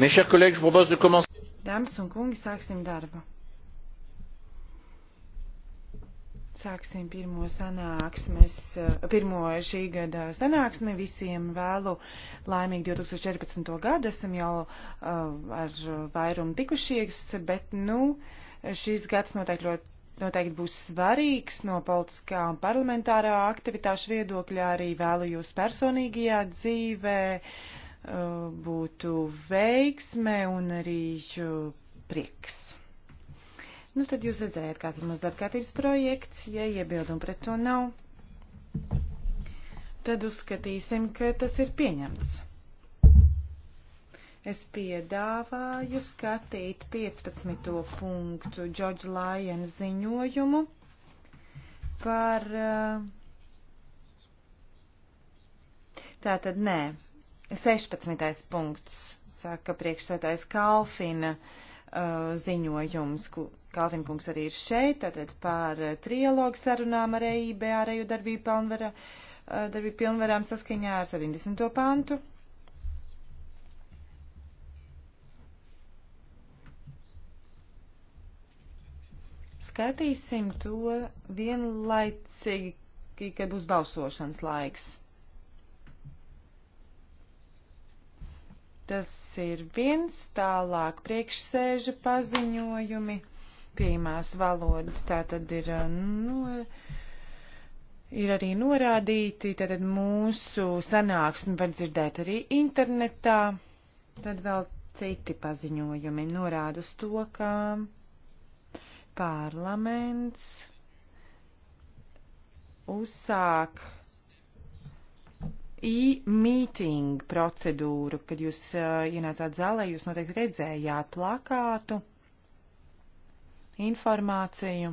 Mes chers collègues, je propose de commencer. Dāmas un kungi, sāksim darbu. Sāksim pirmo sanāksmes, pirmo šī gada sanāksmi. Visiem vēlu laimīgu 2014. gadu. Esam jau uh, ar vairumu tikušies, bet, nu, šis gads noteikti ļoti noteikti būs svarīgs no politiskā un parlamentārā aktivitāšu viedokļa arī vēlu jūs personīgajā dzīvē, Eh, būtu veiksme un arī eh, prieks. Nu, tad jūs redzējāt, kāds ir mūsu darbkārtības projekts. Ja iebildumu pret to nav, tad uzskatīsim, ka tas ir pieņemts. Es piedāvāju skatīt 15. punktu George Lyon ziņojumu par. Eh, Tātad nē, 16. punkts, saka priekšsētājs Kalfina uh, ziņojums, Kalvin kungs arī ir šeit, tātad par trialogu sarunām ar EIB ārēju darbību pilnvara, uh, darbību pilnvarām saskaņā ar 70. pantu. Skatīsim to vienlaicīgi, kad būs balsošanas laiks. Tas ir viens tālāk priekšsēža paziņojumi. Pirmās valodas tā tad ir, nu, ir arī norādīti, tātad mūsu sanāksmi var dzirdēt arī internetā. Tad vēl citi paziņojumi norāda uz to, ka parlaments uzsāk e-meeting procedūru, kad jūs uh, ienācāt zālē, jūs noteikti redzējāt plakātu, informāciju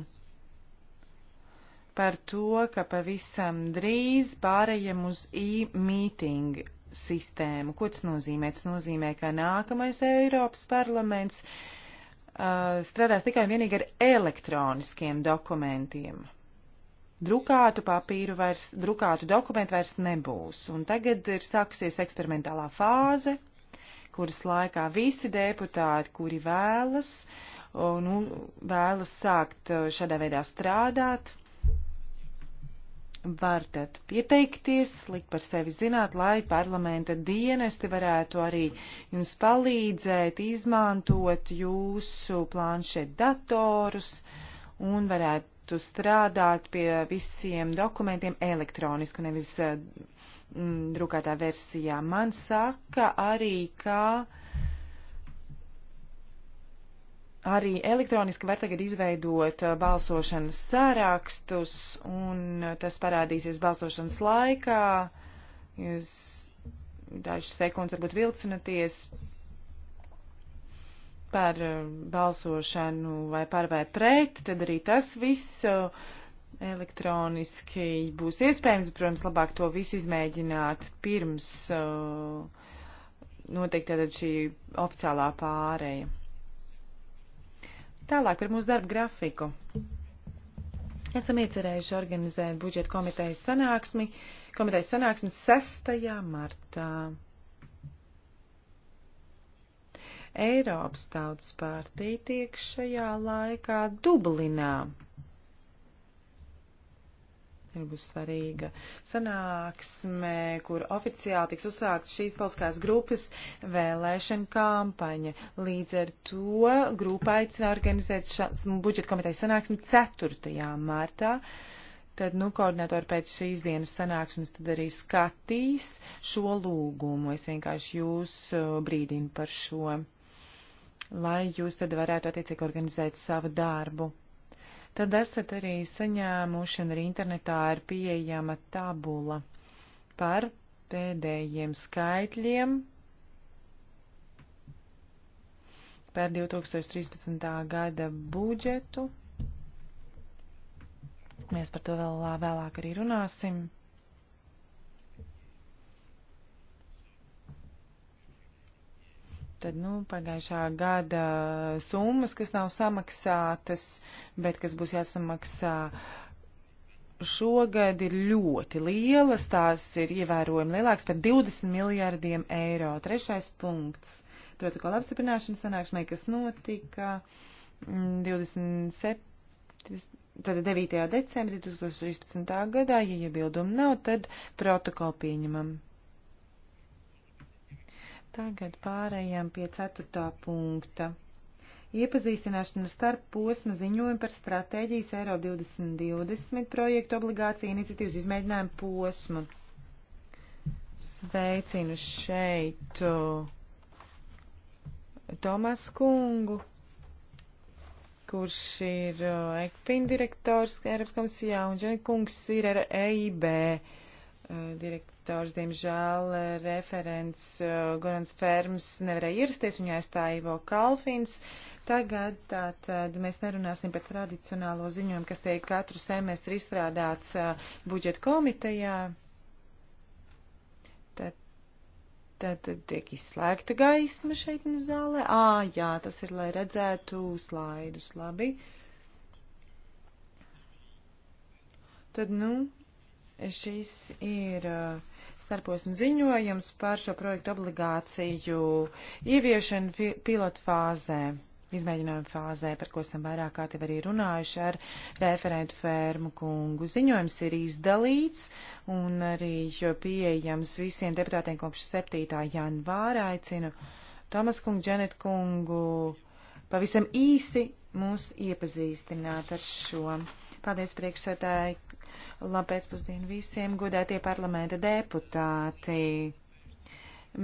par to, ka pavisam drīz pārējiem uz e-meeting sistēmu. Ko tas nozīmē? Tas nozīmē, ka nākamais Eiropas parlaments uh, strādās tikai un vienīgi ar elektroniskiem dokumentiem drukātu papīru vairs, drukātu dokumentu vairs nebūs. Un tagad ir sākusies eksperimentālā fāze, kuras laikā visi deputāti, kuri vēlas, nu, vēlas sākt eh, šādā veidā strādāt, var tad pieteikties, likt par sevi zināt, lai parlamenta dienesti varētu arī jums palīdzēt, izmantot jūsu planšet datorus un varētu varētu strādāt pie visiem dokumentiem elektroniski, nevis eh, mm, drukātā versijā. Man saka arī, ka arī elektroniski var tagad izveidot eh, balsošanas sārakstus, un tas parādīsies balsošanas laikā. Jūs dažas sekundes varbūt vilcinaties, par eh, balsošanu vai par vai pret, tad arī tas viss eh, elektroniski būs iespējams. Protams, labāk to visu izmēģināt pirms eh, noteikti tad šī oficiālā pāreja. Tālāk par mūsu darbu grafiku. Esam iecerējuši organizēt budžeta komitejas sanāksmi, komitejas sanāksmi 6. martā. Eiropas tautas partija tiek šajā laikā Dublinā. Ir būs svarīga sanāksme, kur oficiāli tiks uzsākt šīs politiskās grupas vēlēšana kampaņa. Līdz ar to grupa aicina organizēt budžeta komitejas sanāksmi 4. martā. Tad, nu, koordinatori pēc šīs dienas sanāksmes tad arī skatīs šo lūgumu. Es vienkārši jūs uh, brīdinu par šo lai jūs tad varētu attiecīgi organizēt savu darbu. Tad esat arī saņēmuši un arī internetā ir pieejama tabula par pēdējiem skaitļiem par 2013. gada budžetu. Mēs par to vēl vēlāk arī runāsim. Tad, nu, pagājušā gada summas, kas nav samaksātas, bet kas būs jāsamaksā šogad, ir ļoti lielas. Tās ir ievērojami lielākas par 20 miljārdiem eiro. Trešais punkts. Protokola apstiprināšanas sanāksmē, kas notika 27. Mm, tad 9. decembrī 2013. gadā, ja iebildumi nav, tad protokolu pieņemam. Tagad pārējām pie ceturtā punkta. Iepazīstināšana ar starp posma ziņojumu par stratēģijas Eiro 2020 projektu obligāciju iniciatīvas izmēģinājumu posmu. Sveicinu šeit Tomas Kungu, kurš ir ECPIN direktors Eiropas komisijā, un Dženi Kungs ir EIB e direktors autors, diemžēl, eh, referents eh, Gorans Ferms nevarēja ierasties, viņu aizstāja Ivo Kalfins. Tagad tātad mēs nerunāsim par tradicionālo ziņojumu, kas tiek katru semestri izstrādāts eh, budžeta komitejā. Tad, tad tiek izslēgta gaisma šeit no zālē. Ā, jā, tas ir, lai redzētu slaidus labi. Tad, nu, šis ir. Uh, starposmu ziņojums par šo projektu obligāciju ieviešanu pilotfāzē, izmēģinājumu fāzē, par ko esam vairāk kārt jau arī runājuši ar referentu fermu kungu. Ziņojums ir izdalīts un arī pieejams visiem deputātiem kopš 7. janvāra. Aicinu Tomas kungu, Dženet kungu pavisam īsi mūs iepazīstināt ar šo. Paldies priekšsētāji, Labpēcpusdienu visiem godētie parlamenta deputāti.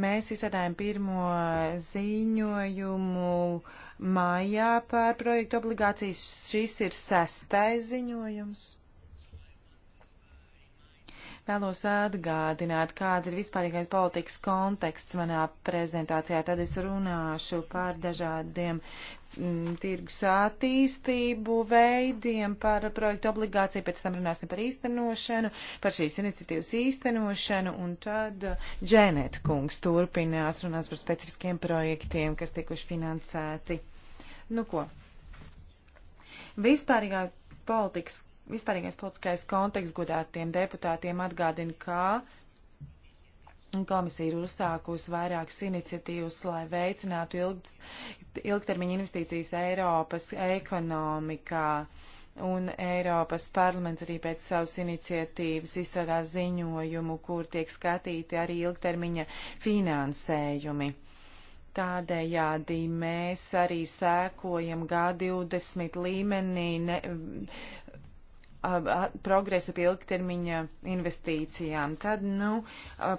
Mēs izsēdājam pirmo ziņojumu mājā par projektu obligācijas. Šis ir sestais ziņojums. Vēlos atgādināt, kāds ir vispārīgais politikas konteksts manā prezentācijā. Tad es runāšu par dažādiem Mm, tirgus attīstību veidiem, par projektu obligāciju, pēc tam runāsim par īstenošanu, par šīs iniciatīvas īstenošanu, un tad uh, Dženet kungs turpinās runās par specifiskiem projektiem, kas tikuši finansēti. Nu ko? Vispārīgā politikas, vispārīgais politiskais konteksts godātiem deputātiem atgādina, kā Komisija ir uzsākusi vairākas iniciatīvas, lai veicinātu ilg, ilgtermiņa investīcijas Eiropas ekonomikā. Un Eiropas parlaments arī pēc savas iniciatīvas izstrādā ziņojumu, kur tiek skatīti arī ilgtermiņa finansējumi. Tādējādi mēs arī sēkojam G20 līmenī ne, progresu pie ilgtermiņa investīcijām. Tad, nu,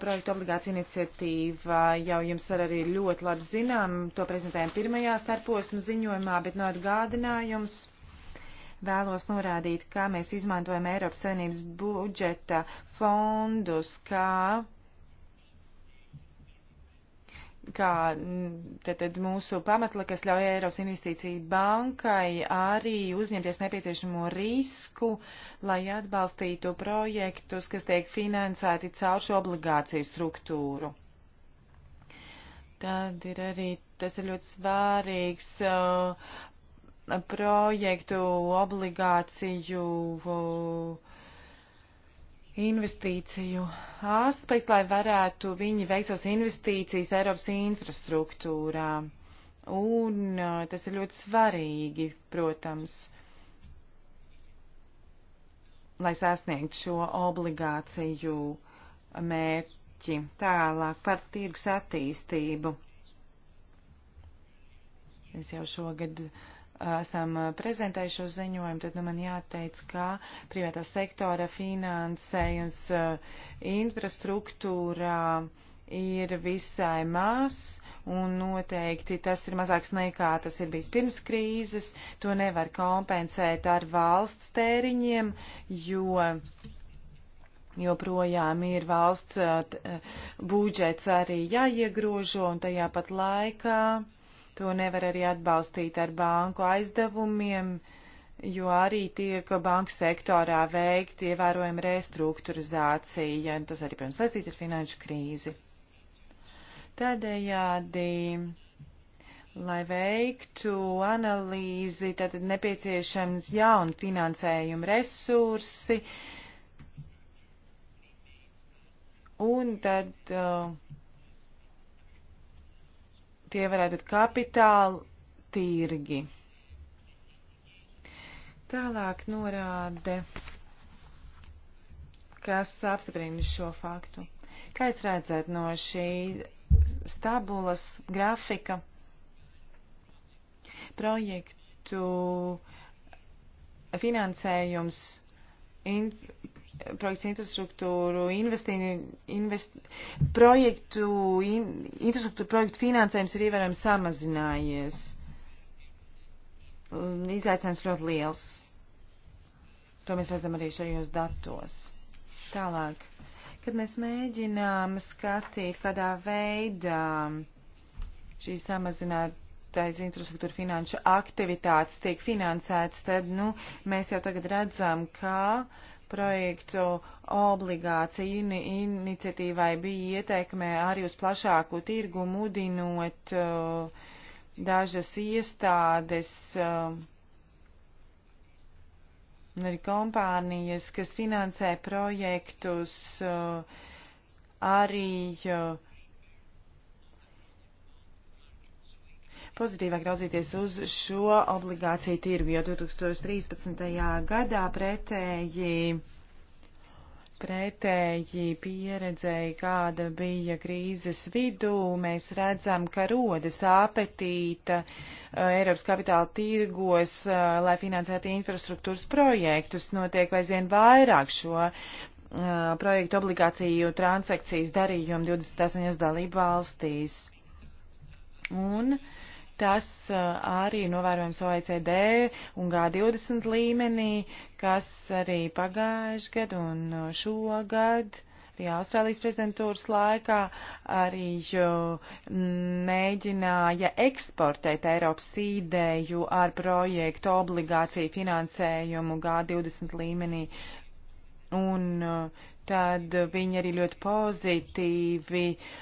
projektu obligācija iniciatīva jau jums ar arī ļoti labi zinām, to prezentējam pirmajā starposmu ziņojumā, bet no atgādinājums vēlos norādīt, kā mēs izmantojam Eiropas Savienības budžeta fondus, kā kā tad mūsu pamatla, kas ļauj Eiropas investīciju bankai arī uzņemties nepieciešamo risku, lai atbalstītu projektus, kas tiek finansēti caur šo obligāciju struktūru. Tad ir arī, tas ir ļoti svārīgs uh, projektu obligāciju uh, investīciju aspektu, lai varētu viņi veikt savas investīcijas Eiropas infrastruktūrā. Un uh, tas ir ļoti svarīgi, protams, lai sasniegtu šo obligāciju mērķi. Tālāk par tirgus attīstību. Es jau šogad uh, esam uh, prezentējuši šo ziņojumu, tad nu, man jāteic, ka privātā sektora finansējums uh, infrastruktūrā ir visai maz un noteikti tas ir mazāks nekā tas ir bijis pirms krīzes. To nevar kompensēt ar valsts tēriņiem, jo joprojām ir valsts uh, budžets arī jāiegrožo un tajā pat laikā To nevar arī atbalstīt ar banku aizdevumiem, jo arī tiek banku sektorā veikt ievērojama restruktūrizācija. Tas arī, protams, saistīts ar finanšu krīzi. Tādējādi Lai veiktu analīzi, tad nepieciešams jauni finansējuma resursi, un tad uh, tie varētu būt kapitāla tirgi. Tālāk norāde, kas apstiprina šo faktu. Kā jūs redzat no šī stabulas grafika projektu finansējums in, projekts infrastruktūru, invest, projektu, in, infrastruktūru projektu finansējums ir ievērojami samazinājies. Izaicinājums ļoti liels. To mēs redzam arī šajos datos. Tālāk, kad mēs mēģinām skatīt, kādā veidā šī samazināta tais infrastruktūra finanšu aktivitātes tiek finansētas, tad, nu, mēs jau tagad redzam, ka uh, projektu obligāciju in iniciatīvai bija ieteikme arī uz plašāku tirgu mudinot uh, dažas iestādes uh, arī kompānijas, kas finansē projektus, uh, arī uh, pozitīvāk raudzīties uz šo obligāciju tirgu, jo 2013. gadā pretēji, pretēji pieredzēji, kāda bija krīzes vidū, mēs redzam, ka rodas apetīta uh, Eiropas kapitāla tirgos, uh, lai finansētu infrastruktūras projektus, notiek aizvien vairāk šo uh, projektu obligāciju transakcijas darījumu 28 dalību valstīs. Un uh, Tas arī novērojams OECD un G20 līmenī, kas arī pagājuši gadu un šogad, arī Austrālijas prezidentūras laikā, arī mēģināja eksportēt Eiropas ideju ar projektu obligāciju finansējumu G20 līmenī. Un tad viņi arī ļoti pozitīvi uh,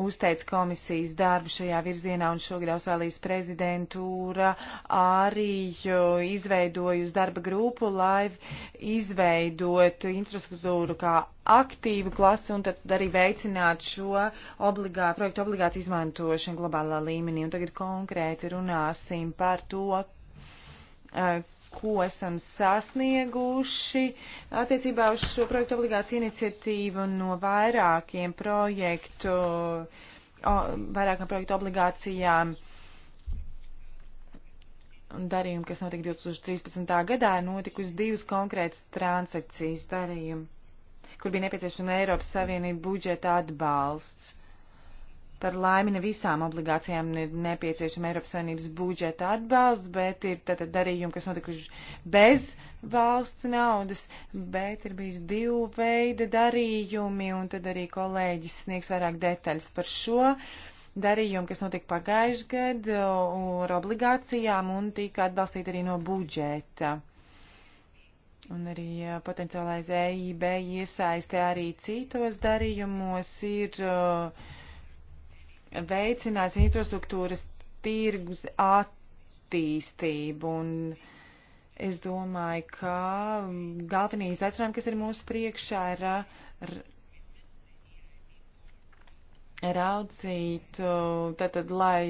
uzteic komisijas darbu šajā virzienā, un šogad Austrālijas prezidentūra arī izveidojusi darba grupu, lai izveidot infrastruktūru kā aktīvu klasi un tad arī veicināt šo obligā, projektu obligāciju izmantošanu globālā līmenī. Un tagad konkrēti runāsim par to, eh, ko esam sasnieguši attiecībā uz šo projektu obligāciju iniciatīvu no vairākiem projektu, o, vairākam projektu obligācijām darījumu, kas notika 2013. gadā, ir notikusi divas konkrētas transakcijas darījumi, kur bija nepieciešama Eiropas Savienība budžeta atbalsts. Par laimi ne visām obligācijām ir nepieciešama Eiropas Savienības budžeta atbalsts, bet ir tātad darījumi, kas notikuši bez valsts naudas, bet ir bijis divu veida darījumi, un tad arī kolēģis sniegs vairāk detaļas par šo darījumu, kas notika pagājuši gadu ar obligācijām un tika atbalstīta arī no budžeta. Un arī potenciālais EIB iesaistē arī citos darījumos ir uh, veicinās infrastruktūras tirgus attīstību. Un es domāju, ka galvenie izaicinājumi, kas ir mūsu priekšā, ir ar, raudzīt, tātad, lai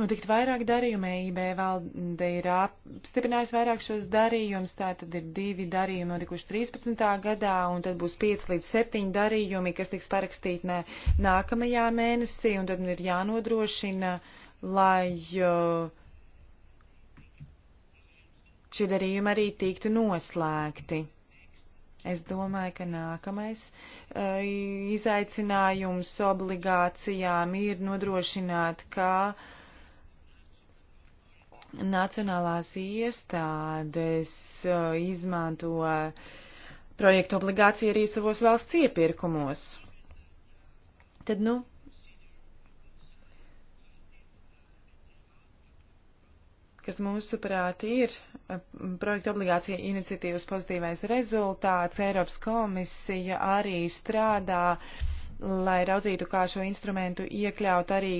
notikt vairāk darījumu. EIB valde ir apstiprinājusi vairāk šos darījumus, tā tad ir divi darījumi notikuši 13. gadā, un tad būs 5 līdz 7 darījumi, kas tiks parakstīti nē, nākamajā mēnesī, un tad ir jānodrošina, lai šie darījumi arī tiktu noslēgti. Es domāju, ka nākamais uh, izaicinājums obligācijām ir nodrošināt, ka uh, Nacionālās iestādes uh, izmanto projektu obligāciju arī savos valsts iepirkumos. Tad, nu, kas mūsuprāt ir uh, projekta obligācija iniciatīvas pozitīvais rezultāts. Eiropas komisija arī strādā, lai raudzītu, kā šo instrumentu iekļaut arī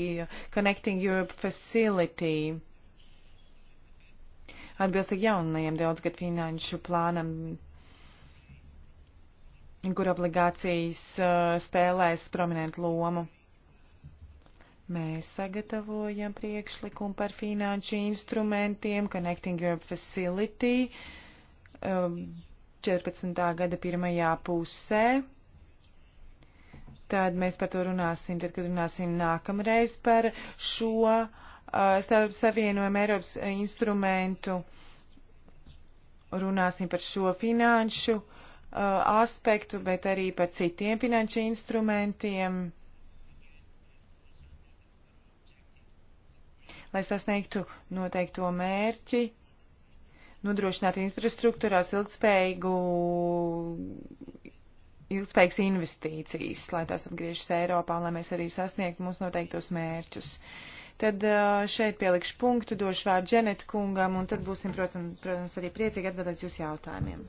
Connecting Europe Facility atbilstīgi jaunajiem daudzgad finanšu plānam, kur obligācijas eh, spēlēs prominentu lomu. Mēs sagatavojam priekšlikumu par finanšu instrumentiem Connecting Europe Facility 14. Eh, gada pirmajā pusē. Tad mēs par to runāsim, tad, kad runāsim nākamreiz par šo Eh, starp savienojumu Eiropas instrumentu. Runāsim par šo finanšu eh, aspektu, bet arī par citiem finanšu instrumentiem. Lai sasniegtu noteikto mērķi, nodrošināt infrastruktūrās ilgspējīgu, ilgspējīgas investīcijas, lai tās atgriežas Eiropā un lai mēs arī sasniegtu mūsu noteiktos mērķus. Uh, Tad šeit pielikšu punktu, došu vārdu Dženet kungam, un tad būsim, protams, protams arī priecīgi atbildēt jūsu jautājumiem.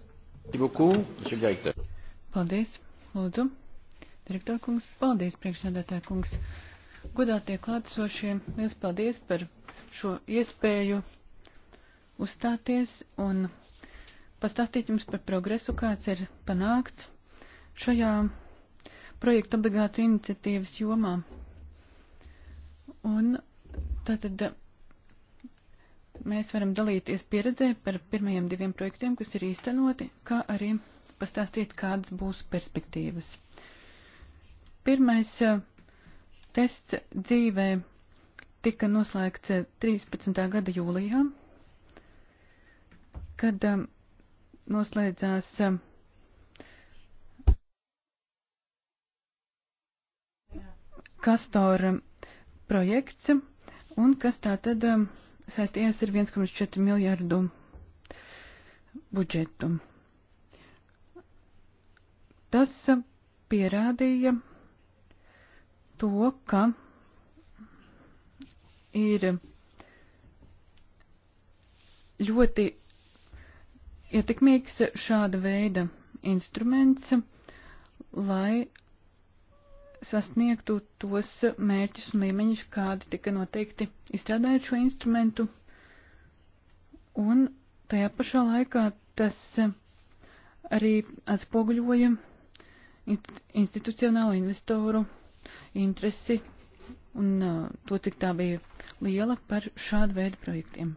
Paldies, lūdzu. Direktor kungs, paldies, priekšsēdētāj kungs. Godātie klātesošie, liels paldies par šo iespēju uzstāties un pastāstīt jums par progresu, kāds ir panākts šajā projektu obligātu iniciatīvas jomā. Un Tātad mēs varam dalīties pieredzē par pirmajiem diviem projektiem, kas ir īstenoti, kā arī pastāstīt, kādas būs perspektīvas. Pirmais eh, tests dzīvē tika noslēgts 13. Eh, gada jūlijā, kad eh, noslēdzās Kastora projekts un kas tā tad um, saistījies ar 1,4 miljardu budžetu. Tas um, pierādīja to, ka ir ļoti ietekmīgs šāda veida instruments, lai sasniegtu tos mērķus un līmeņus, kādi tika noteikti izstrādājot šo instrumentu. Un tajā pašā laikā tas arī atspoguļoja institucionālu investoru interesi un uh, to, cik tā bija liela par šādu veidu projektiem.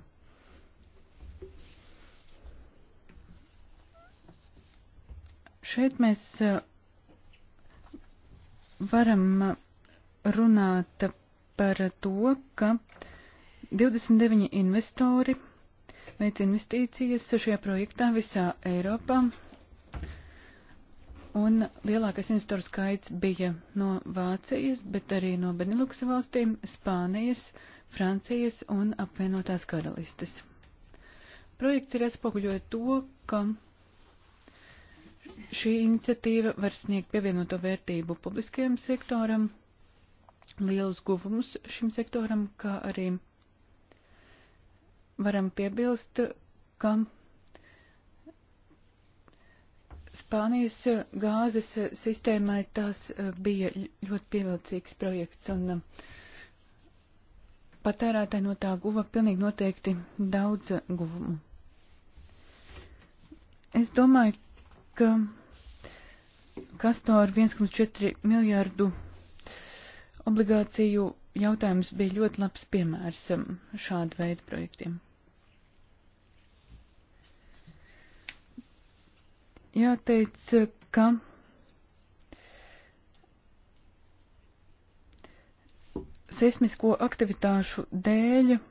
Šeit mēs uh, varam runāt par to, ka 29 investori veic investīcijas šajā projektā visā Eiropā. Un lielākais investoru skaits bija no Vācijas, bet arī no Beniluksa valstīm, Spānijas, Francijas un apvienotās karalistes. Projekts ir atspoguļoja to, ka Šī iniciatīva var sniegt pievienoto vērtību publiskajam sektoram, lielus guvumus šim sektoram, kā arī varam piebilst, ka Spānijas gāzes sistēmai tas e, bija ļoti pievilcīgs projekts, un e, patērētāji no tā guva pilnīgi noteikti daudz guvumu. Es domāju, ka Kastor 1,4 miljārdu obligāciju jautājums bija ļoti labs piemērs um, šāda veida projektiem. Jāteic, ka seismisko aktivitāšu dēļ uh,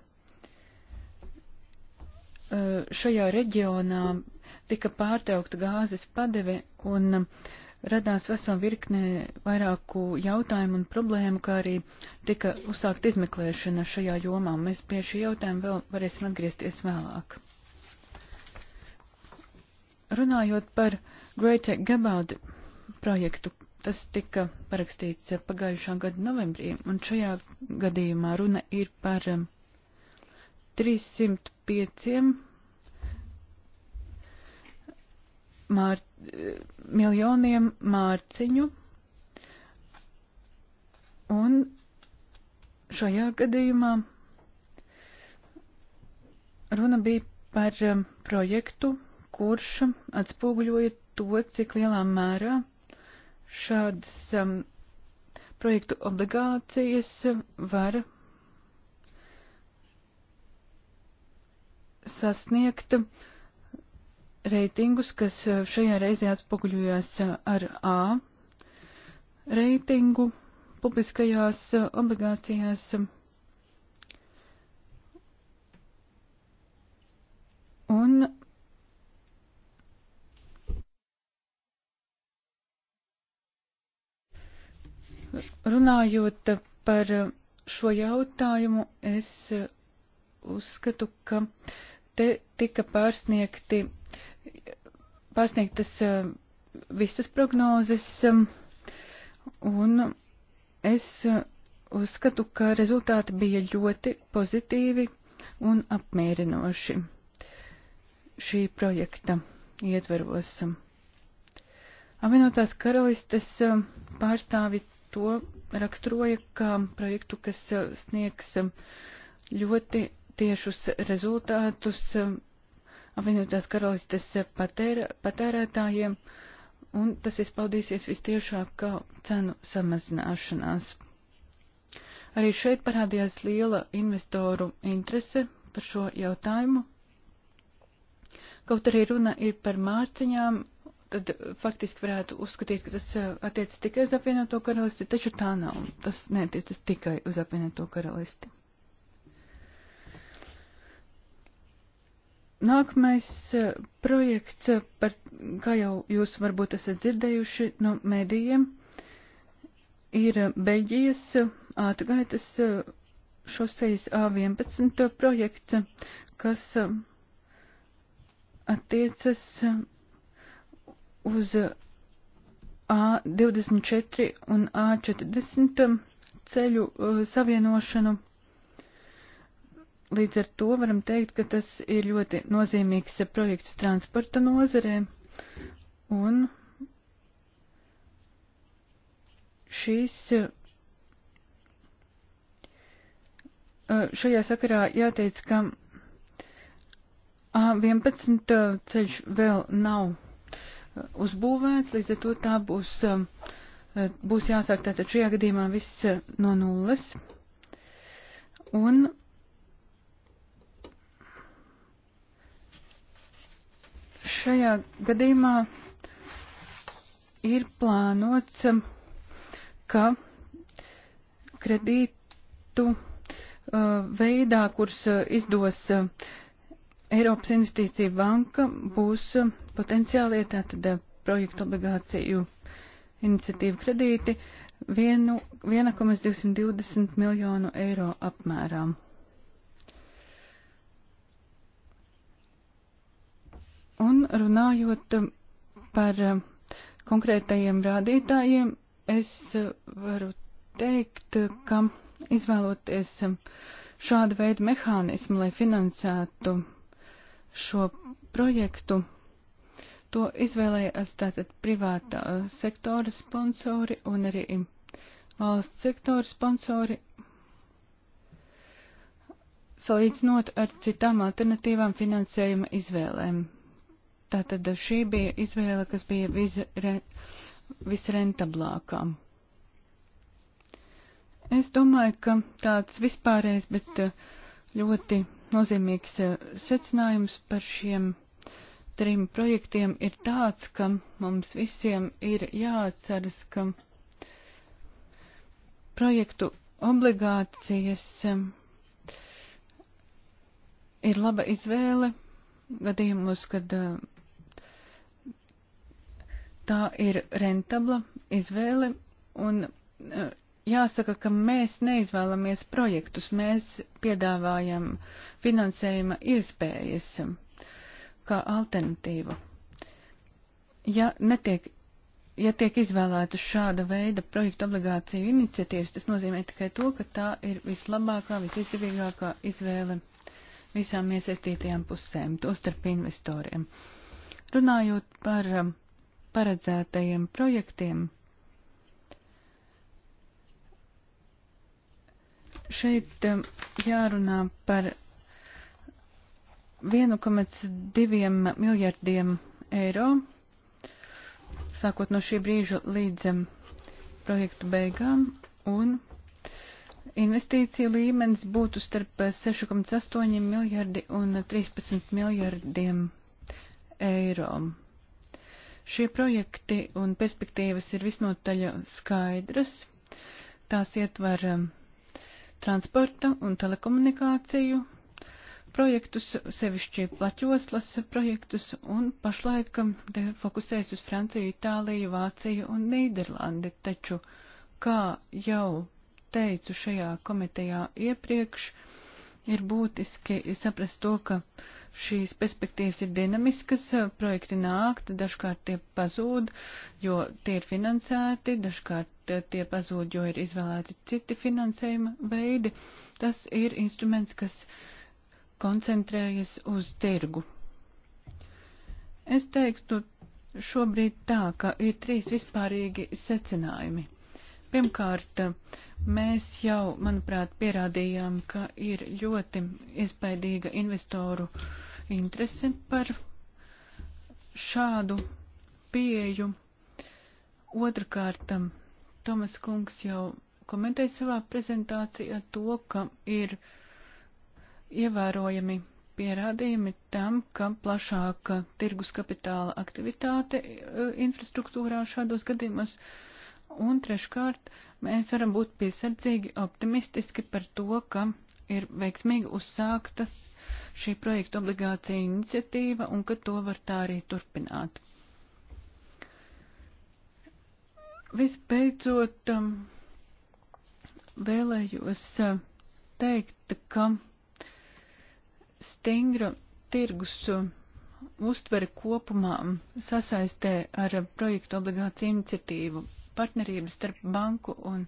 šajā reģionā tika pārtraukta gāzes padeve un um, radās vesela virknē vairāku jautājumu un problēmu, kā arī tika uzsākt izmeklēšana šajā jomā. Mēs pie šī jautājuma vēl varēsim atgriezties vēlāk. Runājot par Greater Gabbard projektu, Tas tika parakstīts pagājušā gada novembrī, un šajā gadījumā runa ir par 305 um, mār, miljoniem mārciņu. Un šajā gadījumā runa bija par um, projektu, kurš atspoguļoja to, cik lielā mērā šādas um, projektu obligācijas var sasniegt uh, reitingus, kas eh, šajā reizē atspoguļojās eh, ar A reitingu publiskajās eh, obligācijās. Un runājot par šo jautājumu, es uzskatu, ka te tika pārsniegti pasniegtas eh, visas prognozes, um, un es eh, uzskatu, ka rezultāti bija ļoti pozitīvi un apmierinoši šī projekta ietveros. Apvienotās karalistes eh, pārstāvi to raksturoja kā projektu, kas sniegs ļoti tiešus rezultātus apvienotās karalistes patēra, patērētājiem, un tas izpaudīsies vistiešāk kā cenu samazināšanās. Arī šeit parādījās liela investoru interese par šo jautājumu. Kaut arī runa ir par mārciņām, tad faktiski varētu uzskatīt, ka tas eh, attiecas tikai uz apvienoto karalisti, taču tā nav. Tas netiecas tikai uz apvienoto karalisti. Nākamais eh, projekts, eh, par, kā jau jūs varbūt esat dzirdējuši no medijiem, ir eh, Beļģijas ātrgaitas šosejas A11 projekts, kas attiecas uz A24 un A40 ceļu savienošanu. Līdz ar to varam teikt, ka tas ir ļoti nozīmīgs projekts transporta nozarē. Un šīs, šajā sakarā jāteic, ka A11 ceļš vēl nav uzbūvēts, līdz ar to tā būs, būs jāsāk tātad šajā gadījumā viss no nulles. Un šajā gadījumā ir plānots, um, ka kredītu uh, veidā, kurus uh, izdos uh, Eiropas investīcija banka, būs um, potenciāli tātad projektu obligāciju iniciatīvu kredīti 1,220 miljonu eiro apmērām. Un runājot par konkrētajiem rādītājiem, es varu teikt, ka izvēloties šādu veidu mehānismu, lai finansētu šo projektu, to izvēlējās tātad privātā sektora sponsori un arī valsts sektora sponsori. Salīdzinot ar citām alternatīvām finansējuma izvēlēm, Tātad šī bija izvēle, kas bija visre, visrentablākā. Es domāju, ka tāds vispārējs, bet eh, ļoti nozīmīgs eh, secinājums par šiem trim projektiem ir tāds, ka mums visiem ir jāatceras, ka projektu obligācijas eh, ir laba izvēle gadījumos, kad uh, Tā ir rentabla izvēle un e, jāsaka, ka mēs neizvēlamies projektus, mēs piedāvājam finansējuma iespējas kā alternatīvu. Ja netiek, ja tiek izvēlēta šāda veida projektu obligāciju iniciatīvas, tas nozīmē tikai to, ka tā ir vislabākā, visizdevīgākā izvēle visām iesaistītajām pusēm, tostarp investoriem. Runājot par um, paredzētajiem projektiem. Šeit um, jārunā par 1,2 miljardiem eiro, sākot no šī brīža līdz um, projektu beigām, un investīciju līmenis būtu starp 6,8 miljardi un 13 miljardiem eiro. Šie projekti un perspektīvas ir visnotaļ skaidras. Tās ietver um, transporta un telekomunikāciju projektus, sevišķi plaķoslas projektus, un pašlaik um, fokusēs uz Franciju, Itāliju, Vāciju un Nīderlandi. Taču, kā jau teicu šajā komitejā iepriekš, uh, ir būtiski saprast to, ka šīs perspektīvas ir dinamiskas, projekti nāk, dažkārt tie pazūd, jo tie ir finansēti, dažkārt eh, tie pazūd, jo ir izvēlēti citi finansējuma veidi. Tas ir instruments, kas koncentrējas uz tirgu. Es teiktu šobrīd tā, ka ir trīs vispārīgi secinājumi. Pirmkārt, mēs jau, manuprāt, pierādījām, ka ir ļoti iespaidīga investoru interese par šādu pieju. Otrakārt, Tomas Kungs jau komentēja savā prezentācijā to, ka ir ievērojami pierādījumi tam, ka plašāka tirgus kapitāla aktivitāte e, infrastruktūrā šādos gadījumos uh, Un treškārt, mēs varam būt piesardzīgi optimistiski par to, ka ir veiksmīgi uzsākta šī projekta obligācija iniciatīva un ka to var tā arī turpināt. Vispēcot, um, vēlējos uh, teikt, ka stingra tirgus uh, uztvere kopumā sasaistē ar projektu obligāciju iniciatīvu partnerības starp banku un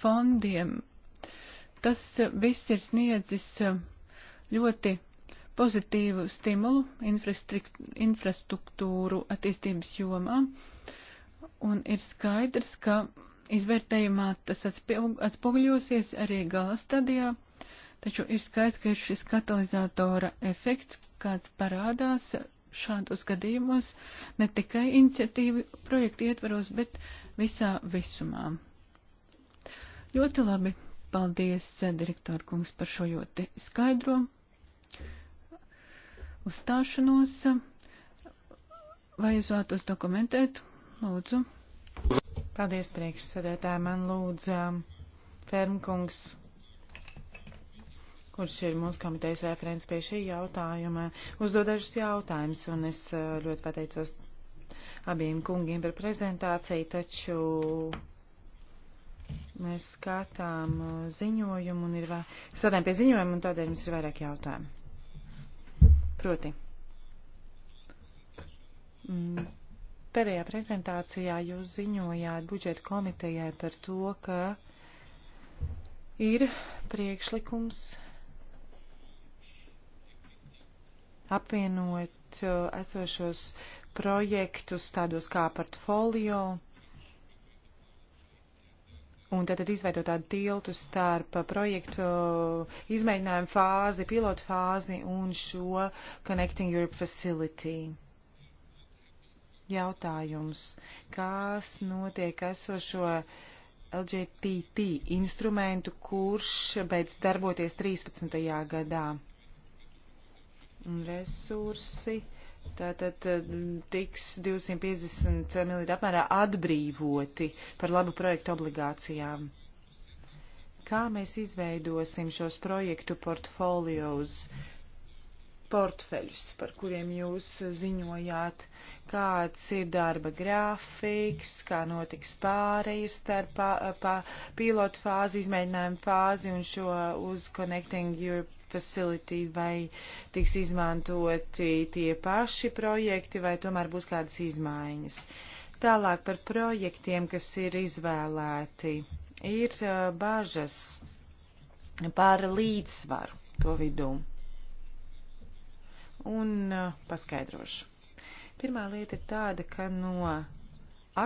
fondiem. Tas viss ir sniedzis ļoti pozitīvu stimulu infrastruktūru attīstības jomā, un ir skaidrs, ka izvērtējumā tas atspoguļosies arī gala stadijā, taču ir skaidrs, ka ir šis katalizatora efekts, kāds parādās šādos gadījumos ne tikai iniciatīvu projektu ietvaros, bet visā visumā. Ļoti labi. Paldies, direktor kungs, par šo ļoti skaidro uzstāšanos. Vai jūs vēlatos to komentēt? Lūdzu. Paldies, priekšsēdētāji. Man lūdza um, Fernkungs kurš ir mūsu komitejas referents pie šī jautājuma, uzdod dažus jautājumus, un es eh, ļoti pateicos abiem kungiem par prezentāciju, taču mēs skatām eh, ziņojumu un ir vēl, skatām pie ziņojumu, un tādēļ mums ir vairāk jautājumu. Proti. Mm, pēdējā prezentācijā jūs ziņojāt budžeta komitejai par to, ka ir priekšlikums apvienot uh, esošos projektus tādos kā portfolio un tad, tad izveidot tādu tiltu starp projektu izmēģinājumu fāzi, pilotu fāzi un šo Connecting Europe Facility. Jautājums, kas notiek esošo LGTT instrumentu, kurš beidz darboties 13. gadā? resursi. Tātad tiks 250 miljoni apmērā atbrīvoti par labu projektu obligācijām. Kā mēs izveidosim šos projektu portfolios, portfeļus, par kuriem jūs ziņojāt, kāds ir darba grafiks, kā notiks pārējas starp pa, pa, pilotu fāzi, izmēģinājumu fāzi un šo uz Connecting Europe Facility, vai tiks izmantoti tie paši projekti, vai tomēr būs kādas izmaiņas. Tālāk par projektiem, kas ir izvēlēti, ir bažas par līdzsvaru to vidū. Un paskaidrošu. Pirmā lieta ir tāda, ka no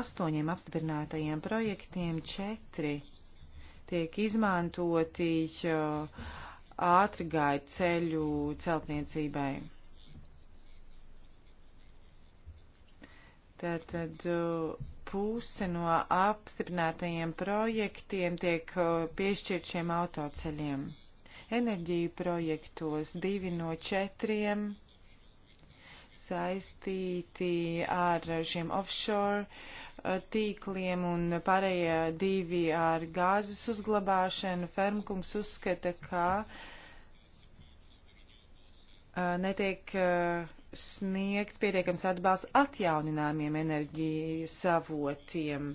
astoņiem apstiprinātajiem projektiem četri tiek izmantoti uh, ātri gāja ceļu celtniecībai. Tātad uh, puse no apstiprinātajiem projektiem tiek uh, piešķirt šiem autoceļiem. Enerģiju projektos divi no četriem saistīti ar šiem offshore tīkliem un pārējie divi ar gāzes uzglabāšanu. Fermkungs uzskata, ka netiek sniegts pietiekams atbalsts atjauninājumiem enerģijas avotiem.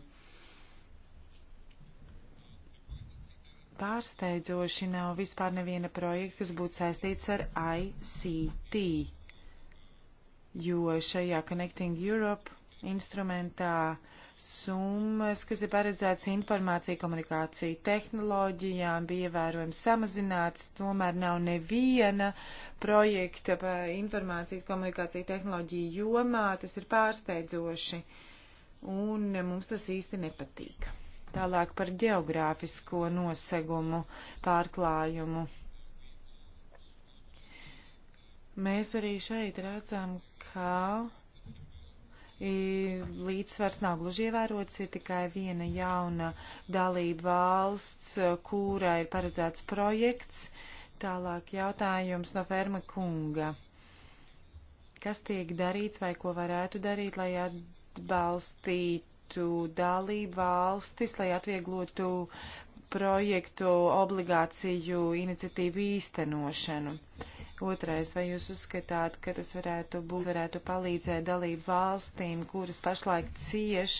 Pārsteidzoši nav vispār neviena projekta, kas būtu saistīts ar ICT, jo šajā Connecting Europe instrumentā summas, kas ir paredzētas informācija komunikāciju tehnoloģijām, bija ievērojami samazināts, tomēr nav neviena projekta informācijas komunikāciju tehnoloģiju jomā, tas ir pārsteidzoši, un mums tas īsti nepatīk. Tālāk par geogrāfisko nosegumu pārklājumu. Mēs arī šeit redzam, ka līdzsvars nav gluži ievērots, ir tikai viena jauna dalība valsts, kūrā ir paredzēts projekts. Tālāk jautājums no Ferma kunga. Kas tiek darīts vai ko varētu darīt, lai atbalstītu dalību valstis, lai atvieglotu projektu obligāciju iniciatīvu īstenošanu? Uh, Otrais, vai jūs uzskatāt, ka tas varētu būt, varētu palīdzēt dalību valstīm, kuras pašlaik cieš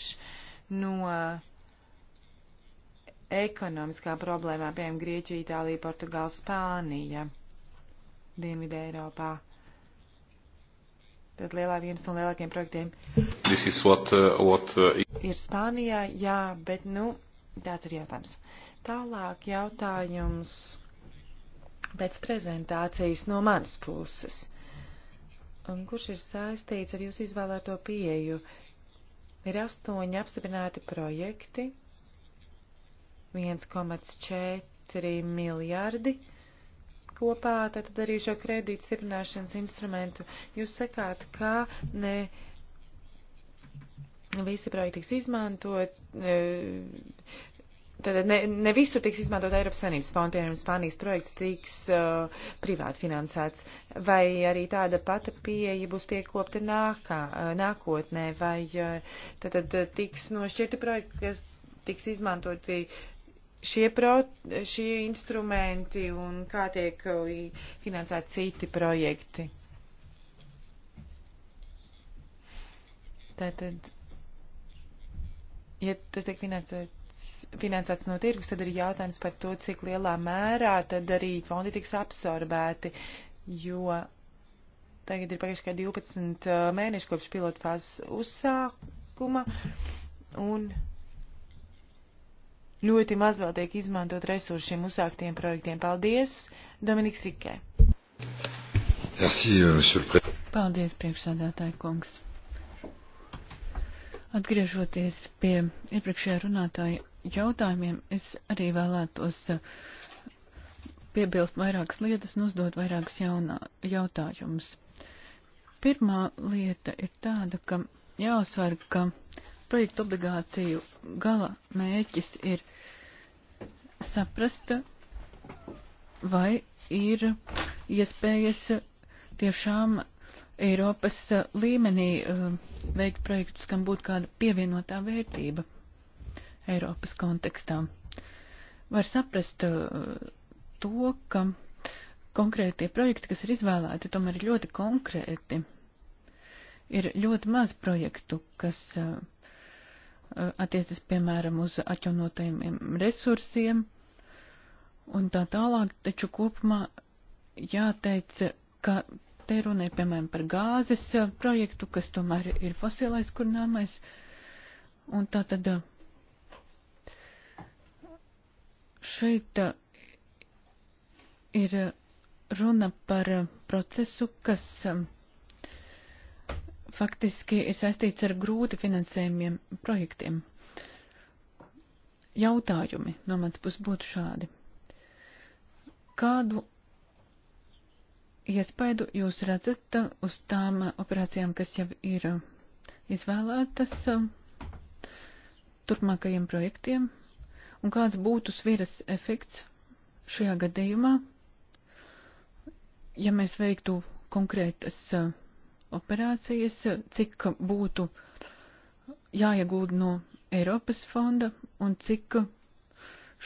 no ekonomiskā problēmā, piemēram, Grieķija, Itālija, Portugāla, Spānija, Dienvidē Eiropā? Tad lielā viens no lielākiem projektiem what, uh, what, uh, ir Spānijā, jā, bet, nu, tāds ir jautājums. Tālāk jautājums pēc prezentācijas no manas puses. Un kurš ir saistīts ar jūsu izvēlēto pieeju? Ir astoņi apstiprināti projekti, 1,4 miljardi kopā, tad arī šo kredītu stiprināšanas instrumentu. Jūs sakāt, ka ne visi projekti tiks izmantot, e, Tātad ne, ne visur tiks izmantot Eiropas Savienības fonda, piemēram, Spānijas projekts tiks uh, privāti finansēts, vai arī tāda pata pieeja būs piekopta nākā, uh, nākotnē, vai uh, tātad uh, tiks nošķirti projekti, kas tiks izmantoti šie, pro, šie instrumenti un kā tiek uh, finansēti citi projekti. Tātad, ja tas tiek finansēts finansēts no tirgus, tad ir jautājums par to, cik lielā mērā tad arī fondi tiks absorbēti, jo tagad ir pagājuši kā 12 mēneši kopš pilotu fāzes uzsākuma, un ļoti maz vēl tiek izmantot resursi šiem uzsāktiem projektiem. Paldies, Dominiks Rikē. Paldies, priekšsādātāji kungs. Atgriežoties pie iepriekšējā runātāja jautājumiem, es arī vēlētos uh, piebilst vairākas lietas un uzdot vairākus jaunā, jautājumus. Pirmā lieta ir tāda, ka jāuzsver, ka projektu obligāciju gala mērķis ir saprast, vai ir iespējas tiešām Eiropas līmenī uh, veikt projektus, kam būtu kāda pievienotā vērtība. Eiropas kontekstā. Var saprast uh, to, ka konkrētie projekti, kas ir izvēlēti, tomēr ir ļoti konkrēti. Ir ļoti maz projektu, kas uh, uh, attiecas, piemēram, uz atjaunotajiem resursiem un tā tālāk, taču kopumā jāteic, ka te runē, piemēram, par gāzes projektu, kas tomēr ir fosilais kurināmais, un tā tad Šeit uh, ir runa par uh, procesu, kas um, faktiski ir saistīts ar grūti finansējumiem projektiem. Jautājumi no mans puses būtu šādi. Kādu iespaidu jūs redzat uh, uz tām operācijām, kas jau ir izvēlētas turpmākajiem projektiem? un kāds būtu sviras efekts šajā gadījumā, ja mēs veiktu konkrētas operācijas, cik būtu jāiegūda no Eiropas fonda un cik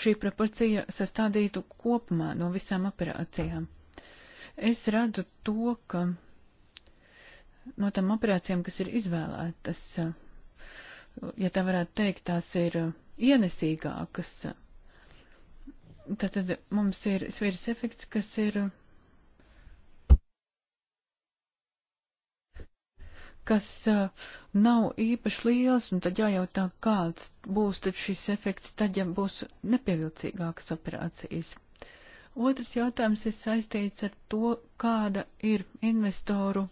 šī proporcija sastādītu kopumā no visām operācijām. Es redzu to, ka no tām operācijām, kas ir izvēlētas, ja tā varētu teikt, tās ir ienesīgākas. Tātad mums ir sviras efekts, kas ir. kas uh, nav īpaši liels, un tad jājautā, kāds būs tad šis efekts, tad, ja būs nepievilcīgākas operācijas. Otrs jautājums ir saistīts ar to, kāda ir investoru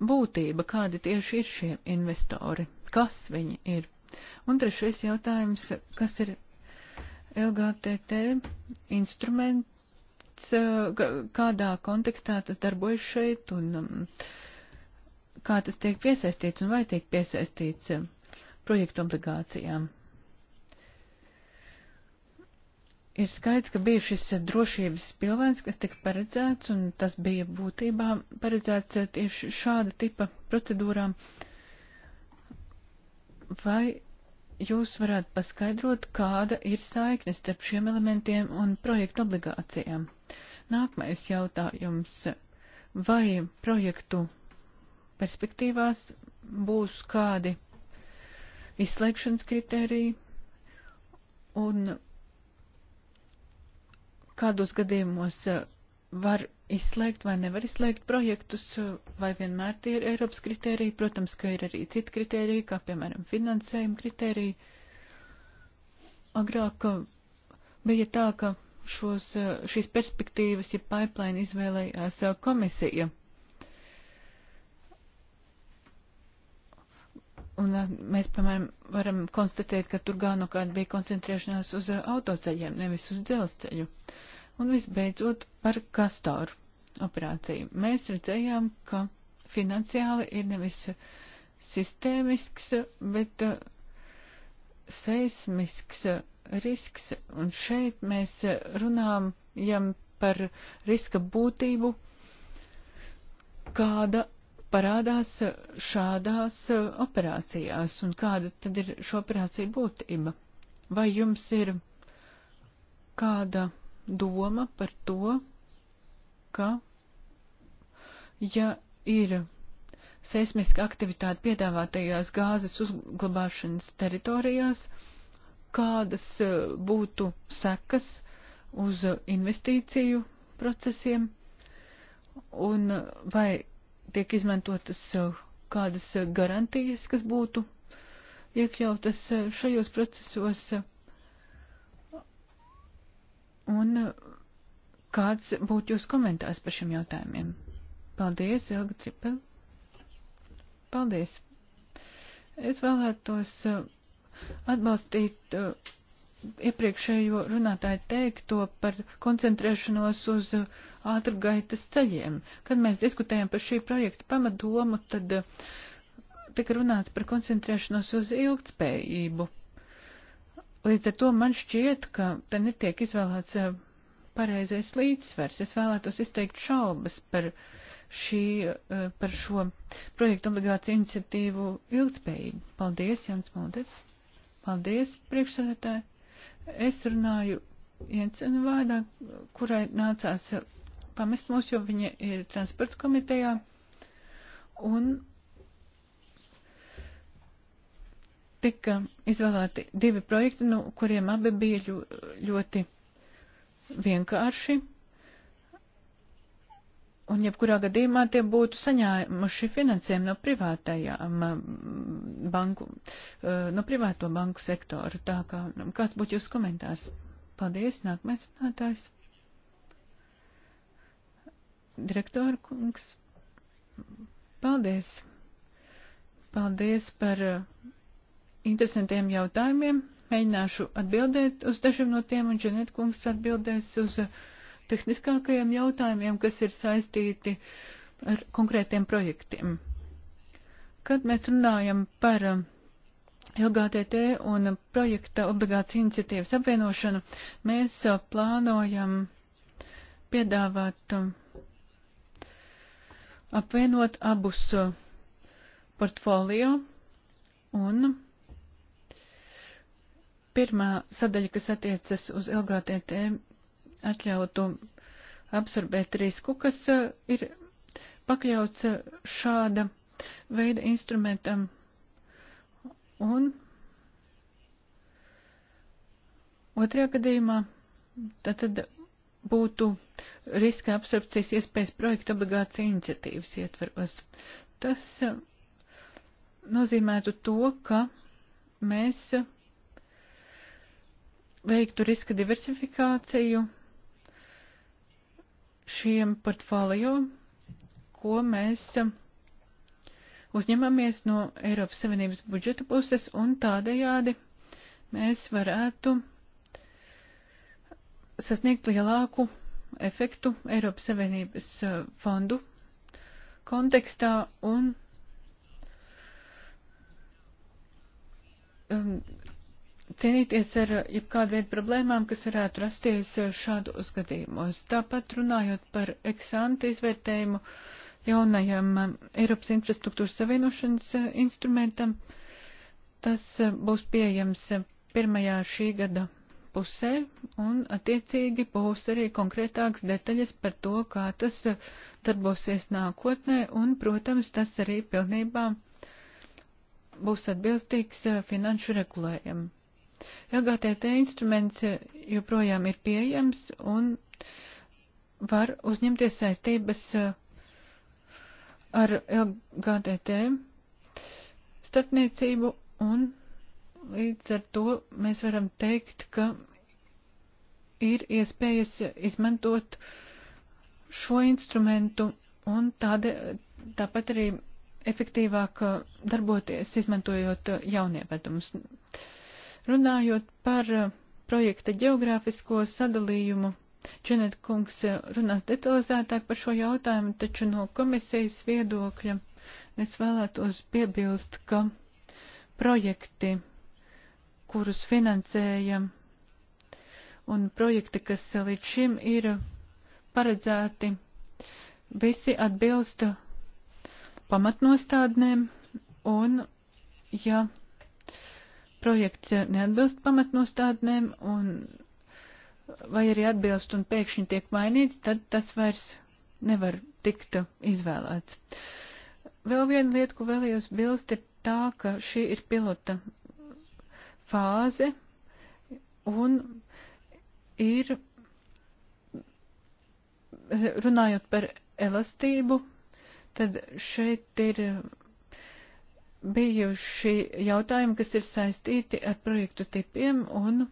būtība, kādi tieši ir šie investori, kas viņi ir. Un trešais jautājums, kas ir LGTT instruments, kādā kontekstā tas darbojas šeit un um, kā tas tiek piesaistīts un vai tiek piesaistīts projektu obligācijām. Ir skaidrs, ka bija šis drošības pilvens, kas tika paredzēts, un tas bija būtībā paredzēts tieši šāda tipa procedūrām. Vai jūs varētu paskaidrot, kāda ir saikne starp šiem elementiem un projektu obligācijām. Nākamais jautājums. Vai projektu perspektīvās būs kādi izslēgšanas kritēriji un kādos gadījumos var izslēgt vai nevar izslēgt projektus, vai vienmēr tie ir Eiropas kritērija. Protams, ka ir arī citi kritērija, kā piemēram finansējuma kritērija. Agrāk uh, bija tā, ka šos, uh, šīs perspektīvas, ja pipeline izvēlējās uh, komisija. Un mēs, piemēram, varam konstatēt, ka tur galvenokārt bija koncentrēšanās uz autoceļiem, nevis uz dzelzceļu. Uh, Un visbeidzot par kastoru operāciju. Mēs redzējām, ka finansiāli ir nevis sistēmisks, bet uh, seismisks risks, un šeit mēs runājam par riska būtību, kāda parādās šādās uh, operācijās, un kāda tad ir šo operāciju būtība. Vai jums ir kāda doma par to, ka, ja ir seismiska aktivitāte piedāvātajās gāzes uzglabāšanas teritorijās, kādas e, būtu sekas uz investīciju procesiem un vai tiek izmantotas e, kādas garantijas, kas būtu iekļautas e, šajos procesos Un uh, kāds būtu jūs komentārs par šiem jautājumiem? Paldies, Ilga Tripel. Paldies. Es vēlētos uh, atbalstīt uh, iepriekšējo runātāju teikto par koncentrēšanos uz ātrgaitas ceļiem. Kad mēs diskutējam par šī projekta pamatomu, tad tika runāts par koncentrēšanos uz ilgtspējību. Līdz ar to man šķiet, ka te netiek izvēlēts eh, pareizais līdzsvers. Es vēlētos izteikt šaubas par, šī, eh, par šo projektu obligāciju iniciatīvu ilgspējību. Paldies, Jans Malders. Paldies, priekšsēdētāji. Es runāju Jensena vārdā, kurai nācās pamest mūs, jo viņa ir transporta komitejā. Un tika izvēlēti divi projekti, no nu, kuriem abi bija ļo, ļoti vienkārši. Un jebkurā gadījumā tie būtu saņēmuši finansējumu no privātajām banku, e, no privāto banku sektoru. Tā kā, nu, kāds būtu jūsu komentārs? Paldies, nākamais runātājs. Direktora kungs, paldies. Paldies par interesantiem jautājumiem. Mēģināšu atbildēt uz dažiem no tiem, un Dženet kungs atbildēs uz tehniskākajiem jautājumiem, kas ir saistīti ar konkrētiem projektiem. Kad mēs runājam par um, LGTT un projekta obligāts iniciatīvas apvienošanu, mēs uh, plānojam piedāvāt um, apvienot abus uh, portfolio un Pirmā sadaļa, kas attiecas uz LGTT atļautu absorbēt risku, kas uh, ir pakļauts uh, šāda veida instrumentam un Otrajā gadījumā tad būtu riska absorpcijas iespējas projekta obligācija iniciatīvas ietveros. Tas uh, nozīmētu to, ka mēs veiktu riska diversifikāciju šiem portfolio, ko mēs uzņemamies no Eiropas Savienības budžeta puses, un tādējādi mēs varētu sasniegt lielāku efektu Eiropas Savienības fondu kontekstā un um, cīnīties ar jebkādu veidu problēmām, kas varētu rasties šādu uzgadījumos. Tāpat runājot par eksantu izvērtējumu jaunajam um, Eiropas infrastruktūras savienošanas uh, instrumentam, tas uh, būs pieejams uh, pirmajā šī gada pusē, un attiecīgi būs arī konkrētāks detaļas par to, kā tas darbosies nākotnē, un, protams, tas arī pilnībā būs atbilstīgs finanšu regulējumam. JGTT instruments joprojām ir pieejams un var uzņemties saistības ar LGTT starpniecību un līdz ar to mēs varam teikt, ka ir iespējas izmantot šo instrumentu un tāde, tāpat arī efektīvāk darboties, izmantojot jaunievedumus. Uh, Runājot par eh, projekta geogrāfisko sadalījumu, Čenet kungs eh, runās detalizētāk par šo jautājumu, taču no komisijas viedokļa es vēlētos piebilst, ka projekti, kurus finansējam, un projekti, kas eh, līdz šim ir paredzēti, visi atbilst pamatnostādnēm, un, ja projekts neatbilst pamatnostādnēm un vai arī atbilst un pēkšņi tiek mainīts, tad tas vairs nevar tikt izvēlēts. Vēl viena lieta, ko vēlējos bilst, ir tā, ka šī ir pilota fāze un ir, runājot par elastību, tad šeit ir bijuši jautājumi, kas ir saistīti ar projektu tipiem, un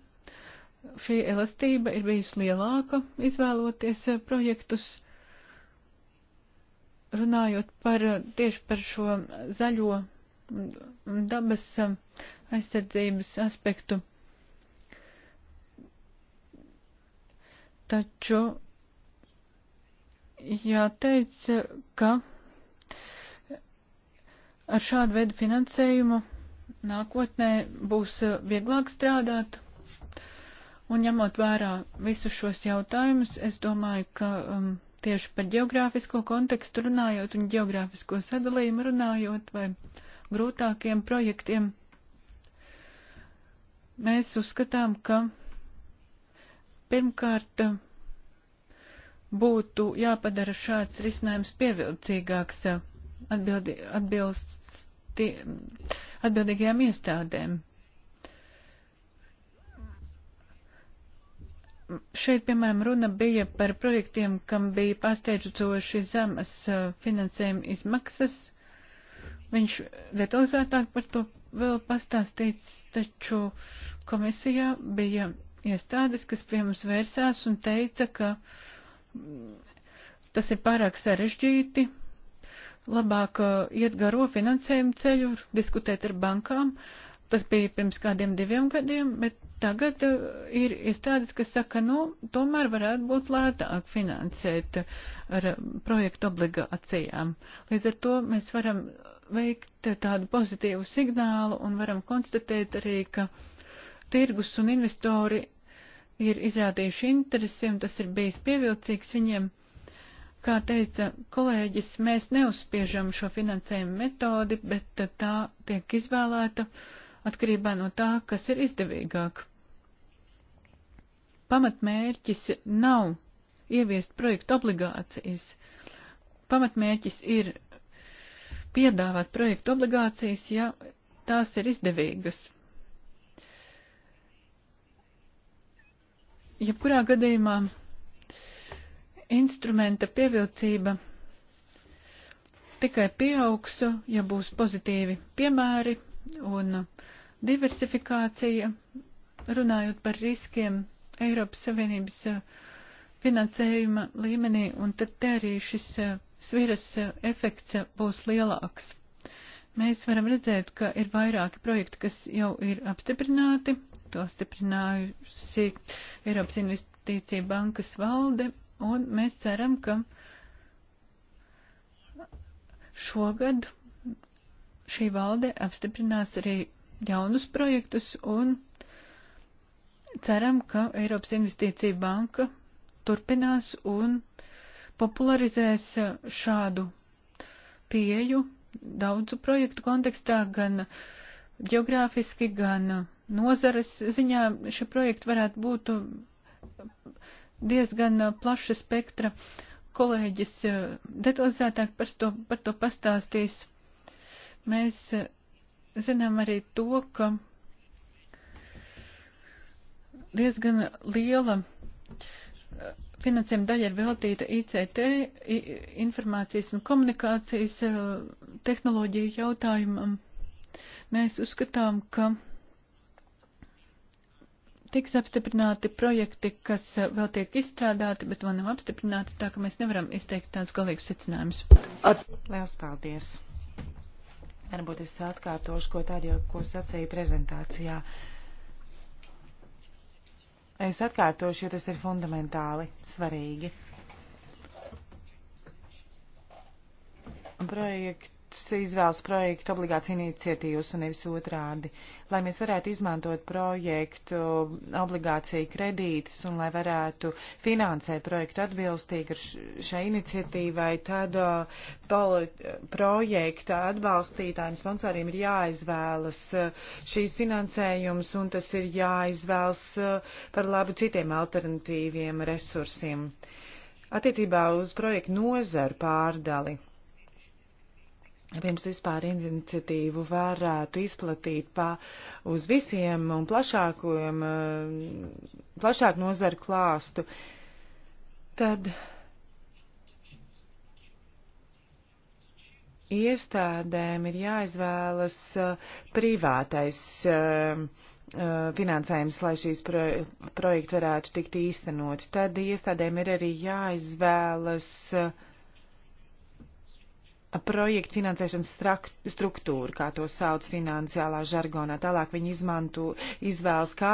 šī elastība ir bijusi lielāka izvēloties eh, projektus. Runājot par tieši par šo zaļo dabas eh, aizsardzības aspektu. Taču jāteic, eh, ka Ar šādu veidu finansējumu nākotnē būs eh, vieglāk strādāt. Un ņemot vērā visus šos jautājumus, es domāju, ka um, tieši par geogrāfisko kontekstu runājot un geogrāfisko sadalījumu runājot vai grūtākiem projektiem, mēs uzskatām, ka pirmkārt eh, būtu jāpadara šāds risinājums pievilcīgāks eh, atbildi, atbilst tie, atbildīgajām iestādēm. Šeit, piemēram, runa bija par projektiem, kam bija pārsteidzoši zemas uh, finansējuma izmaksas. Viņš detalizētāk par to vēl pastāstīts, taču komisijā bija iestādes, kas pie mums vērsās un teica, ka mm, tas ir pārāk sarežģīti, labāk uh, iet garo finansējumu ceļu, diskutēt ar bankām. Tas bija pirms kādiem diviem gadiem, bet tagad uh, ir iestādes, kas saka, nu, tomēr varētu būt lētāk finansēt uh, ar projektu obligācijām. Līdz ar to mēs varam veikt tādu pozitīvu signālu un varam konstatēt arī, ka tirgus un investori ir izrādījuši interesi un tas ir bijis pievilcīgs viņiem Kā teica kolēģis, mēs neuzspiežam šo finansējumu metodi, bet tā tiek izvēlēta atkarībā no tā, kas ir izdevīgāk. Pamatmērķis nav ieviest projektu obligācijas. Pamatmērķis ir piedāvāt projektu obligācijas, ja tās ir izdevīgas. Jebkurā gadījumā instrumenta pievilcība tikai pieaugs, ja būs pozitīvi piemēri un diversifikācija. Runājot par riskiem Eiropas Savienības uh, finansējuma līmenī, un tad te arī šis uh, sviras uh, efekts būs lielāks. Mēs varam redzēt, ka ir vairāki projekti, kas jau ir apstiprināti. To stiprinājusi Eiropas Investīcija bankas valde un mēs ceram, ka šogad šī valde apstiprinās arī jaunus projektus un ceram, ka Eiropas Investīcija banka turpinās un popularizēs šādu pieju daudzu projektu kontekstā, gan geogrāfiski, gan nozares ziņā šie projekti varētu būt diezgan uh, plaša spektra. Kolēģis uh, detalizētāk par to, par to pastāstīs. Mēs uh, zinām arī to, ka diezgan liela finansējuma daļa ir veltīta ICT, informācijas un komunikācijas tehnoloģiju jautājumam. Mēs uzskatām, ka tiks apstiprināti projekti, kas vēl tiek izstrādāti, bet vēl nav apstiprināti, tā ka mēs nevaram izteikt tādus galīgus secinājumus. Lielas paldies! Varbūt es atkārtošu, ko tādu jau, ko sacīju prezentācijā. Es atkārtošu, jo tas ir fundamentāli svarīgi. Projekti izvēlas projektu obligāts iniciatīvas un nevis otrādi, lai mēs varētu izmantot projektu obligāciju kredītas un lai varētu finansēt projektu atbilstīgi ar šai iniciatīvai, tad uh, projekta atbalstītājiem sponsoriem ir jāizvēlas uh, šīs finansējums un tas ir jāizvēlas uh, par labu citiem alternatīviem resursiem. Attiecībā uz projektu nozaru pārdali pirms vispār iniciatīvu varētu izplatīt pa uz visiem un plašākiem, eh, plašāk nozaru klāstu, tad iestādēm ir jāizvēlas eh, privātais eh, finansējums, lai šīs pro, projekti varētu tikt īstenot. Tad iestādēm ir arī jāizvēlas uh, projektu finansēšanas struktūru, kā to sauc finansiālā žargonā. Tālāk viņi izmanto, izvēlas kā,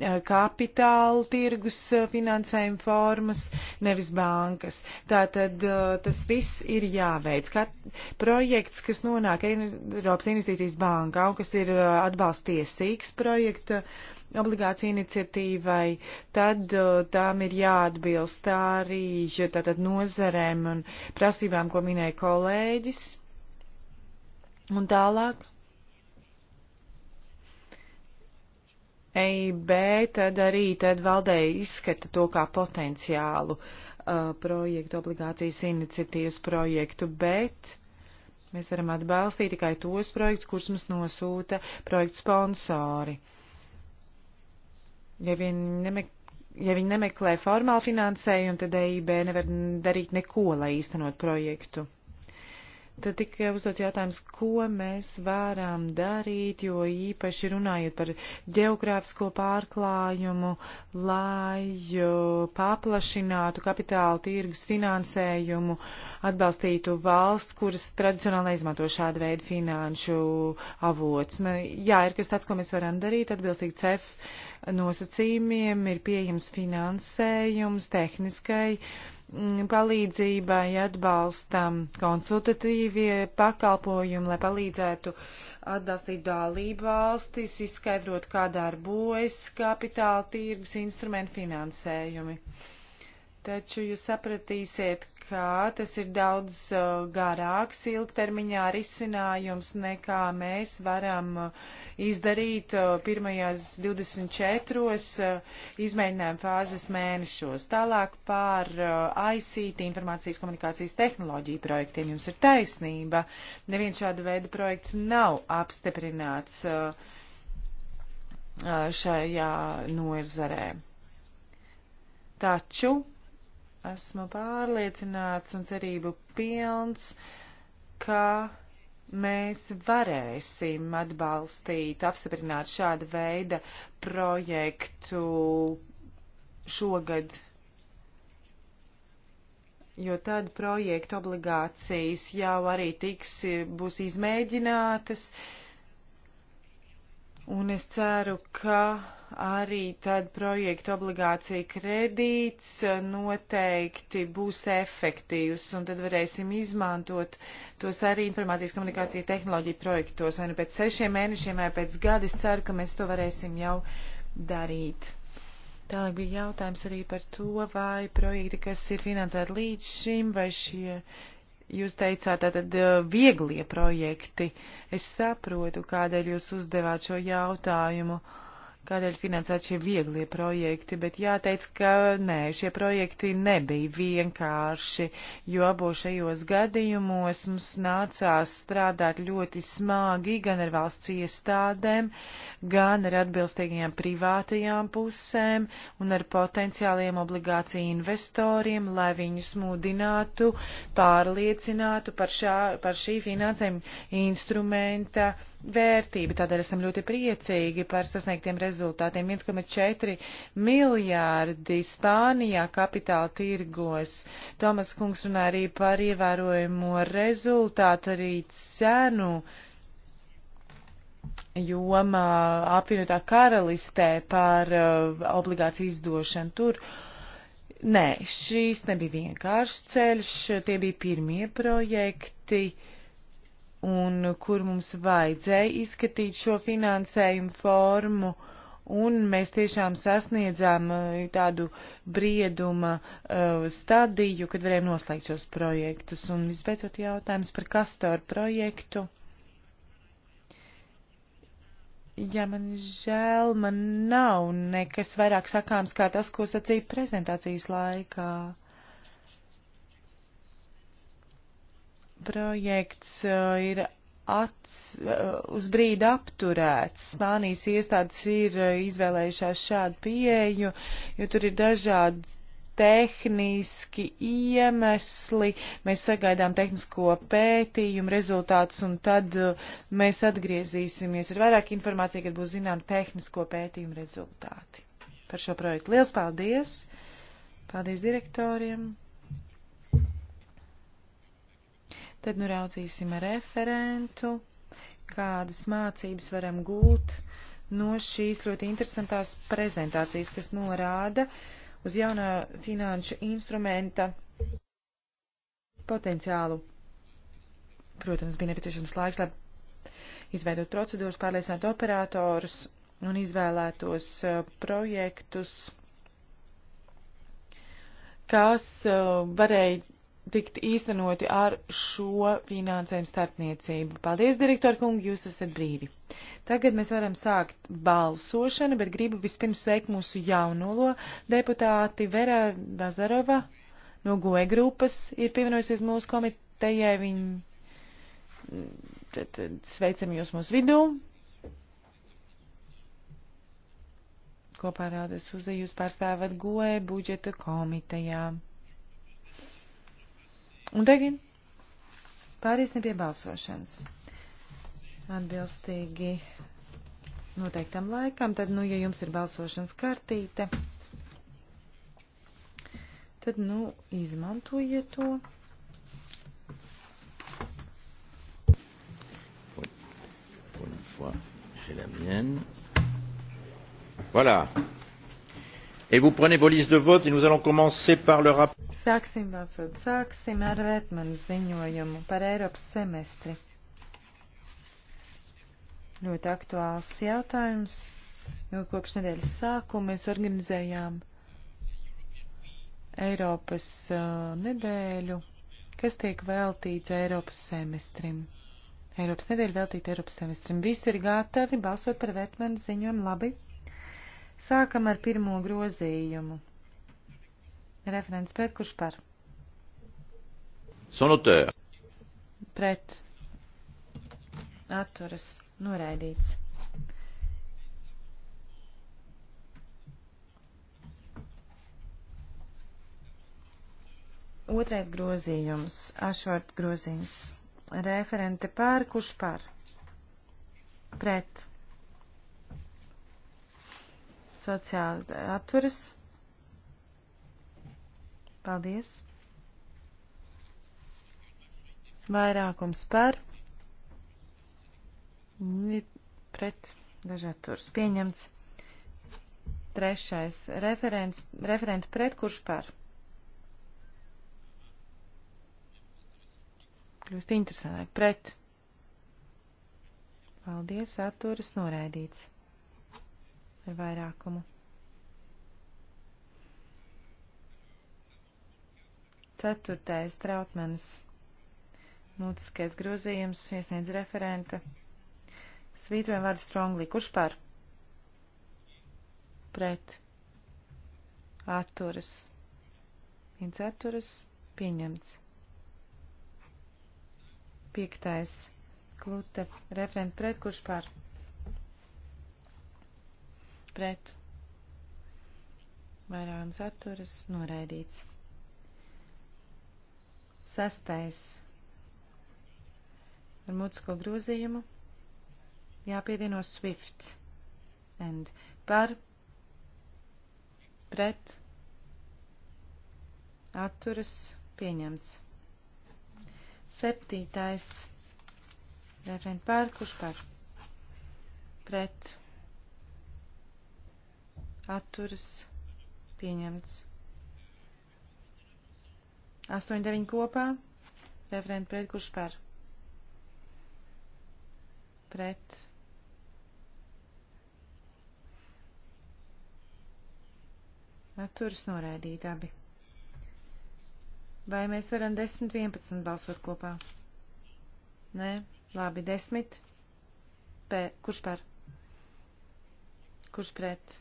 eh, kapitāla tirgus eh, finansējuma formas, nevis bankas. Tātad eh, tas viss ir jāveic. Kat, projekts, kas nonāk Eiropas investīcijas bankā un kas ir atbalstiesīgs projekts, obligācija iniciatīvai, tad uh, tām ir jāatbilst tā arī tātad nozerēm un prasībām, ko minēja kolēģis. Un tālāk. EIB tad arī tad valdē izskata to kā potenciālu uh, projektu, obligācijas iniciatīvas projektu, bet mēs varam atbalstīt tikai tos projektus, kurus mums nosūta projektu sponsori. Uh, Ja vien nemeklē ja viņi nemeklē formālu finansējumu, tad EIB nevar darīt neko, lai īstenot projektu. Tad tika uzdots jautājums, ko mēs varam darīt, jo īpaši runājot par geogrāfisko pārklājumu, lai paplašinātu kapitāla tirgus finansējumu, atbalstītu valsts, kuras tradicionāli izmanto šādu veidu finanšu avots. Jā, ir kas tāds, ko mēs varam darīt, atbilstīgi CEF nosacījumiem, ir pieejams finansējums tehniskai Mm, palīdzībai atbalstam konsultatīvie pakalpojumi, lai palīdzētu atbalstīt dalību valstis, izskaidrot, kā darbojas kapitāla tirgus instrumentu finansējumi. Taču jūs sapratīsiet, ka tas ir daudz uh, garāks ilgtermiņā risinājums, nekā mēs varam uh, izdarīt pirmajās 24 izmēģinājuma fāzes mēnešos. Tālāk par ICT informācijas komunikācijas tehnoloģiju projektiem jums ir taisnība. Neviens šāda veida projekts nav apstiprināts šajā noirzarē. Taču esmu pārliecināts un cerību pilns, ka mēs varēsim atbalstīt, apstiprināt šāda veida projektu šogad, jo tad projektu obligācijas jau arī tiks, būs izmēģinātas. Uh, Un es ceru, ka arī tad projekta obligācija kredīts eh, noteikti būs efektīvs, un tad varēsim izmantot tos arī informācijas komunikācija tehnoloģija projektos, vai nu pēc sešiem mēnešiem vai pēc gada. Es ceru, ka mēs to varēsim jau darīt. Tālāk bija jautājums arī par to, vai projekti, kas ir finansēti līdz šim, vai šie Jūs teicāt, tātad eh, vieglie projekti. Es saprotu, kādēļ jūs uzdevāt šo jautājumu. Uh, kādēļ finansēt šie vieglie projekti, bet jāteic, ka nē, šie projekti nebija vienkārši, jo abos šajos gadījumos mums nācās strādāt ļoti smagi gan ar valsts iestādēm, gan ar atbilstīgajām privātajām pusēm un ar potenciāliem obligāciju investoriem, lai viņus mudinātu, pārliecinātu par, šā, par šī finansējuma instrumenta vērtība, tādēļ esam ļoti priecīgi par sasniegtiem rezultātiem. 1,4 miljārdi Spānijā kapitāla tirgos. Tomas Kungs runā arī par ievērojumu rezultātu, arī cenu jomā apvienotā karalistē par uh, obligāciju izdošanu tur. Nē, šīs nebija vienkāršs ceļš, tie bija pirmie projekti. Uh, un kur mums vajadzēja izskatīt šo finansējumu formu, un mēs tiešām sasniedzām eh, tādu brieduma uh, stadiju, kad varējām noslēgt šos projektus. Un visbeidzot jautājums par Kastoru projektu. Ja man žēl, man nav nekas vairāk sakāms kā tas, ko sacīja prezentācijas laikā. Uh, projekts uh, ir ats, uh, uz brīdi apturēts. Spānijas iestādes ir uh, izvēlējušās šādu pieeju, jo tur ir dažādi tehniski iemesli. Mēs sagaidām tehnisko pētījumu rezultātus, un tad mēs atgriezīsimies ar vairāk informāciju, kad būs zinām tehnisko pētījumu rezultāti par šo projektu. Liels paldies! Paldies direktoriem! Tad nu raudzīsim referentu, kādas mācības varam gūt no šīs ļoti interesantās prezentācijas, kas norāda uz jaunā finanšu instrumenta potenciālu. Protams, bija nepieciešams laiks, lai izveidot procedūras, pārliecinātu operatorus un izvēlētos uh, projektus, kas uh, varēja tikt īstenoti ar šo finansējumu starpniecību. Paldies, direktor kungi, jūs esat brīvi. Tagad mēs varam sākt balsošanu, bet gribu vispirms sveikt mūsu jaunolo deputāti Vera Dazarova no GOE grupas ir pievienojusies mūsu komitejai. Viņ... Tad, tad sveicam jūs mūsu vidū. Kopā rādes uzēju jūs pārstāvat GOE budžeta komitejām. Un tagad pāriesim pie balsošanas. Atbilstīgi noteiktam laikam, tad, nu, ja jums ir balsošanas kartīte, tad, nu, izmantojiet to. Pour une fois, j'ai la mienne. Voilà. Et vous prenez vos listes de vote et nous allons commencer par le rapport. Sāksim balsot. Sāksim ar Vētmanu ziņojumu par Eiropas semestri. Ļoti aktuāls jautājums. Nu, kopš nedēļas sākuma mēs organizējām Eiropas uh, nedēļu, kas tiek veltīts Eiropas semestrim. Eiropas nedēļa veltīta Eiropas semestrim. Visi ir gatavi balsot par Vētmanu ziņojumu. Labi. Sākam ar pirmo grozījumu. Referents pret, kurš par? Sonotē. Pret. Atturas. Noraidīts. Otrais grozījums, ašvart grozījums. Referente pār, kurš pār? Pret sociāli atturas. Paldies. Vairākums par. Pret dažādi turas pieņemts. Trešais referents, referents pret kurš par. Kļūst interesantāk. Pret. Paldies, atturas noraidīts ar vairākumu. Ceturtais trautmanis. Mūtiskais grozījums iesniedz referenta. Svītrojam vārdu strongly. Kurš par? Pret. Atturas. Viens atturas. Pieņemts. Piektais. Klute. Referenta pret. Kurš par? pret vairākums atturas noraidīts. Sastais ar mutisko grozījumu jāpievieno Swift and par pret atturas pieņemts. Septītais referent par kurš par pret atturas pieņemts. 8-9 kopā, referenti pret, kurš par? Pret. Atturas noraidīt abi. Vai mēs varam 10-11 balsot kopā? Nē, labi, 10. Pē, kurš par? Kurš pret?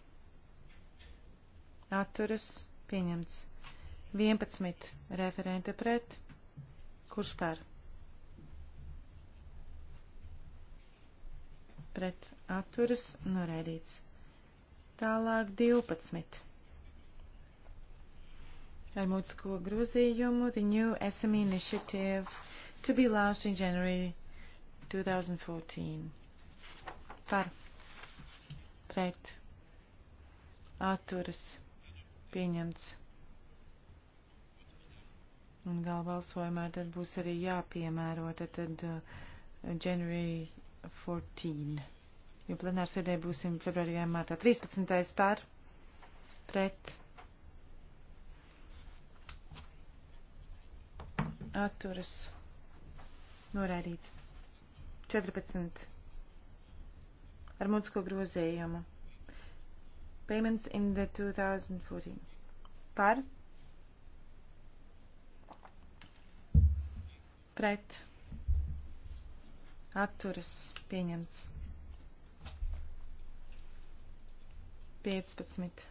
atturas pieņemts. 11 referente pret, kurš par? Pret atturas noraidīts. Tālāk 12. Ar mūtisko grozījumu The New SME Initiative to be launched in January 2014. Par. Pret. Atturas Pieņemts. Un gal balsojumā tad būs arī jāpiemēro, tad, tad uh, January 14. Jo plenārs sēdē būsim februārī vai martā. 13. par pret atturas noraidīts. 14. ar mūtisko grozējumu payments in the 2014. Par. Pret. Atturas pieņemts. 15.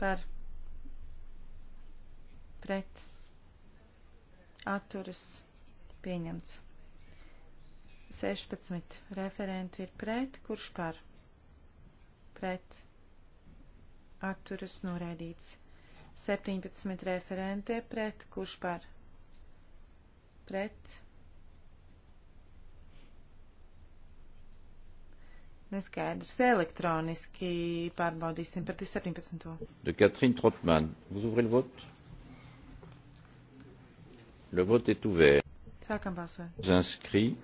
Par. Pret. Atturas pieņemts. 16. Referenti ir pret, kurš par? pret atturas noraidīts. 17 referentē pret, kurš par pret. Neskaidrs. Elektroniski pārbaudīsim par 17. De Katrīna Trotman, vous ouvrez le vote? Le vote est ouvert. Sākam balsot. J'inscris.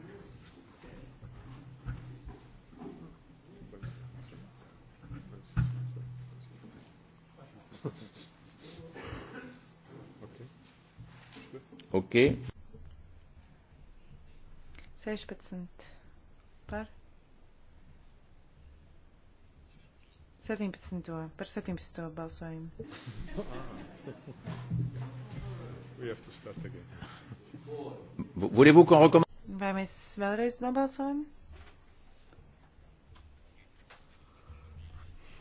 Ok. 16 par 17. par 17. balsojumu. Voulez-vous qu'on recommence? Vai mēs vēlreiz nobalsojam?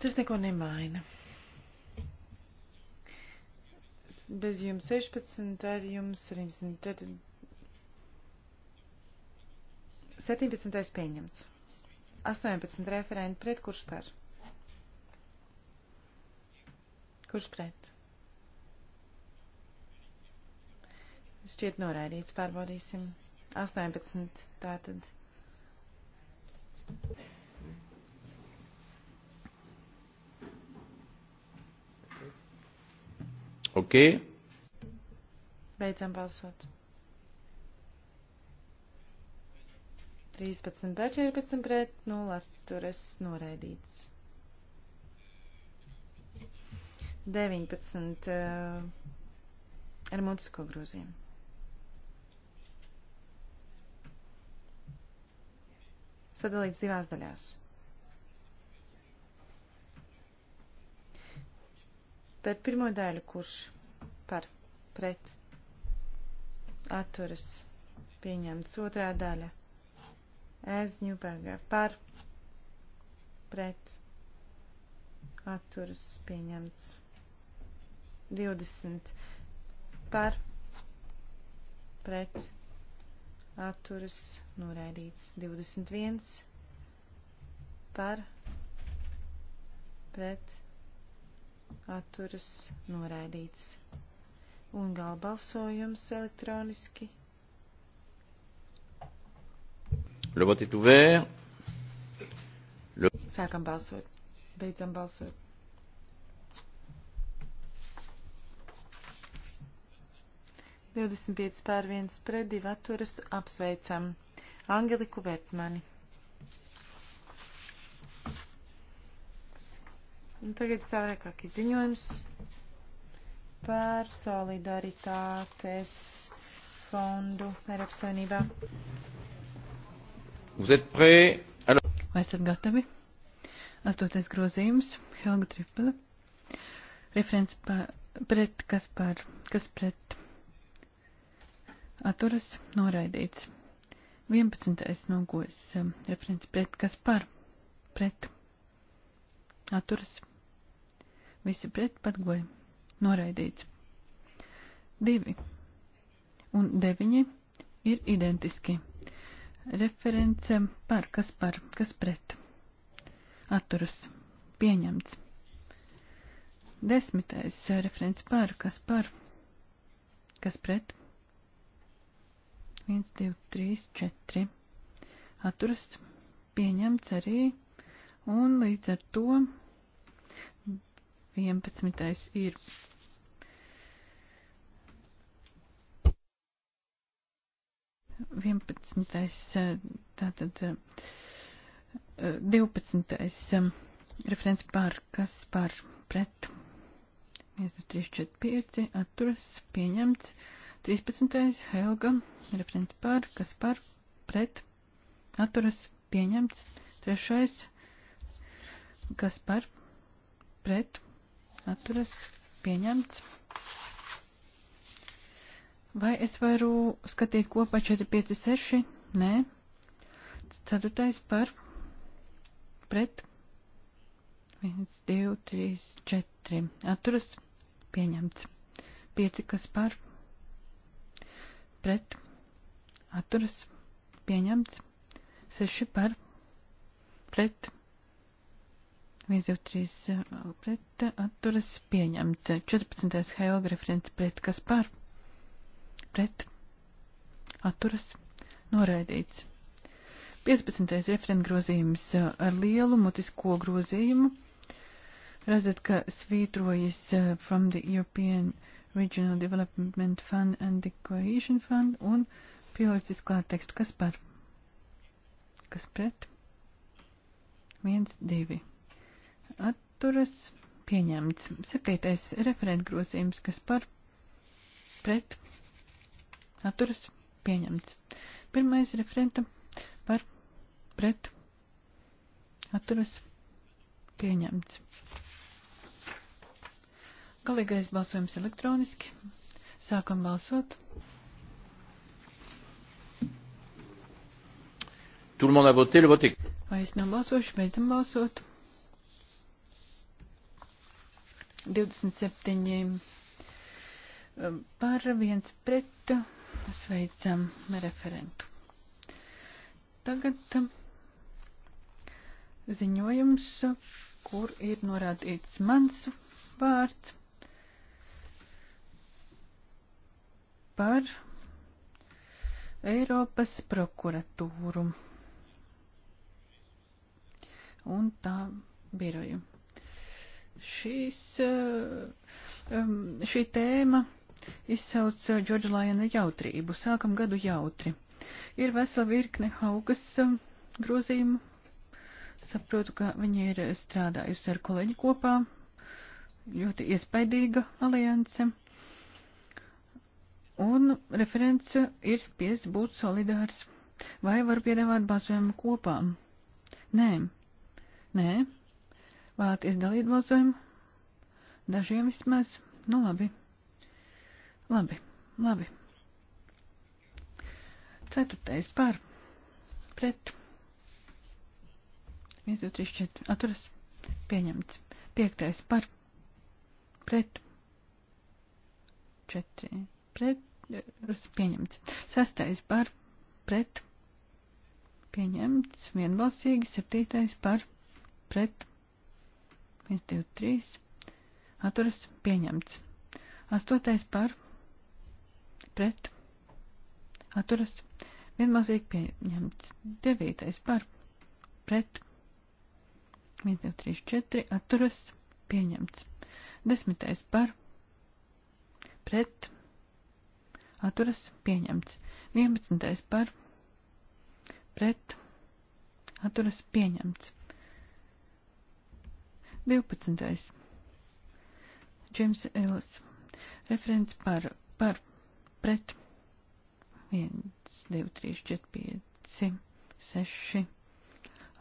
Tas neko nemaina. bez jums 16, ar jums 700. Tad 17. pieņemts. 18 referenti pret kurš par? Kurš pret? Šķiet noraidīts, pārbaudīsim. 18. Tātad. Ok? Beidzam balsot. 13 par 14 pret 0 atturas noraidīts. 19 uh, eh, ar mutisko grozījumu. Sadalīts divās daļās. par pirmo daļu, kurš par pret atturas pieņemts. Otrā daļa. As new paragraph. Par pret atturas pieņemts. 20. Par pret atturas noraidīts. 21. Par pret atturas atturas noraidīts. Un gal balsojums elektroniski. Le vote est ouvert. Le... Sākam balsot. Beidzam balsot. Divdesmit pieci pār viens pret divi atturas apsveicam Angeliku Vertmani. Un tagad tālākākais ziņojums par solidaritātes fondu Eiropas Savienībā. Vai esat gatavi? Astotais grozījums, Helga Tripele. Referents pa, pret, kas par, kas pret. Atturas noraidīts. 11. nogos, referents pret, kas par, pret. Atturas noraidīts visi pret pat goja. Noraidīts. 2 un 9 ir identiski. Reference par, kas par, kas pret. Atturas. Pieņemts. Desmitais referents par, kas par, kas pret. 1, 2, 3, 4. Atturas. Pieņemts arī. Un līdz ar to 11. ir. Vienpadsmitais, tātad divpadsmitais referents par, kas par pret. 1, 3, 4, 5, atturas, pieņemts. 13. Helga, referents par, kas par pret, atturas, pieņemts. 3. kas par pret, atturas pieņemts. Vai es varu skatīt kopā 4, 5, 6? Nē. Ceturtais par pret. 1, 2, 3, 4. Atturas pieņemts. 5, kas par pret. Atturas pieņemts. 6 par pret. 1, 2, 3, pret, atturas, pieņemts. 14. Helga referents pret, kas par, pret, atturas, noraidīts. 15. referenta grozījums uh, ar lielu mutisko grozījumu. Redzat, ka svītrojas uh, from the European Regional Development Fund and the Cohesion Fund un pielicis klāt tekstu, kas par, kas pret, 1, 2 atturas pieņemts. Septītais referentgrozījums, kas par pret atturas pieņemts. Pirmais referenta par pret atturas pieņemts. Galīgais balsojums elektroniski. Sākam balsot. Tout le monde a voté, le vote est... Vai es nav balsošu, beidzam balsot. 27 um, par viens pret sveicam referentu. Tagad um, ziņojums, kur ir norādīts mans vārds par Eiropas prokuratūru un tā biroju. Šīs, eh, um, šī tēma izsauc eh, Džordža Lajana jautrību. Sākam gadu jautri. Ir vesela virkne augas eh, grozījumu. Saprotu, ka viņa ir strādājusi ar kolēģi kopā. Ļoti iespaidīga alianse. Un referents ir spiests būt solidārs. Vai var piedāvāt balsojumu kopā? Nē. Nē. Vēlaties dalīt balsojumu? Dažiem vismaz. Nu, labi. Labi, labi. Ceturtais par. Pret. 1, 2, 3, 4. Atturas. Pieņemts. Piektais par. Pret. 4. Pret. Pieņemts. Sastais par. Pret. Pieņemts. Vienbalsīgi. Septītais par. Pret 1, 2, 3. Atturas pieņemts. 8. par pret. Atturas vienmazīgi pieņemts. 9. par pret. 1, 2, 3, 4. Atturas pieņemts. 10. par pret. Atturas pieņemts. 11. par pret. Atturas pieņemts. 12. Džeims Ellis. Referents par, par, pret. 1, 2, 3, 4, 5, 6.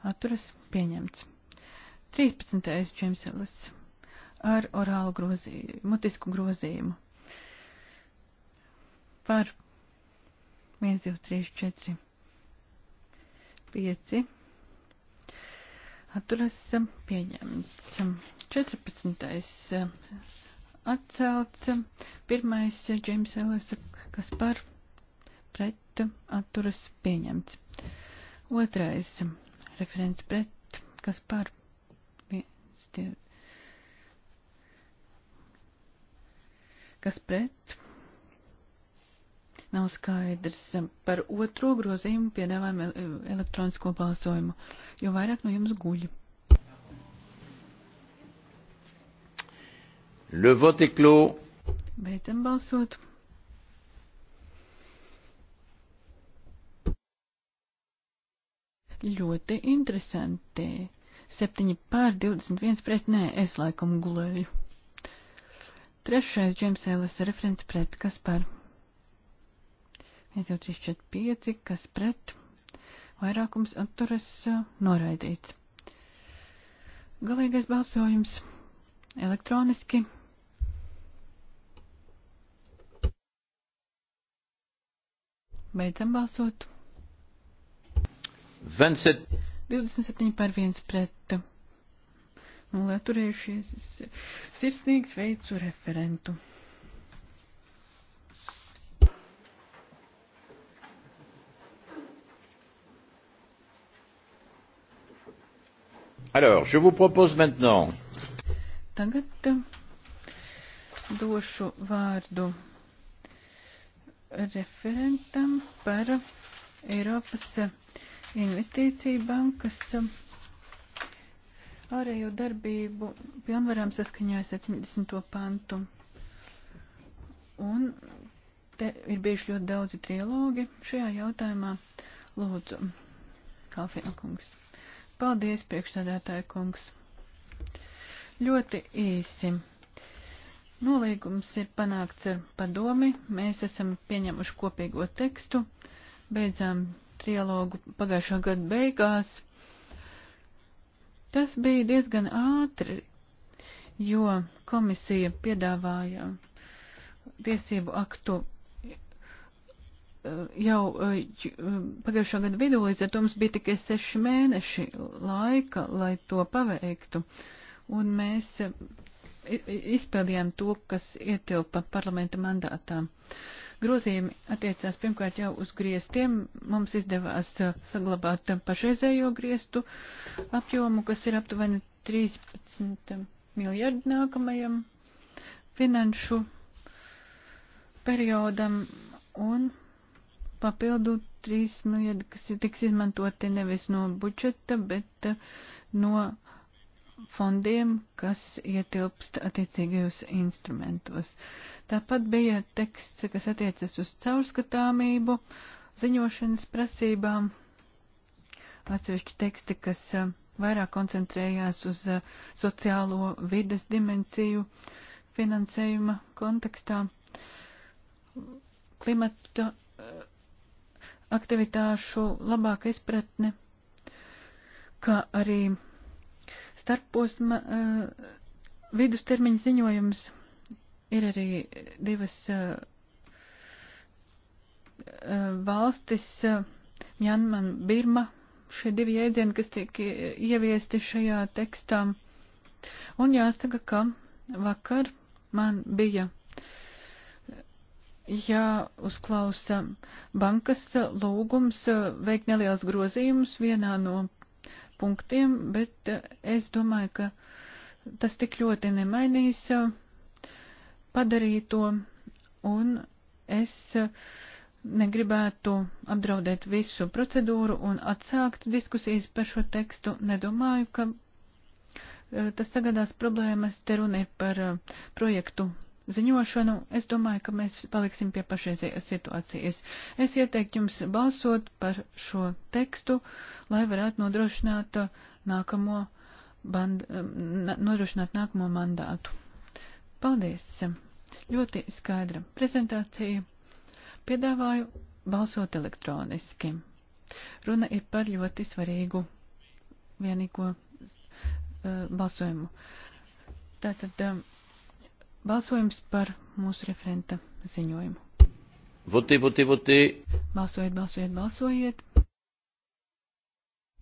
Atturas pieņemts. 13. Džeims Ellis. Ar orālu grozījumu, mutisku grozījumu. Par 1, 2, 3, 4, 5 atturas pieņemts. 14. atcelts. 1. Džeims Ellisa, kas par pret atturas pieņemts. 2. referents pret, kas par 1, 2, kas pret nav skaidrs. Eh, par otro grozījumu piedāvājam eh, elektronisko balsojumu, jo vairāk no jums guļ. Le vote est clos. Beidzam balsot. Ļoti interesanti. 7 pār 21 pret nē, es laikam gulēju. Trešais Džeimsēlis referents pret Kaspar. 1, 2, 3, 4, 5, kas pret vairākums atturas noraidīts. Galīgais balsojums elektroniski. Beidzam balsot. 27, 27 par 1 pret. Nulē turējušies sirsnīgs veicu referentu. Alors, je vous propose maintenant. Tagad došu vārdu referentam par Eiropas investīciju bankas ārējo darbību pilnvarām saskaņā 70. pantu. Un te ir bijuši ļoti daudzi trilogi šajā jautājumā. Lūdzu, Kalfina kungs. Paldies, priekšsēdētāja kungs. Ļoti īsi. Nolīgums ir panākts ar padomi. Mēs esam pieņemuši kopīgo tekstu. Beidzām trialogu pagājušā gada beigās. Tas bija diezgan ātri, jo komisija piedāvāja tiesību aktu jau eh, eh, pagājušā gada vidū, līdz ar to mums bija tikai seši mēneši laika, lai to paveiktu. Un mēs eh, izpildījām to, kas ietilpa parlamenta mandātā. Grozījumi attiecās pirmkārt jau uz griestiem. Mums izdevās saglabāt pašreizējo griestu apjomu, kas ir aptuveni 13 miljardi nākamajam finanšu periodam. Un papildu 3 miljardi, kas tiks izmantoti nevis no budžeta, bet eh, no fondiem, kas ietilpst attiecīgajos instrumentos. Tāpat bija teksts, kas attiecas uz caurskatāmību, ziņošanas prasībām, atsevišķi teksti, kas eh, vairāk koncentrējās uz eh, sociālo vides dimensiju finansējuma kontekstā, klimata aktivitāšu labāka izpratne, kā arī starposma uh, vidustermiņa ziņojums ir arī divas uh, valstis, uh, Mjanman, Birma, šie divi jēdzieni, kas tiek ieviesti šajā tekstā. Un jāsaka, ka vakar man bija jāuzklausa bankas lūgums veikt neliels grozījums vienā no punktiem, bet es domāju, ka tas tik ļoti nemainīs padarīto, un es negribētu apdraudēt visu procedūru un atsākt diskusijas par šo tekstu. Nedomāju, ka tas sagādās problēmas. Te runa ir par projektu ziņošanu, es domāju, ka mēs paliksim pie pašreizējās situācijas. Es ieteiktu jums balsot par šo tekstu, lai varētu nodrošināt uh, nākamo, band, um, nodrošināt nākamo mandātu. Paldies! Ļoti skaidra prezentācija. Piedāvāju balsot elektroniski. Runa ir par ļoti svarīgu vienīgo uh, balsojumu. Tātad. Um, Balsojums par mūsu referenta ziņojumu. Votī, votī, votī. Balsojiet, balsojiet, balsojiet.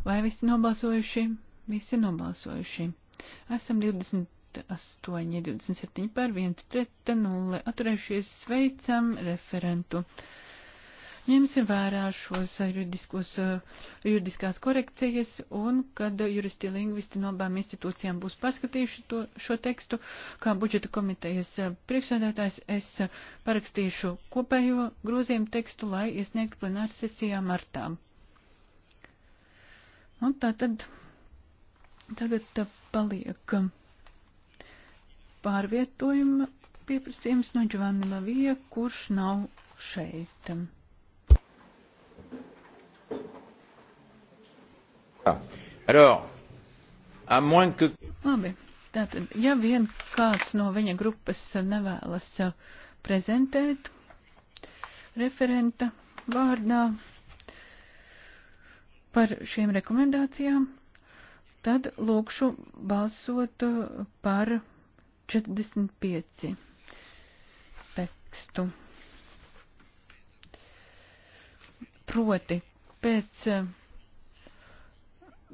Vai visi nobalsojuši? Visi nobalsojuši. Esam 28, 27 par 1 pret 0. Atturējušies sveicam referentu ņemsim vērā šos eh, eh, juridiskās korekcijas un kad juristi lingvisti no abām institūcijām būs paskatījuši to, šo tekstu, kā budžeta komitejas eh, priekšsēdētājs, es parakstīšu kopējo grozījumu tekstu, lai iesniegtu plenāru sesijā martā. Un tā tad tagad paliek pārvietojuma pieprasījums no Giovanni Lavija, kurš nav šeit. Ah. Alors, à moins que... Labi. Tātad, ja vien kāds no viņa grupas nevēlas uh, prezentēt referenta vārdā par šīm rekomendācijām, tad lūkšu balsot uh, par 45 tekstu. Proti, pēc uh,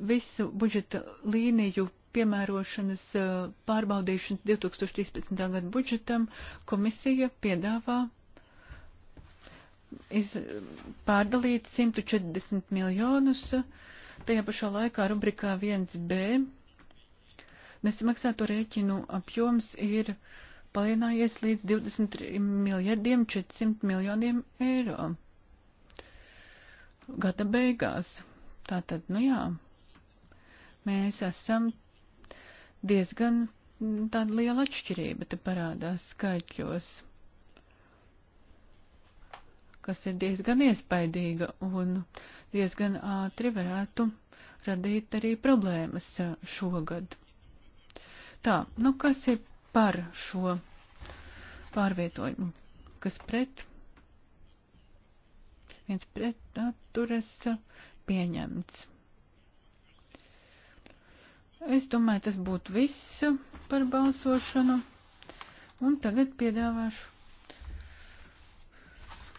visu budžeta līniju piemērošanas eh, pārbaudīšanas 2013. gada budžetam komisija piedāvā iz, pārdalīt 140 miljonus, tajā pašā laikā rubrikā 1b nesamaksāto rēķinu apjoms ir palielinājies līdz 23 miljardiem 400 miljoniem eiro. Gada beigās. Tātad, nu jā mēs esam diezgan mm, tāda liela atšķirība te parādās skaitļos, kas ir diezgan iespaidīga un diezgan ātri varētu radīt arī problēmas šogad. Tā, nu kas ir par šo pārvietojumu? Kas pret? Viens pret atturas pieņemts. Es domāju, tas būtu viss par balsošanu. Un tagad piedāvāšu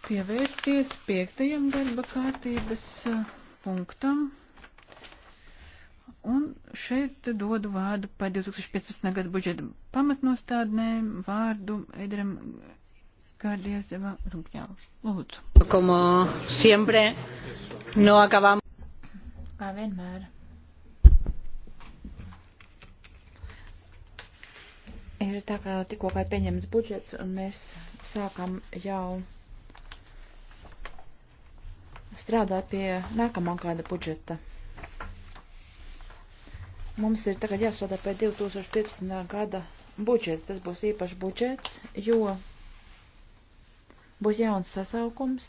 pievērsties piektajam darba kārtības e, punktam. Un šeit dodu vārdu par 2015. gadu budžeta pamatnostādnēm vārdu Edram Gārdies de Rumpļāvu. Lūdzu. Como siempre, no acabam. Kā vienmēr. ir tā kā tikko kā ir pieņemts budžets, un mēs sākam jau strādāt pie nākamā kāda budžeta. Mums ir tagad jāsodā pie 2015. gada budžets. Tas būs īpašs budžets, jo būs jauns sasaukums,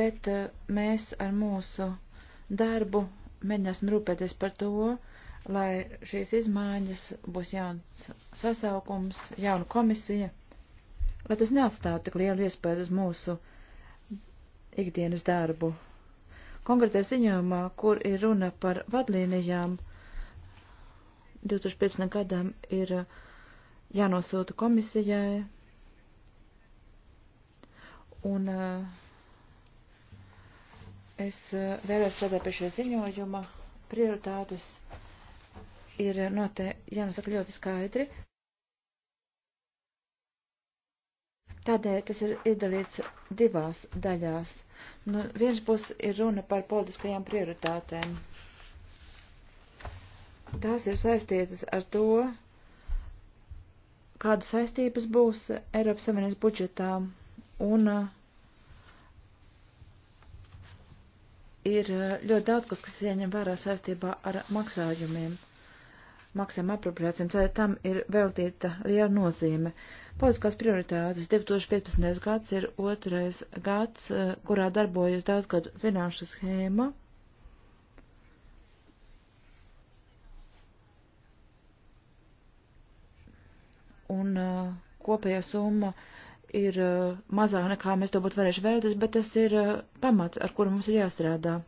bet eh, mēs ar mūsu darbu mēģināsim rūpēties par to, lai šīs izmaiņas būs jauns sasaukums, jauna komisija, lai tas neatstātu tik lielu iespēju uz mūsu ikdienas darbu. Konkrētajā ziņojumā, kur ir runa par vadlīnijām, 2015. gadam ir jānosūta komisijai, un eh, es eh, vēlēšu strādāt pie šī ziņojuma prioritātes ir note, jānosaka ļoti skaidri. Tādēļ tas ir iedalīts divās daļās. Nu, viens puses ir runa par politiskajām prioritātēm. Tās ir saistītas ar to, kāda saistības būs Eiropas Savienības budžetā un uh, ir uh, ļoti daudz, kas, kas ieņem vērā saistībā ar maksājumiem maksājuma apropriācijām, tad tam ir veltīta liela nozīme. Politiskās prioritātes 2015. gads ir otrais gads, eh, kurā darbojas daudzgadu finanšu schēma. Un uh, kopējā summa ir uh, mazāk nekā mēs to būtu varējuši vēlēties, bet tas ir uh, pamats, ar kuru mums ir jāstrādā.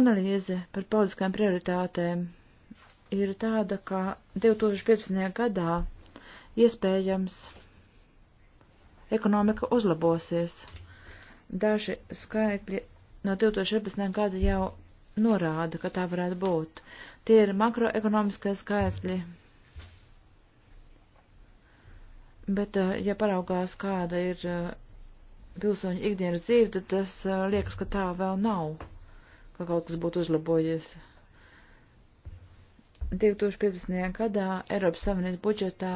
Analīze par politiskām prioritātēm ir tāda, ka 2015. gadā iespējams ekonomika uzlabosies. Daži skaitļi no 2014. gada jau norāda, ka tā varētu būt. Tie ir makroekonomiskie skaitļi. Bet, eh, ja paraugās, kāda ir eh, pilsoņu ikdienas dzīve, tad tas eh, liekas, ka tā vēl nav, ka kaut kas būtu uzlabojies. 2015. gadā Eiropas Savienības budžetā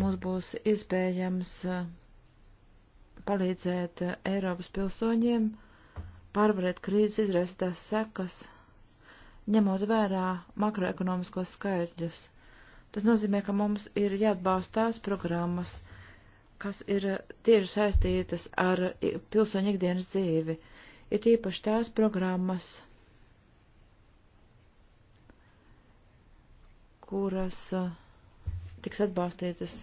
mums būs iespējams eh, palīdzēt Eiropas pilsoņiem pārvarēt krīzes izraisītās sekas, ņemot vērā makroekonomiskos skaidrļus. Tas nozīmē, ka mums ir jāatbalsta tās programmas, kas ir tieši saistītas ar pilsoņu ikdienas dzīvi, ir īpaši tās programmas, kuras eh, tiks atbalstītas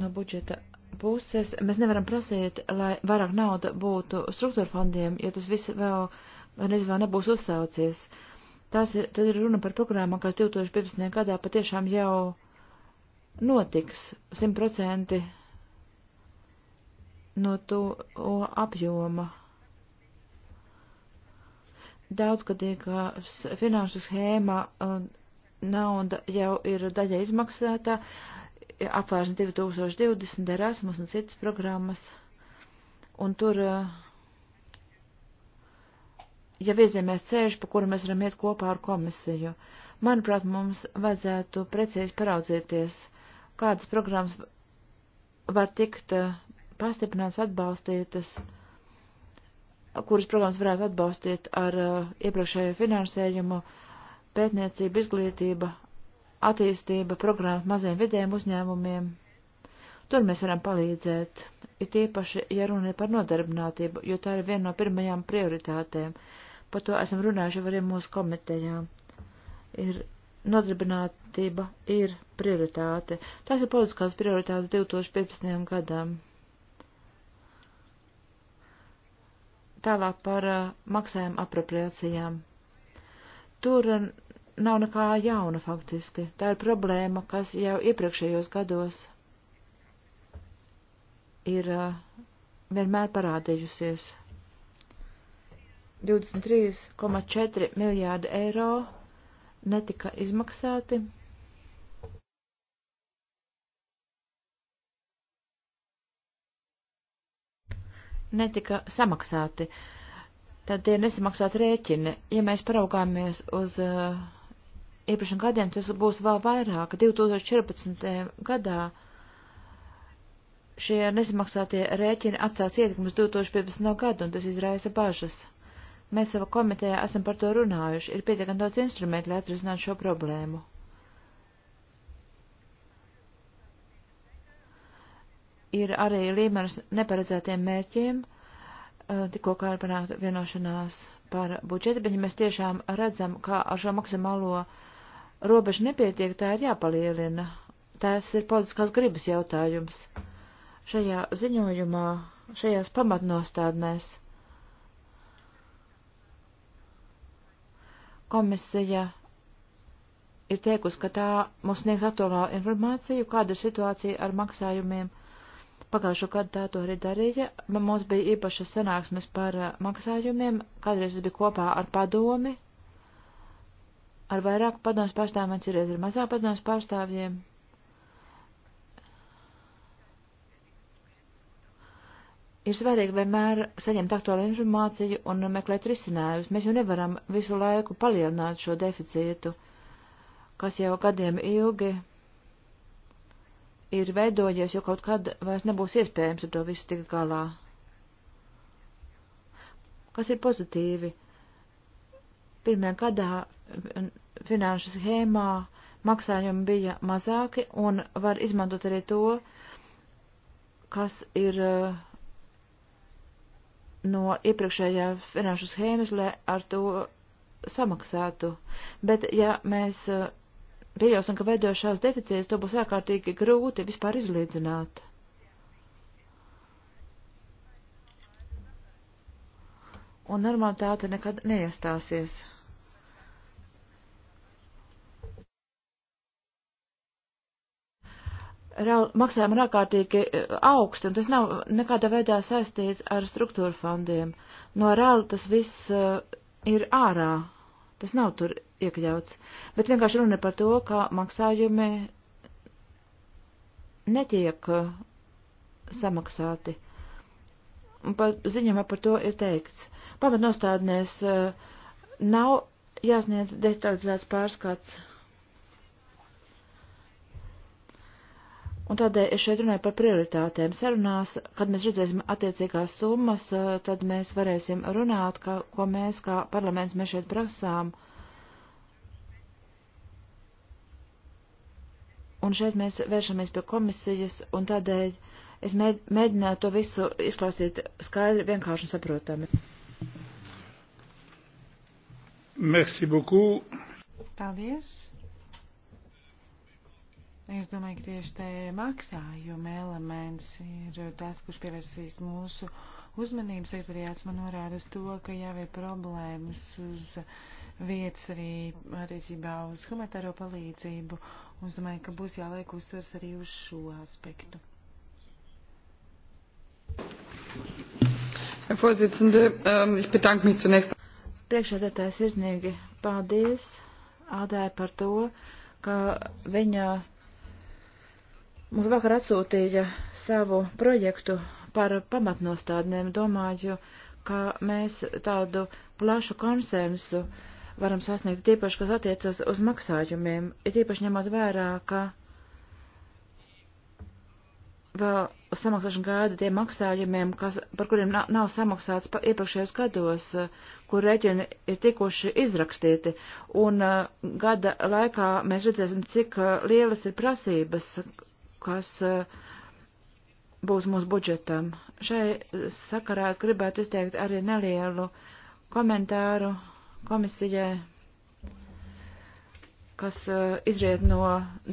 no budžeta puses. Mēs nevaram prasīt, lai vairāk nauda būtu struktūra fondiem, ja tas viss vēl, nezinu, vēl nebūs uzsaucies. Tās ir, tad ir runa par programmu, kas 2015. gadā patiešām jau notiks 100% no to apjoma. Daudzgadīgās finanšu schēma. Uh, nauda jau ir daļa izmaksāta, apvērsni 2020, Erasmus un citas programmas. Un tur, eh, ja virzamies ceļš, pa kuru mēs varam iet kopā ar komisiju, manuprāt, mums vajadzētu precīzi paraudzīties, kādas programmas var tikt eh, pastiprināts, atbalstītas, kuras programmas varētu atbalstīt ar eh, iepriekšējo finansējumu, uh, pētniecība, izglītība, attīstība, programmas maziem vidējiem uzņēmumiem. Tur mēs varam palīdzēt, it īpaši, ja runa ir par nodarbinātību, jo tā ir viena no pirmajām prioritātēm. Par to esam runājuši arī mūsu komitejā. Ir nodarbinātība ir prioritāte. Tas ir politiskās prioritātes 2015. gadam. Tālāk par uh, maksājumu apropriācijām. Tur uh, nav nekā jauna faktiski. Tā ir problēma, kas jau iepriekšējos gados ir uh, vienmēr parādījusies. 23,4 miljārdi eiro netika izmaksāti. Netika samaksāti. Tad tie nesamaksāti rēķini. Ja mēs paraugāmies uz uh, iepriekšējiem gadiem tas būs vēl vairāk. 2014. gadā šie nesamaksātie rēķini atstās ietekmes 2015. gadu, un tas izraisa bažas. Mēs savā komitejā esam par to runājuši. Ir pietiekami daudz instrumentu, lai atrisinātu šo problēmu. Ir arī līmenis neparedzētiem mērķiem, uh, tikko kā ir panākta vienošanās par budžetu, bet ja mēs tiešām redzam, kā ar šo maksimālo uh, robeža nepietiek, tā ir jāpalielina. Tās ir politiskās gribas jautājums. Šajā ziņojumā, šajās pamatnostādnēs komisija ir teikusi, ka tā mums sniegs aktuālā informāciju, kāda ir situācija ar maksājumiem. Pagājušo gadu tā to arī darīja. Mums bija īpaša sanāksmes par eh, maksājumiem, kādreiz tas bija kopā ar padomi, ar vairāk padomus pārstāvjiem, atceries ar mazāk padomus pārstāvjiem. Ir svarīgi vienmēr saņemt aktuālu informāciju un meklēt risinājumus. Mēs jau nevaram visu laiku palielināt šo deficītu, kas jau gadiem ilgi ir veidojies, jo kaut kad vairs nebūs iespējams ar to visu tik galā. Kas ir pozitīvi? Pirmajā gadā finanšu schēmā maksājumi bija mazāki un var izmantot arī to, kas ir eh, no iepriekšējā finanšu schēmas, lai ar to samaksātu. Bet, ja mēs eh, pieļausim, ka veidojušās deficīts, to būs ārkārtīgi grūti vispār izlīdzināt. Un normalitāte nekad neiestāsies. maksājumi ir ārkārtīgi e, augsti, un tas nav nekādā veidā saistīts ar struktūra fondiem. No reāli tas viss e, ir ārā, tas nav tur iekļauts, bet vienkārši runa par to, ka maksājumi netiek e, samaksāti. Un par ziņamā par to ir teikts. Pamatnostādnēs nav jāsniedz detalizēts pārskats Un tādēļ es šeit runāju par prioritātēm. Sarunās, kad mēs redzēsim attiecīgās summas, eh, tad mēs varēsim runāt, ka, ko mēs kā parlaments mēs šeit prasām. Un šeit mēs vēršamies pie komisijas, un tādēļ es mēģināju to visu izklāstīt skaidri, vienkārši un saprotami. Merci beaucoup. Paldies. Es domāju, ka tieši te maksājuma elements ir tas, kurš pievērsīs mūsu uzmanību. Sekretariāts man norāda uz to, ka jau ir problēmas uz vietas arī attiecībā uz humanitāro palīdzību. Un es domāju, ka būs jāliek uzsvers arī uz šo aspektu. Herr Vorsitzende, ähm, ich bedanke mich zunächst. Priekšsēdētājs iznīgi paldies Ādai par to, ka viņa Mums vakar atsūtīja savu projektu par pamatnostādnēm. Domāju, ka mēs tādu plašu konsensu varam sasniegt, tiepaši, kas attiecas uz maksājumiem, ir tiepaši ņemot vērā, ka vēl samaksāšana gaida tiem maksājumiem, kas, par kuriem nav, nav samaksāts iepriekšējos gados, kur reģioni ir tikuši izrakstīti, un uh, gada laikā mēs redzēsim, cik uh, lielas ir prasības, kas eh, būs mūsu budžetam. Šai sakarā es gribētu izteikt arī nelielu komentāru komisijai, kas eh, izriet no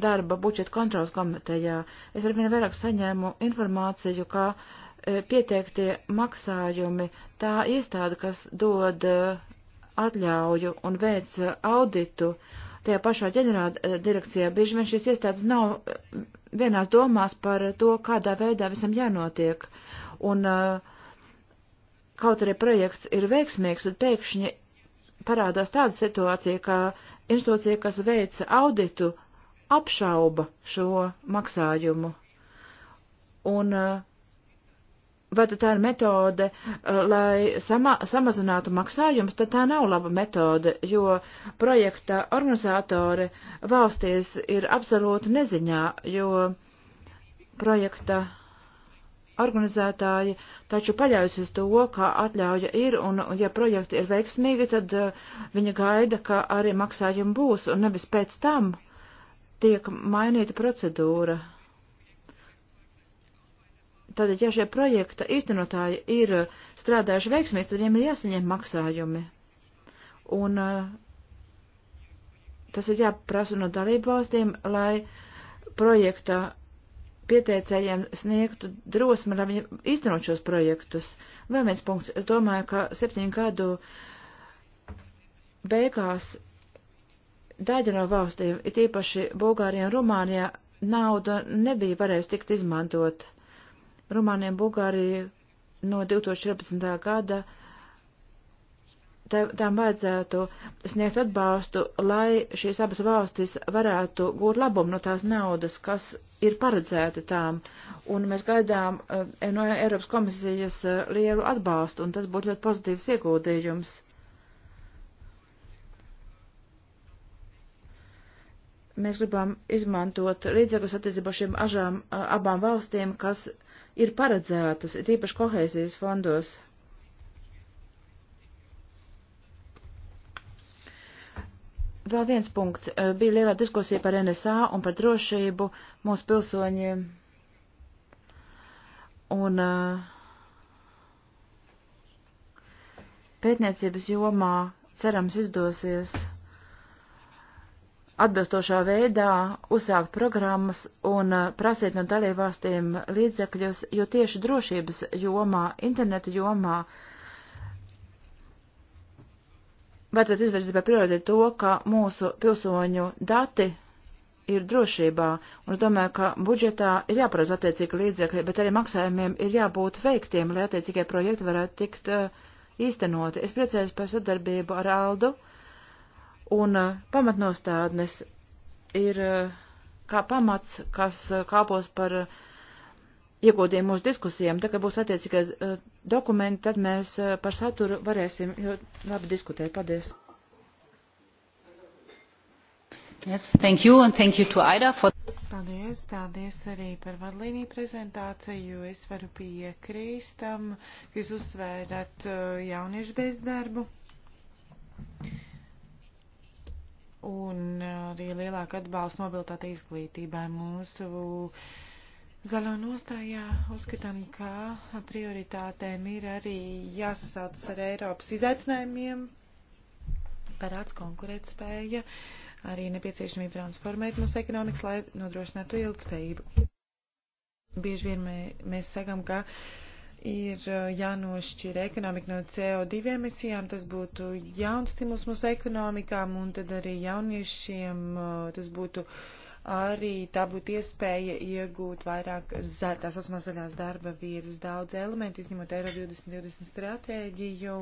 darba budžeta kontrolas komitejā. Es arvien vairāk saņēmu informāciju, ka eh, pieteiktie maksājumi tā iestāde, kas dod atļauju un veic auditu, uh, tajā pašā ģenerāla eh, direkcijā bieži vien šīs iestādes nav eh, vienās domās par to, kādā veidā visam jānotiek. Un eh, kaut arī projekts ir veiksmīgs, tad pēkšņi parādās tāda situācija, ka institūcija, kas veica auditu, apšauba šo maksājumu. Un uh, vai tā ir metode, uh, lai sama, samazinātu maksājumus, tad tā nav laba metode, jo projekta organizatori valstīs ir absolūti neziņā, jo projekta organizētāji taču paļaujas uz to, ka atļauja ir, un ja projekti ir veiksmīgi, tad uh, viņa gaida, ka arī maksājumi būs, un nevis pēc tam tiek mainīta procedūra Tātad, ja šie projekta īstenotāji ir uh, strādājuši veiksmīgi, tad viņiem ir jāsaņem maksājumi. Un uh, tas ir jāprasa no dalību valstīm, lai projekta pieteicējiem sniegtu drosmi, lai viņi īstenot šos projektus. Vēl viens punkts. Es domāju, ka septiņu gadu beigās daļa no valstīm, it īpaši Bulgārijā un Rumānijā, nauda nebija varējusi tikt izmantot. Rumānija un Bulgārija no 2014. gada tām vajadzētu sniegt atbalstu, lai šīs abas valstis varētu gūt labumu no tās naudas, kas ir paredzēta tām. Un mēs gaidām eh, no Eiropas komisijas eh, lielu atbalstu, un tas būtu ļoti pozitīvs ieguldījums. Mēs gribam izmantot līdzekļus attiecībā šīm ažām, eh, abām valstīm, kas ir paredzētas, ir īpaši kohēzijas fondos. Vēl viens punkts. Eh, Bija lielā diskusija par NSA un par drošību mūsu pilsoņiem. Un eh, pētniecības jomā cerams izdosies atbilstošā veidā uzsākt programmas un uh, prasīt no dalībvalstīm līdzekļus, jo tieši drošības jomā, interneta jomā, vajadzētu izvirzīt par prioritāti to, ka mūsu pilsoņu dati ir drošībā, un es domāju, ka budžetā ir jāparaz attiecīgi līdzekļi, bet arī maksājumiem ir jābūt veiktiem, lai attiecīgie projekti varētu tikt uh, īstenoti. Es priecājos par sadarbību ar Aldu. Uh, Un uh, pamatnostādnes ir uh, kā pamats, kas uh, kāpos par iegūtiem mūsu diskusijām. Tā kā būs attiecīgie dokumenti, tad mēs par saturu varēsim labi diskutēt. Paldies! Yes, thank you, and thank you to Aida for... Paldies, paldies arī par vadlīniju prezentāciju. Es varu piekrīst tam, ka jūs uzsvērat jauniešu bezdarbu un arī lielāka atbalsta mobilitāte izglītībai mūsu zaļo nostājā uzskatām, ka prioritātēm ir arī jāsasautas ar Eiropas izaicinājumiem, parāds konkurētspēja, arī nepieciešamība transformēt mūsu ekonomikas, lai nodrošinātu ilgspējību. Bieži vien mē, mēs sakam, ka uh, ir jānošķir ekonomika no CO2 emisijām, tas būtu jauns stimuls mūsu ekonomikām, un tad arī jauniešiem tas būtu arī tā būtu iespēja iegūt vairāk za, tās atsmās zaļās darba vietas, daudz elementu, izņemot Eiro 2020 stratēģiju,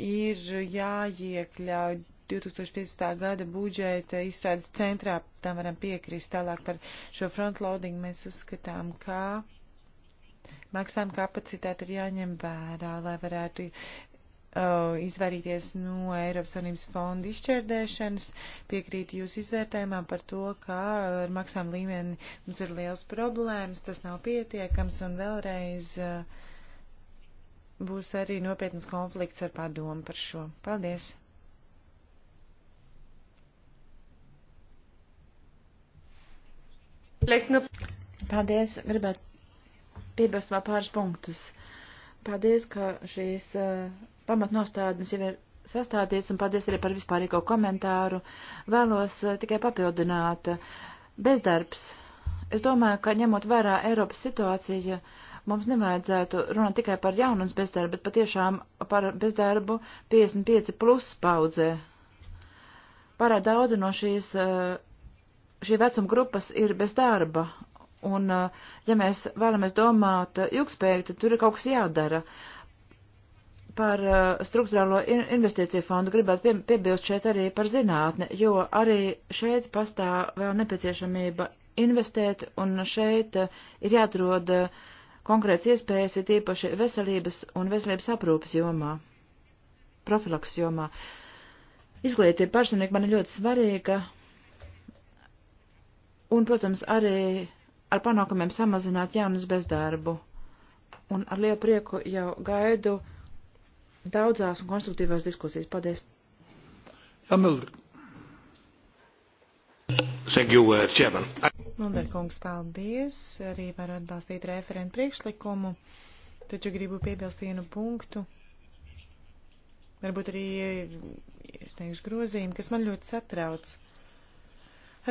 ir jāiekļauj 2015. gada budžeta izstrādes centrā, tam varam piekrist tālāk par šo frontloading, mēs uzskatām, kā. Ka maksājuma kapacitāte ir jāņem vērā, lai varētu uh, izvairīties no Eiropas Savienības fonda izšķērdēšanas. Piekrītu jūs izvērtējumā par to, ka ar maksām līmeni mums ir liels problēmas, tas nav pietiekams un vēlreiz uh, būs arī nopietnas konflikts ar padomu par šo. Paldies! Paldies! Gribētu piebilst vēl pāris punktus. Paldies, ka šīs uh, pamatnostādnes jau ir sastādīts, un paldies arī par vispārīgo komentāru. Vēlos uh, tikai papildināt. Eh, bezdarbs. Es domāju, ka ņemot vērā Eiropas situāciju, mums nevajadzētu runāt tikai par jaunas bezdarbu, bet patiešām par bezdarbu 55 plus paudzē. Pārāk daudzi no šīs, uh, šī vecuma grupas ir bez darba, Un, eh, ja mēs vēlamies domāt ilgspējīgi, tad tur ir kaut kas jādara. Par eh, struktūrālo investīciju fondu gribētu piebilst šeit arī par zinātni, jo arī šeit pastāv vēl nepieciešamība investēt, un šeit eh, ir jāatrod konkrēts iespējas, ir tīpaši veselības un veselības aprūpas jomā, profilaks jomā. Izglītība personīgi man ir ļoti svarīga, un, protams, arī ar panākumiem samazināt jaunas bezdarbu. Un ar lielu prieku jau gaidu daudzās un konstruktīvās diskusijas. Paldies! Jā, Mildr. Thank you, uh, Chairman. Mildr kungs, paldies. Arī varu atbalstīt referentu priekšlikumu, taču gribu piebilst vienu punktu. Varbūt arī iesniegšu grozījumu, kas man ļoti satrauc. Uh,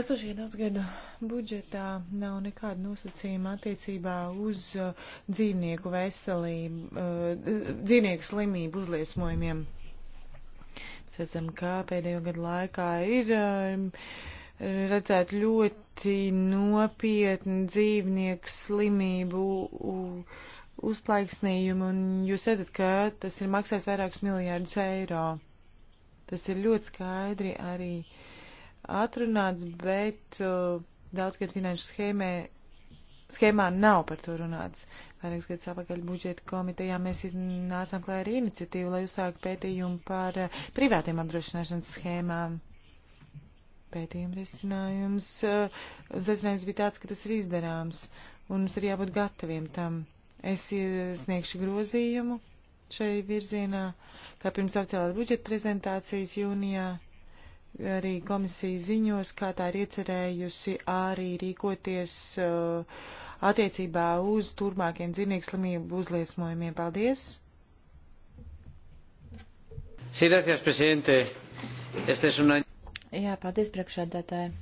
Esošajā daudzgada budžetā nav nekāda nosacījuma attiecībā uz uh, dzīvnieku veselību, uh, dzīvnieku slimību uzliesmojumiem. Mēs redzam, kā pēdējo gadu laikā ir um, redzēt ļoti nopietni dzīvnieku slimību uzplaiksnījumu, un jūs redzat, ka tas ir maksājis vairākus miljārdus eiro. Tas ir ļoti skaidri arī uh, atrunāts, bet uh, daudzgad finanšu schēmē, schēmā nav par to runāts. Vairākas gadus apakaļ budžeta komitejā mēs nācām klāja ar iniciatīvu, lai uzsāktu pētījumu par uh, privātiem apdrošināšanas schēmām. Pētījuma risinājums, uh, uzaicinājums bija tāds, ka tas ir izdarāms, un mums ir jābūt gataviem tam. Es iesniegšu grozījumu šai virzienā, kā pirms oficiālās budžeta prezentācijas jūnijā arī komisija ziņos, kā tā ir iecerējusi arī rīkoties uh, attiecībā uz turmākiem dzīvnieku slimību uzliesmojumiem. Paldies! Sí, gracias, presidente. Este es un año. Jā, paldies, priekšādātāji.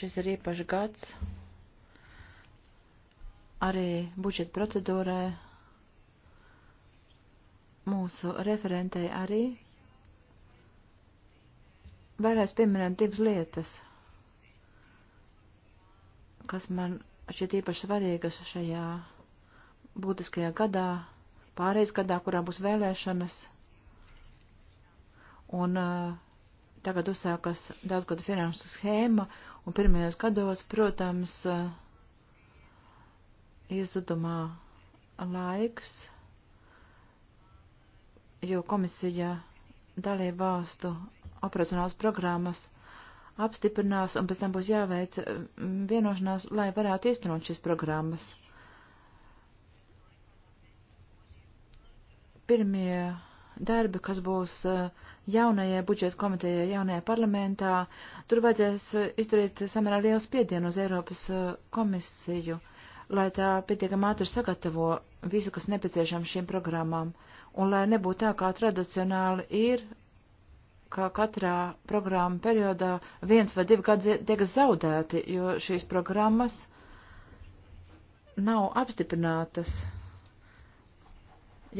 Šis ir īpašs gads. Arī budžeta procedūrē mūsu referentei arī vēlreiz pieminēt divas lietas, kas man šķiet īpaši svarīgas šajā būtiskajā gadā, pāreiz gadā, kurā būs vēlēšanas. Un uh, tagad uzsākas daudzgada finanšu schēma, un pirmajos gados, protams, uh, iezudumā laiks, jo komisija dalība valstu operacionālas programmas apstiprinās un pēc tam būs jāveic mm, vienošanās, lai varētu īstenot šīs programmas. Pirmie darbi, kas būs eh, jaunajai budžeta komitejai, jaunajā parlamentā, tur vajadzēs eh, izdarīt samērā liels piedienu uz Eiropas eh, komisiju, lai tā pietiekam ātri sagatavo visu, kas nepieciešams šīm programmām, un lai nebūtu tā, kā tradicionāli ir ka katrā programma periodā viens vai divi gadi tiek zaudēti, jo šīs programmas nav apstiprinātas.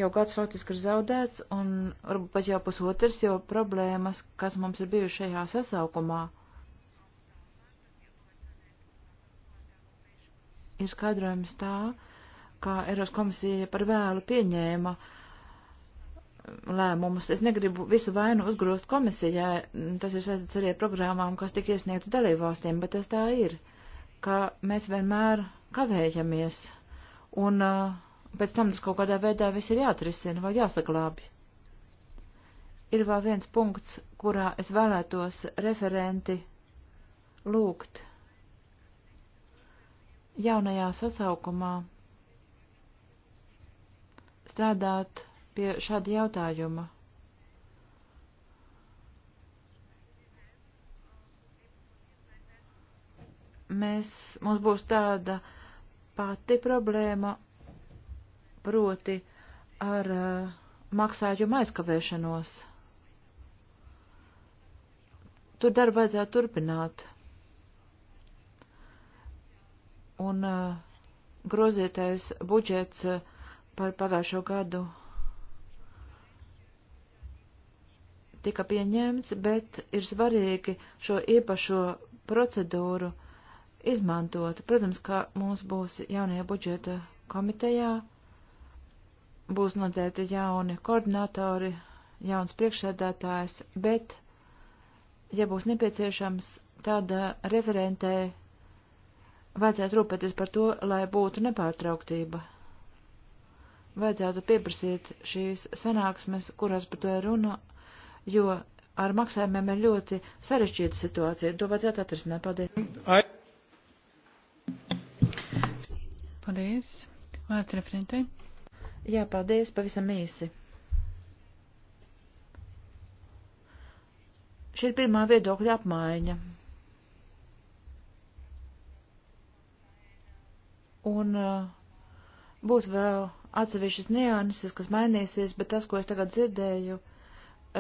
Jau gads faktiski ir zaudēts, un varbūt pat jau pusotrs, jo problēmas, kas mums ir bijušas šajā sasaukumā, ir skaidrojums tā, ka Eiros komisija par vēlu pieņēma uh, lēmumus. Es negribu visu vainu uzgrūst komisijai, tas ir saistīts arī ar programmām, kas tika iesniegts dalībvalstīm, bet tas tā ir, ka mēs vienmēr kavējamies, un uh, pēc tam tas kaut kādā veidā viss ir jāatrisina vai jāsaglābi. Ir vēl viens punkts, kurā es vēlētos referenti lūgt jaunajā sasaukumā strādāt pie šāda jautājuma. Mēs, mums būs tāda pati problēma, proti ar uh, maksājumu aizkavēšanos. Tur darbu vajadzētu turpināt. Un uh, grozītais budžets uh, par pagājušo gadu tika pieņemts, bet ir svarīgi šo īpašo procedūru izmantot. Protams, ka mums būs jaunie budžeta komitejā, būs noteikti jauni koordinatori, jauns priekšsēdētājs, bet, ja būs nepieciešams, tad referentē vajadzētu rūpēties par to, lai būtu nepārtrauktība. Vajadzētu pieprasīt šīs sanāksmes, kurās par to ir runa, jo ar maksājumiem ir ļoti sarežģīta situācija. To vajadzētu atrisināt. Paldies. Paldies. Vārds referentei. Jā, paldies. Pavisam īsi. Šī ir pirmā viedokļa apmaiņa. Un uh, būs vēl atsevišķas nianses, kas mainīsies, bet tas, ko es tagad dzirdēju, uh,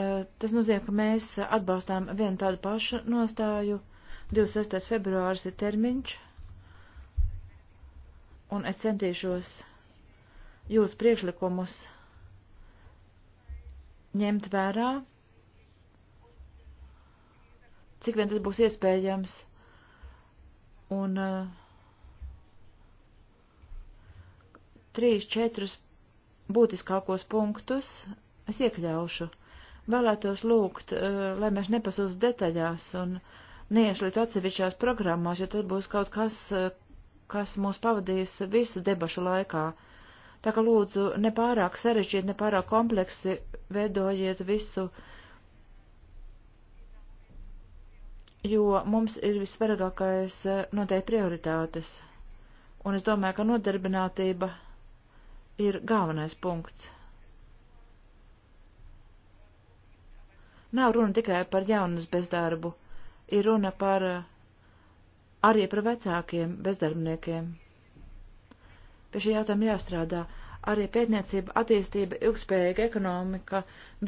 Eh, tas nozīmē, ka mēs atbalstām vienu tādu pašu nostāju. 26. februāris ir termiņš, un es centīšos jūs priekšlikumus ņemt vērā, cik vien tas būs iespējams, un eh, trīs, četrus būtiskākos punktus es iekļaušu Vēlētos lūgt, eh, lai mēs nepasūst detaļās un neiešlīt atsevišķās programmās, jo tad būs kaut kas, eh, kas mūs pavadīs visu debašu laikā. Tā kā lūdzu, nepārāk sarežģīt, nepārāk kompleksi veidojiet visu, jo mums ir visvarīgākais eh, noteikti prioritātes. Un es domāju, ka nodarbinātība ir galvenais punkts. Nav runa tikai par jaunas bezdarbu, ir runa par eh, arī par vecākiem bezdarbniekiem. Pie šī jautājuma jāstrādā arī pētniecība, attīstība, ilgspējīga ekonomika,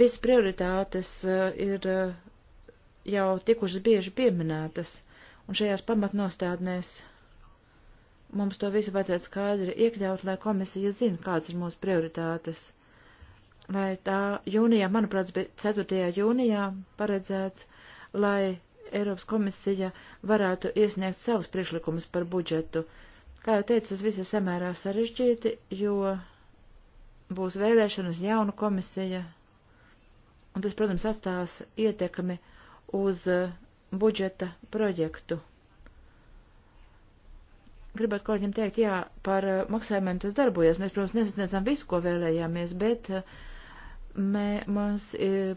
visas prioritātes eh, ir eh, jau tikušas bieži pieminētas, un šajās pamatnostādnēs mums to visu vajadzētu skaidri iekļaut, lai komisija zina, kādas ir mūsu prioritātes vai tā jūnijā, manuprāt, bija 4. jūnijā paredzēts, lai Eiropas komisija varētu iesniegt savus priekšlikumus par budžetu. Kā jau teicu, tas viss ir samērā sarežģīti, jo būs vēlēšanas jauna komisija, un tas, protams, atstās ietekmi uz uh, budžeta projektu. Gribētu kolēģiem teikt, jā, par uh, maksājumiem tas darbojas. Mēs, protams, nesasniedzām visu, ko vēlējāmies, bet uh, mē, mums, e,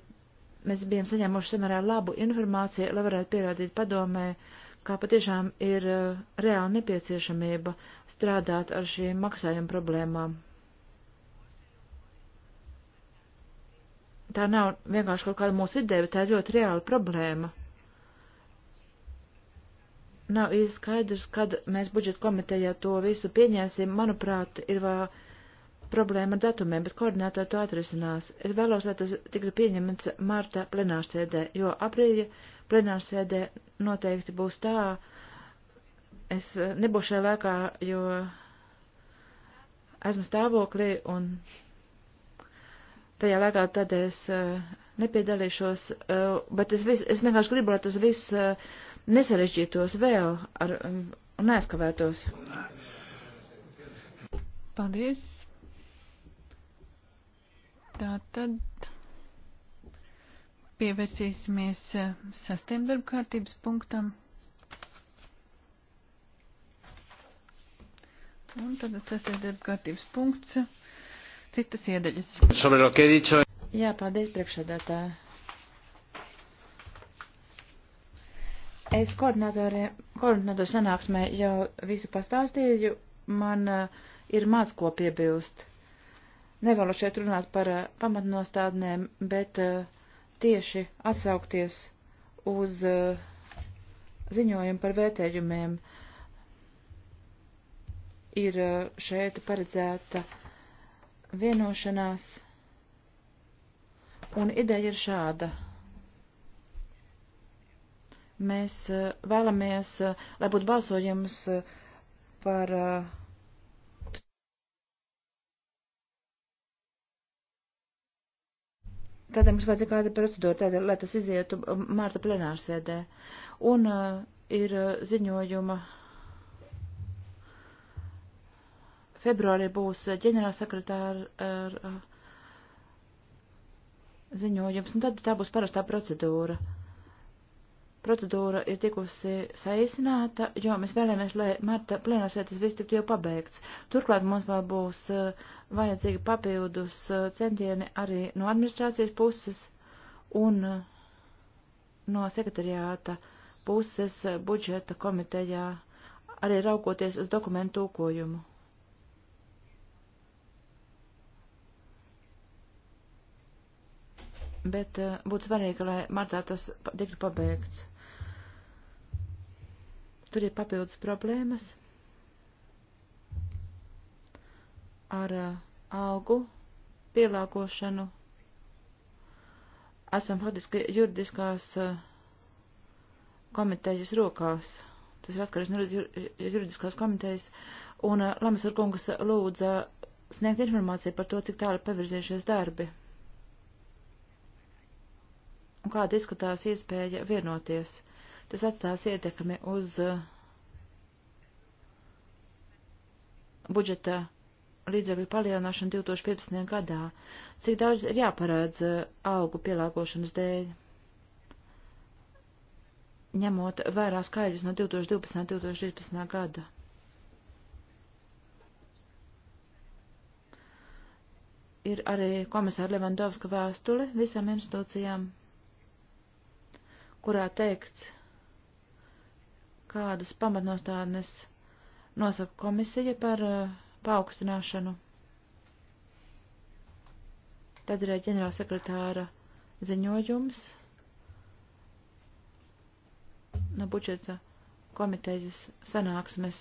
mēs bijām saņēmuši samērā labu informāciju, lai varētu pierādīt padomē, kā patiešām ir e, reāla nepieciešamība strādāt ar šīm maksājuma problēmām. Tā nav vienkārši kaut kāda mūsu ideja, bet tā ir ļoti reāla problēma. Nav īsti skaidrs, kad mēs budžeta komitejā to visu pieņēsim. Manuprāt, ir vēl problēma ar datumiem, bet koordinātori to atrisinās. Es vēlos, lai tas tiktu pieņemts marta plenārsēdē, jo aprīļa plenārsēdē noteikti būs tā. Es eh, nebūšu šajā laikā, jo esmu stāvoklī un tajā laikā tad es eh, nepiedalīšos, eh, bet es, vis, es vienkārši gribu, lai tas viss nesarežģītos vēl ar, mm, un neaizkavētos. Paldies! Tā tad pievērsīsimies eh, sastiem darba kārtības punktam. Un tad sastais darba kārtības punkts, citas iedaļas. Jā, paldies priekšādātā. Es koordinatoru sanāksmē jau visu pastāstīju, man uh, ir maz ko piebilst nevēlu šeit runāt par uh, pamatnostādnēm, bet uh, tieši atsaukties uz uh, ziņojumu par vērtējumiem ir uh, šeit paredzēta vienošanās, un ideja ir šāda. Mēs uh, vēlamies, uh, lai būtu balsojums uh, par uh, Tādēļ mums vajadzēja kāda procedūra, tādēļ, lai tas izietu um, mārta plenārsēdē. Un uh, ir uh, ziņojuma. Februārī būs uh, ģenerālsekretāra uh, ziņojums, un tad tā būs parastā procedūra. Uh, procedūra ir tikusi saīsināta, jo mēs vēlamies, lai marta plenārsētas viss tiktu jau pabeigts. Turklāt mums vēl būs eh, vajadzīgi papildus eh, centieni arī no administrācijas puses un eh, no sekretariāta puses budžeta komitejā, arī raugoties uz dokumentu tūkojumu. bet uh, būtu svarīgi, lai martā tas tiktu pabeigts. Tur ir papildus problēmas ar uh, algu pielāgošanu. Esam faktiski juridiskās uh, komitejas rokās. Tas ir atkarīgs no juridiskās komitejas. Un uh, Lamas Urkungas lūdza sniegt informāciju par to, cik tālu pavirzījušies darbi. Un kāda izskatās iespēja vienoties Tas atstās ietekmi uz uh, budžeta līdzekļu palielināšanu 2015. gadā, cik daudz ir jāparādz uh, augu pielāgošanas dēļ, ņemot vērā skaidrs no 2012. un 2013. gada. Ir arī komisāra Levandovska vēstule visām institūcijām, kurā teikts, kādas pamatnostādnes nosaka komisija par uh, paaugstināšanu. Tad ir ģenerāla sekretāra ziņojums no budžeta komitejas sanāksmes.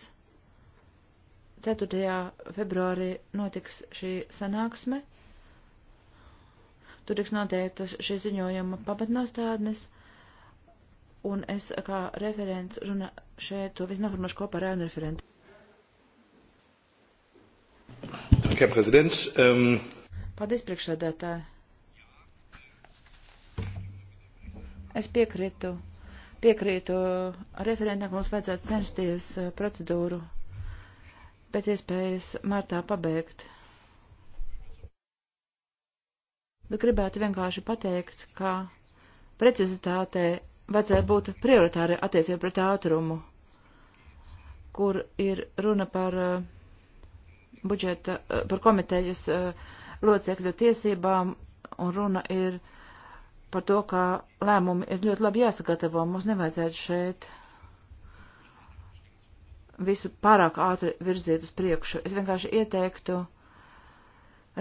4. februārī notiks šī sanāksme. Tur tiks noteiktas šī ziņojuma pamatnostādnes un es kā referents runa šeit to visu noformašu kopā ar ēnu referentu. Herr Präsident. Ähm Paldies, priekšsēdētāji. Es piekrītu, piekrītu referentam, ka mums vajadzētu censties procedūru pēc iespējas martā pabeigt. Bet gribētu vienkārši pateikt, ka precizitātē vajadzētu būt prioritāri attiecībā pret ātrumu, kur ir runa par uh, budžeta, uh, par komitejas uh, locekļu tiesībām, un runa ir par to, ka lēmumi ir ļoti labi jāsagatavo. Mums nevajadzētu šeit visu pārāk ātri virzīt uz priekšu. Es vienkārši ieteiktu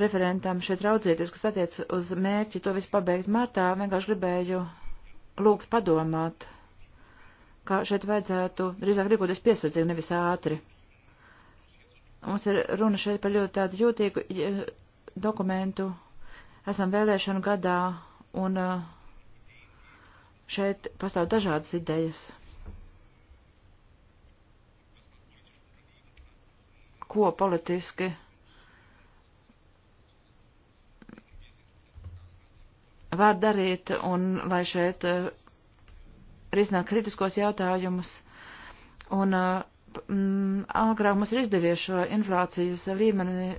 referentam šeit raudzīties, kas attiec uz mērķi to visu pabeigt martā. Vienkārši gribēju lūgt padomāt, ka šeit vajadzētu drīzāk rīkoties piesardzīgi, nevis ātri. Mums ir runa šeit par ļoti tādu jūtīgu dokumentu. Esam vēlēšanu gadā un eh, šeit pastāv dažādas idejas. Ko politiski var darīt un lai šeit uh, risināt kritiskos jautājumus. Un uh, m, agrāk mums ir izdevies šo inflācijas līmeni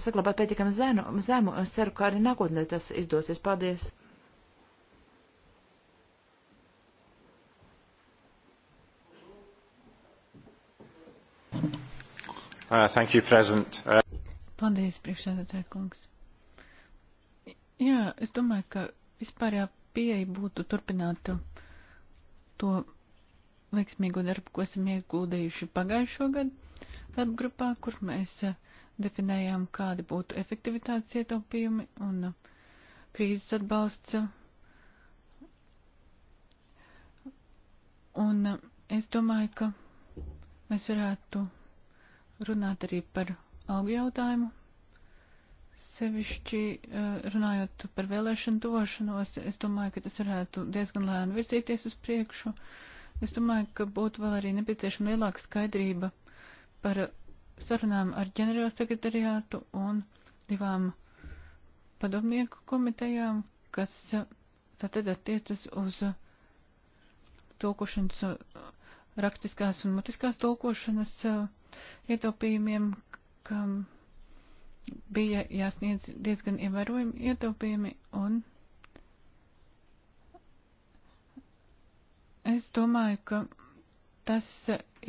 saglabāt pietiekami zemu. Es ceru, ka arī nākotnē tas izdosies. Paldies! Uh, thank you, President. Uh... Paldies, priekšsēdētāj kungs. Jā, es domāju, ka vispārējā pieeja būtu turpināt to veiksmīgo darbu, ko esam ieguldījuši pagājušo gadu darba grupā, kur mēs eh, definējām, kādi būtu efektivitātes ietaupījumi un eh, krīzes atbalsts. Un eh, es domāju, ka mēs varētu runāt arī par algu jautājumu. Sevišķi eh, runājot par vēlēšanu došanos, es domāju, ka tas varētu diezgan lēni virzīties uz priekšu. Es domāju, ka būtu vēl arī nepieciešama lielāka skaidrība par sarunām ar ģenerāla sekretariātu un divām padomnieku komitejām, kas tātad attiecas uz tulkošanas, raktiskās un mutiskās tulkošanas eh, ietaupījumiem, kam bija jāsniedz diezgan ievērojami ietaupījumi, un es domāju, ka tas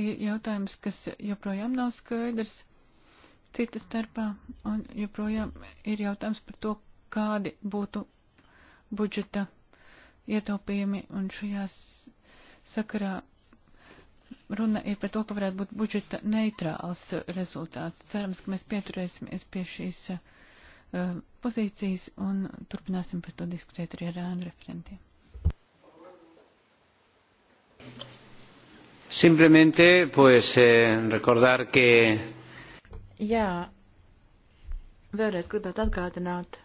ir jautājums, kas joprojām nav skaidrs cita starpā, un joprojām ir jautājums par to, kādi būtu budžeta ietaupījumi, un šajās sakarā runa ir par to, ka varētu būt budžeta neitrāls rezultāts. Cerams, ka mēs pieturēsimies pie šīs uh, pozīcijas un turpināsim par to diskutēt arī ar ēnu referentiem. Simplemente, pues, eh, recordar que. Jā, vēlreiz gribētu atgādināt,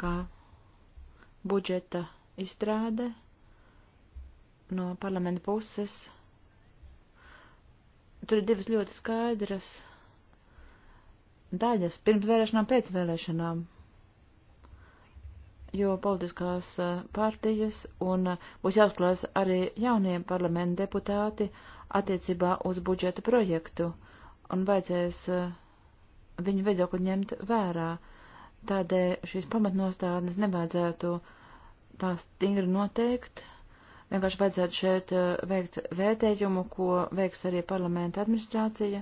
ka budžeta izstrāde no parlamenta puses. Tur ir divas ļoti skaidras daļas pirms vēlēšanām, pēc vēlēšanām, jo politiskās eh, partijas un eh, būs jāuzklās arī jaunie parlamenta deputāti attiecībā uz budžeta projektu un vajadzēs eh, viņu viedokli ņemt vērā. Tādēļ šīs pamatnostādnes nevajadzētu tā stingri noteikt, Vienkārši vajadzētu šeit eh, veikt vērtējumu, ko veiks arī parlamenta administrācija.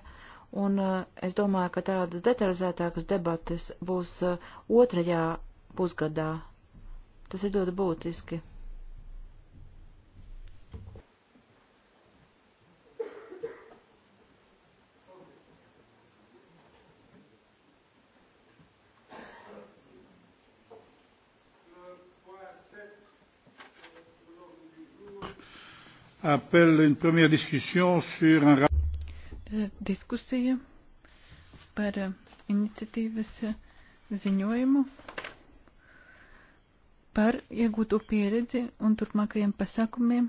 Un eh, es domāju, ka tādas detalizētākas debates būs eh, otrajā pusgadā. Tas ir ļoti būtiski. appelle une première discussion sur un euh, Diskusija par euh, iniciatīvas euh, ziņojumu par iegūto pieredzi un turpmākajiem pasākumiem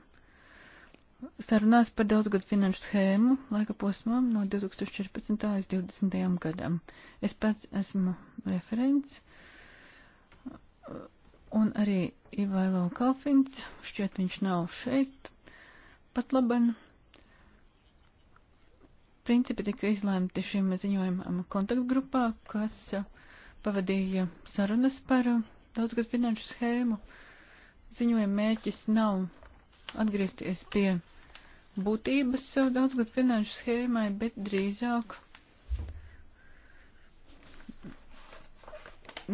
sarunās par daudzgadu finanšu schēmu laika posmām no 2014. līdz 2020. gadam. Es pats esmu referents un arī Ivailo Kalfins, šķiet viņš nav šeit, Pat laban principi tika izlēmti šim ziņojumam kontaktgrupā, kas pavadīja sarunas par daudzgad finanšu schēmu. Ziņojuma mēķis nav atgriezties pie būtības sev daudzgad finanšu schēmai, bet drīzāk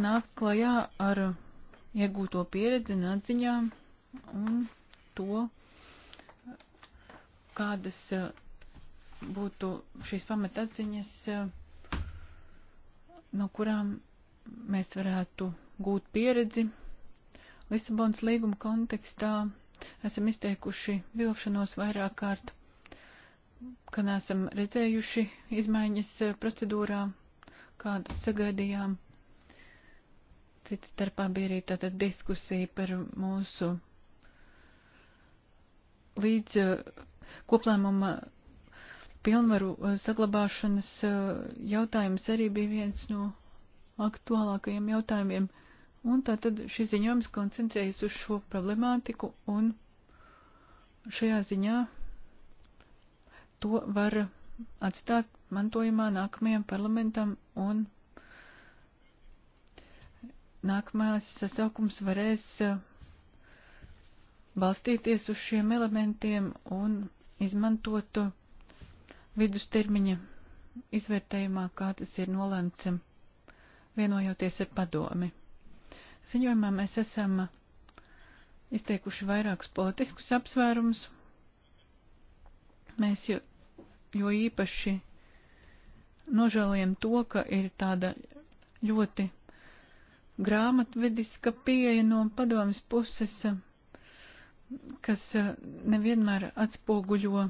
nākt klajā ar iegūto pieredzi un atziņām un to, kādas būtu šīs pamatatziņas, no kurām mēs varētu gūt pieredzi. Lisabonas līguma kontekstā esam izteikuši vilšanos vairāk kārt, ka neesam redzējuši izmaiņas procedūrā, kādas sagaidījām. Cits starpā bija arī tātad diskusija par mūsu līdz koplēmuma pilnvaru uh, saglabāšanas uh, jautājums arī bija viens no aktuālākajiem jautājumiem. Un tātad šis ziņojums koncentrējas uz šo problemātiku un šajā ziņā to var atstāt mantojumā nākamajam parlamentam un nākamās sasaukums varēs uh, balstīties uz šiem elementiem un izmantot vidustermiņa izvērtējumā, kā tas ir nolēmts, vienojoties ar padomi. Ziņojumā mēs esam izteikuši vairākus politiskus apsvērumus. Mēs jo, jo īpaši nožēlojam to, ka ir tāda ļoti grāmatvediska pieeja no padomas puses kas eh, nevienmēr atspoguļo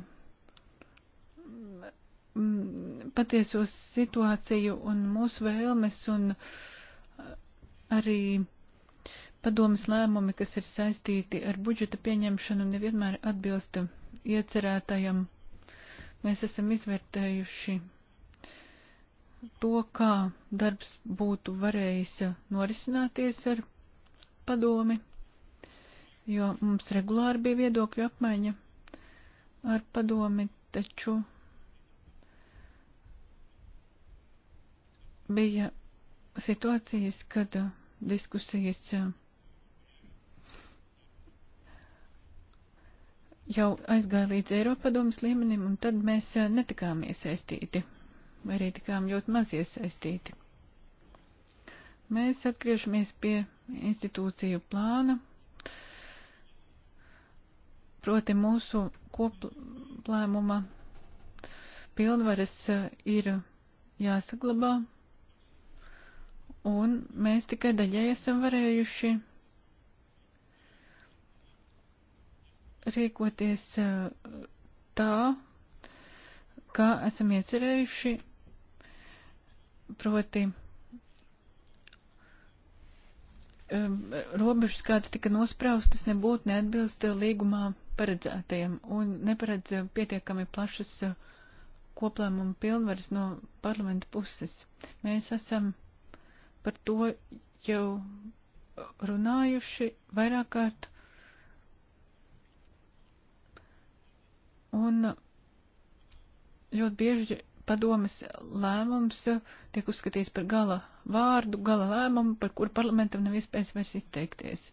mm, patieso situāciju un mūsu vēlmes un eh, arī padomas lēmumi, kas ir saistīti ar budžeta pieņemšanu, nevienmēr atbilst iecerētajam. Mēs esam izvērtējuši to, kā darbs būtu varējis norisināties ar padomi jo mums regulāri bija viedokļu apmaiņa ar padomi, taču bija situācijas, kad uh, diskusijas uh, jau aizgāja līdz Eiropadomas līmenim, un tad mēs uh, netikām iesaistīti, vai arī tikām ļoti maz iesaistīti. Mēs atgriežamies pie institūciju plāna Proti mūsu koplēmuma pilnvaras eh, ir jāsaglabā, un mēs tikai daļai esam varējuši rīkoties eh, tā, kā esam iecerējuši, proti eh, robežas, kādas tika nospraustas, nebūtu neatbilst līgumā paredzētajam un neparedz pietiekami plašas koplēmumu pilnvaras no parlamenta puses. Mēs esam par to jau runājuši vairāk kārt. Un ļoti bieži padomas lēmums tiek uzskatīts par gala vārdu, gala lēmumu, par kuru parlamentam nav iespējas vairs izteikties.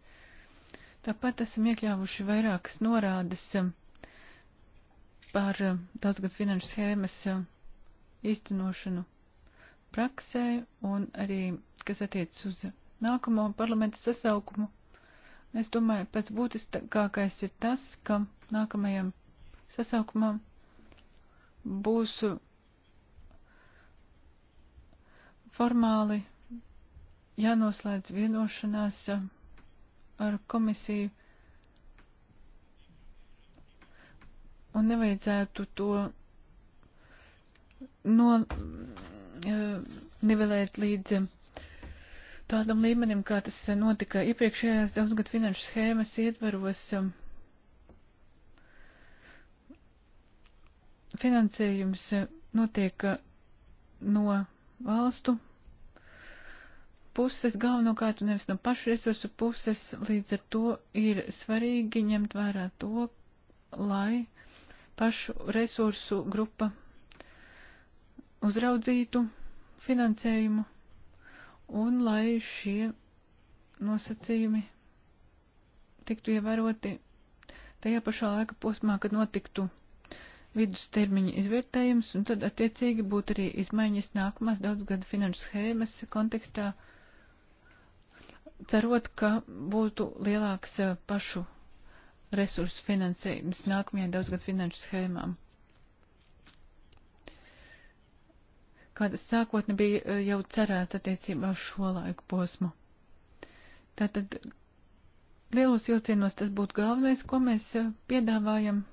Tāpat esam iekļāvuši vairākas norādes um, par um, daudzgad finanšu schēmas um, īstenošanu praksē un arī, kas attiec uz nākamo parlamenta sasaukumu. Es domāju, pats būtiskākais ir tas, ka nākamajam sasaukumam būs formāli jānoslēdz vienošanās ar komisiju. Un nevajadzētu to no, eh, nivelēt līdz tādam līmenim, kā tas notika iepriekšējās daudzgad finanšu schēmas ietvaros. Finansējums notiek no valstu puses galvenokārt un nevis no pašu resursu puses, līdz ar to ir svarīgi ņemt vērā to, lai pašu resursu grupa uzraudzītu finansējumu un lai šie nosacījumi tiktu ievēroti tajā pašā laika posmā, kad notiktu vidustermiņa izvērtējums, un tad attiecīgi būtu arī izmaiņas nākamās daudzgada finanšu schēmas kontekstā, uh, cerot, ka būtu lielāks eh, pašu resursu finansējums nākamajai daudzgad finanšu schēmām. Kāda sākotne bija eh, jau cerēts attiecībā uz šo laiku posmu. Tātad lielos vilcienos tas būtu galvenais, ko mēs eh, piedāvājam.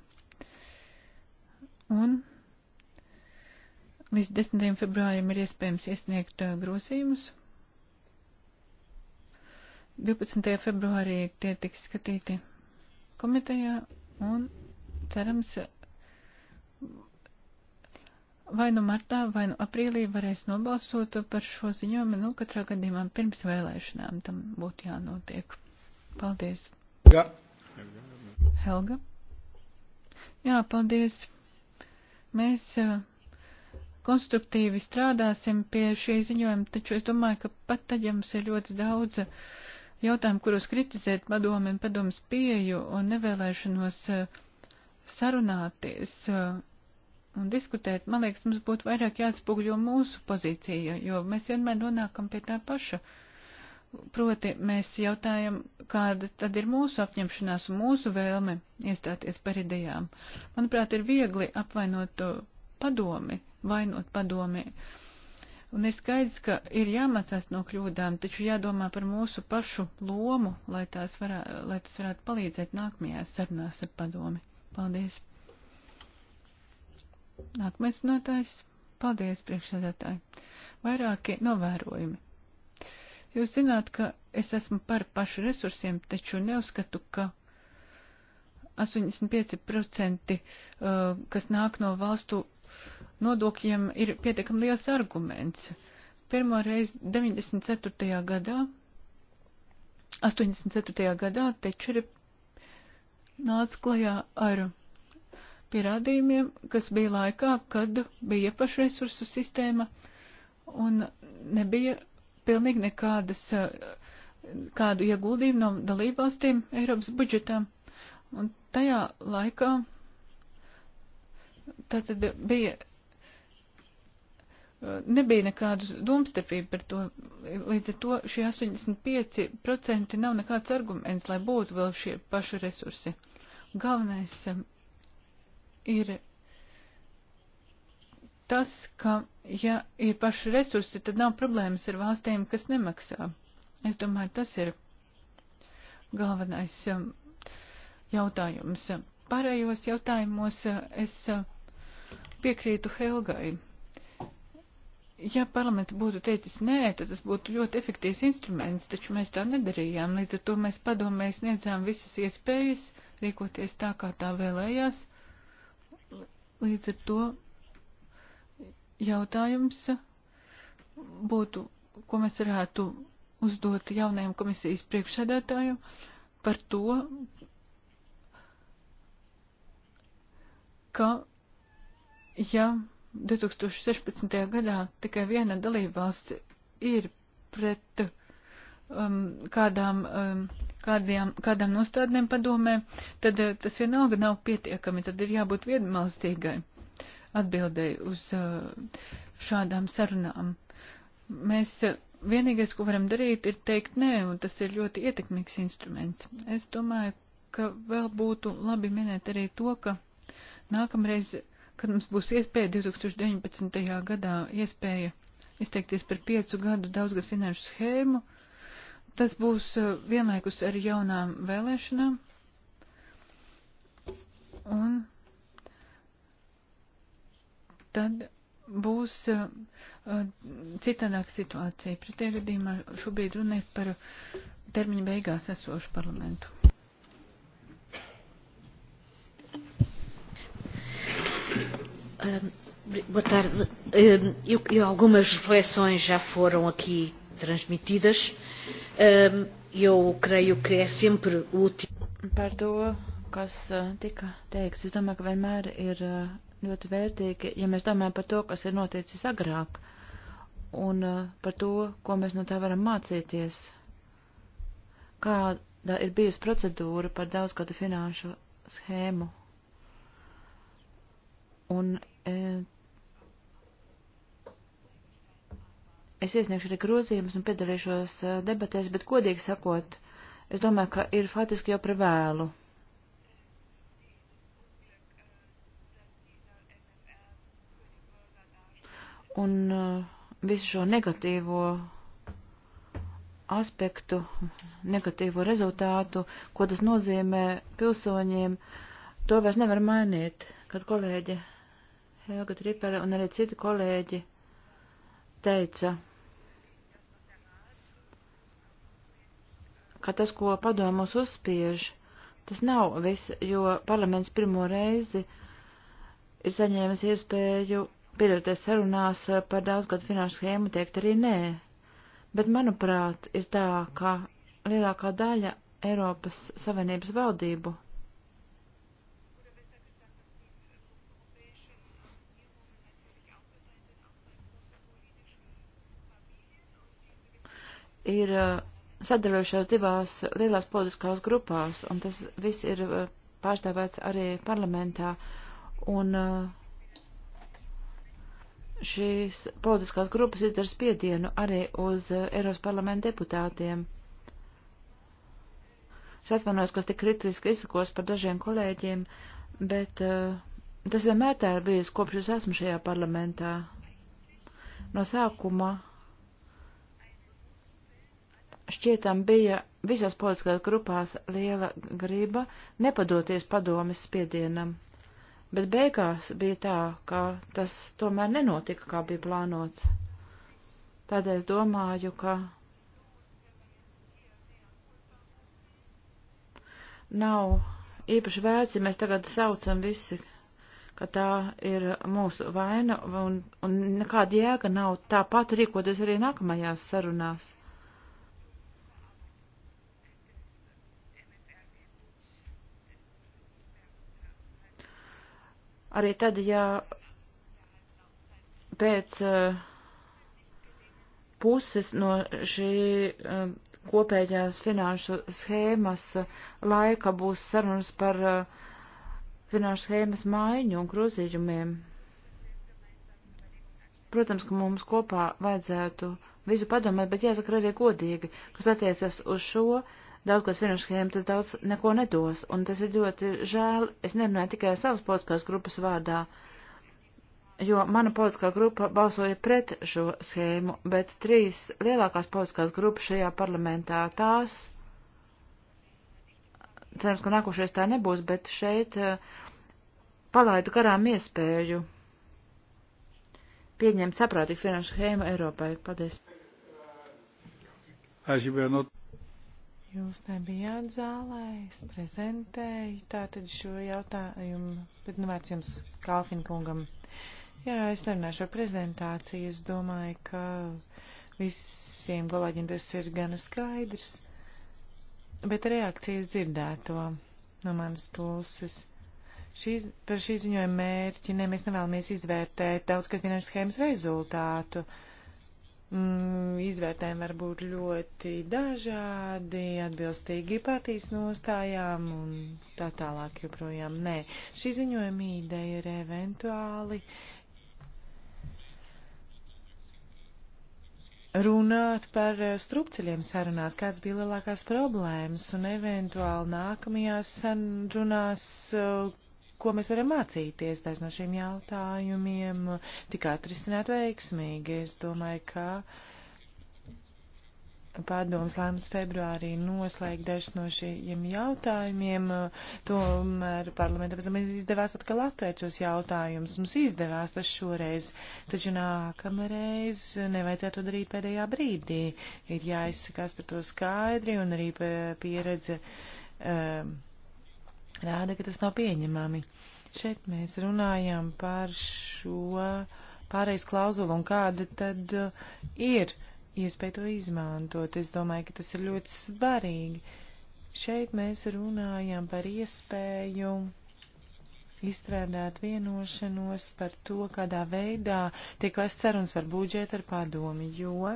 Un līdz 10. februārim ir iespējams iesniegt grozījumus. 12. februārī tie tiks skatīti komitejā un cerams vai nu martā, vai nu aprīlī varēs nobalsot par šo ziņojumu, nu katrā gadījumā pirms vēlēšanām tam būtu jānotiek. Paldies. Jā. Helga. Jā, paldies. Mēs uh, konstruktīvi strādāsim pie šī ziņojuma, taču es domāju, ka pat tad, ja mums ir ļoti daudz uh, jautājumi, kuros kritizēt padomu un padomas pieju un nevēlēšanos eh, sarunāties eh, un diskutēt, man liekas, mums būtu vairāk jāatspūgļo mūsu pozīcija, jo mēs vienmēr nonākam pie tā paša. Proti, mēs jautājam, kāda tad ir mūsu apņemšanās un mūsu vēlme iestāties par idejām. Manuprāt, ir viegli apvainot padomi, vainot padomi. Uh, Un ir skaidrs, ka ir jāmācās no kļūdām, taču jādomā par mūsu pašu lomu, lai, varā, lai tas varētu palīdzēt nākamajās sarunās ar padomi. Paldies! Nākamais runātājs. Paldies, priekšsēdētāji. Vairāki novērojumi. Jūs zināt, ka es esmu par pašu resursiem, taču neuzskatu, ka 85%, uh, kas nāk no valstu nodokļiem ir pietiekami liels arguments. Pirmo reizi 94. gadā, 84. gadā Tečeri nāca klajā ar pierādījumiem, kas bija laikā, kad bija pašresursu sistēma un nebija pilnīgi nekādas, kādu ieguldījumu no dalībvalstīm Eiropas budžetām. Un tajā laikā Tā tad bija, uh, nebija nekādu domstarpību par to, līdz ar to šie 85% nav nekāds arguments, lai būtu vēl šie paši resursi. Galvenais um, ir tas, ka, ja ir paši resursi, tad nav problēmas ar valstīm, kas nemaksā. Es domāju, tas ir galvenais um, jautājums. Pārējos jautājumos uh, es uh, Piekrītu Helgai. Ja parlaments būtu teicis nē, tad tas būtu ļoti efektīvs instruments, taču mēs tā nedarījām. Līdz ar to mēs padomē sniedzām visas iespējas rīkoties tā, kā tā vēlējās. Līdz ar to jautājums būtu, ko mēs varētu uzdot jaunajam komisijas priekšsēdētājam par to, ka ja 2016. gadā tikai viena dalībvalsts ir pret um, kādām, um, kādiem, kādām nostādnēm padomē, tad uh, tas vienalga nav pietiekami, tad ir jābūt vienmalstīgai atbildēji uz uh, šādām sarunām. Mēs uh, vienīgais, ko varam darīt, ir teikt nē, un tas ir ļoti ietekmīgs instruments. Es domāju, ka vēl būtu labi minēt arī to, ka nākamreiz uh, kad mums būs iespēja 2019. gadā iespēja izteikties par piecu gadu daudzgad finanšu schēmu. Tas būs uh, vienlaikus ar jaunām vēlēšanām. Un tad būs uh, uh citādāka situācija. Pretējā gadījumā šobrīd runē par termiņa beigās esošu parlamentu. Boa tarde. Eu, eu, algumas reflexões já foram aqui transmitidas. Eu creio que é sempre útil. Par to, kas eh, tika teiks, es domāju, ka vienmēr ir eh, ļoti vērtīgi, ja mēs domājam par to, kas ir noticis agrāk un eh, par to, ko mēs no tā varam mācīties. Kāda ir bijusi procedūra par daudzgadu finanšu schēmu? Un E, es iesniegšu arī grozījumus un piedalīšos e, debatēs, bet godīgi sakot, es domāju, ka ir faktiski jau par vēlu. Un e, visu šo negatīvo aspektu, negatīvo rezultātu, ko tas nozīmē pilsoņiem, to vairs nevar mainīt, kad kolēģi Helga Tripere un arī citi kolēģi teica, ka tas, ko padomos uzspiež, tas nav viss, jo parlaments pirmo reizi ir saņēmis iespēju piedalīties sarunās par daudzgadu finanšu schēmu, teikt arī nē. Bet, manuprāt, ir tā, ka lielākā daļa Eiropas Savienības valdību ir uh, sadarbojušās divās lielās politiskās grupās, un tas viss ir uh, pārstāvēts arī parlamentā. Un uh, šīs politiskās grupas izdara spiedienu arī uz Eiropas parlamenta deputātiem. Es atvainojos, kas tik kritiski izsakos par dažiem kolēģiem, bet uh, tas vienmēr tā ir bijis, kopš es esmu šajā parlamentā. No sākuma šķietam bija visās politiskajās grupās liela grība nepadoties padomis spiedienam, bet beigās bija tā, ka tas tomēr nenotika, kā bija plānots. Tādēļ es domāju, ka nav īpaši vērts, ja mēs tagad saucam visi, ka tā ir mūsu vaina, un, un nekāda jēga nav tāpat rīkoties arī nākamajās sarunās. Arī tad, ja pēc uh, puses no šī uh, kopējās finanšu schēmas laika būs sarunas par uh, finanšu schēmas maiņu un grozījumiem. Protams, ka mums kopā vajadzētu visu padomāt, bet jāsaka arī godīgi, kas attiecas uz šo uh, daudzgads finanšu schēmu, tas daudz neko nedos, un tas ir ļoti žēl. Es nerunāju tikai savas politiskās grupas vārdā, jo mana politiskā grupa balsoja pret šo schēmu, bet trīs lielākās politiskās grupas šajā parlamentā tās, cerams, ka nākošais tā nebūs, bet šeit eh, palaidu garām iespēju pieņemt saprātīgu finanšu schēmu Eiropai. Paldies! As you were not Jūs nebijāt zālē, es prezentēju tātad šo jautājumu, bet nu vērts jums Kalfinkungam. Jā, es nerunāšu ar prezentāciju, es domāju, ka visiem kolēģiem tas ir gana skaidrs, bet reakcijas dzirdēto no manas puses šīs, par šī ziņojuma mērķi, ne, mēs nevēlamies izvērtēt daudzgad finanšu schēmas rezultātu. Uh, mm, izvērtējumi var būt ļoti dažādi, atbilstīgi partijas nostājām un tā tālāk joprojām. Nē, šī ziņojuma ideja ir eventuāli runāt par strupceļiem sarunās, kāds bija lielākās problēmas un eventuāli nākamajās sarunās. Uh, ko mēs varam mācīties. Daži no šiem jautājumiem tika atrisināt veiksmīgi. Es domāju, ka pārdomas lēmums februārī noslēgt dažs no šiem jautājumiem. Tomēr parlamenta pēc tam izdevās atkal atvērt šos jautājumus. Mums izdevās tas šoreiz, taču nākamreiz nevajadzētu to darīt pēdējā brīdī. Ir jāizsakās par to skaidri un arī pieredze. Um, rāda, ka tas nav pieņemami. Šeit mēs runājam par šo pāreiz klauzulu un kāda tad uh, ir iespēja to izmantot. Es domāju, ka tas ir ļoti svarīgi. Šeit mēs runājam par iespēju izstrādāt vienošanos par to, kādā veidā tiek vēst sarunas par budžetu ar padomi, jo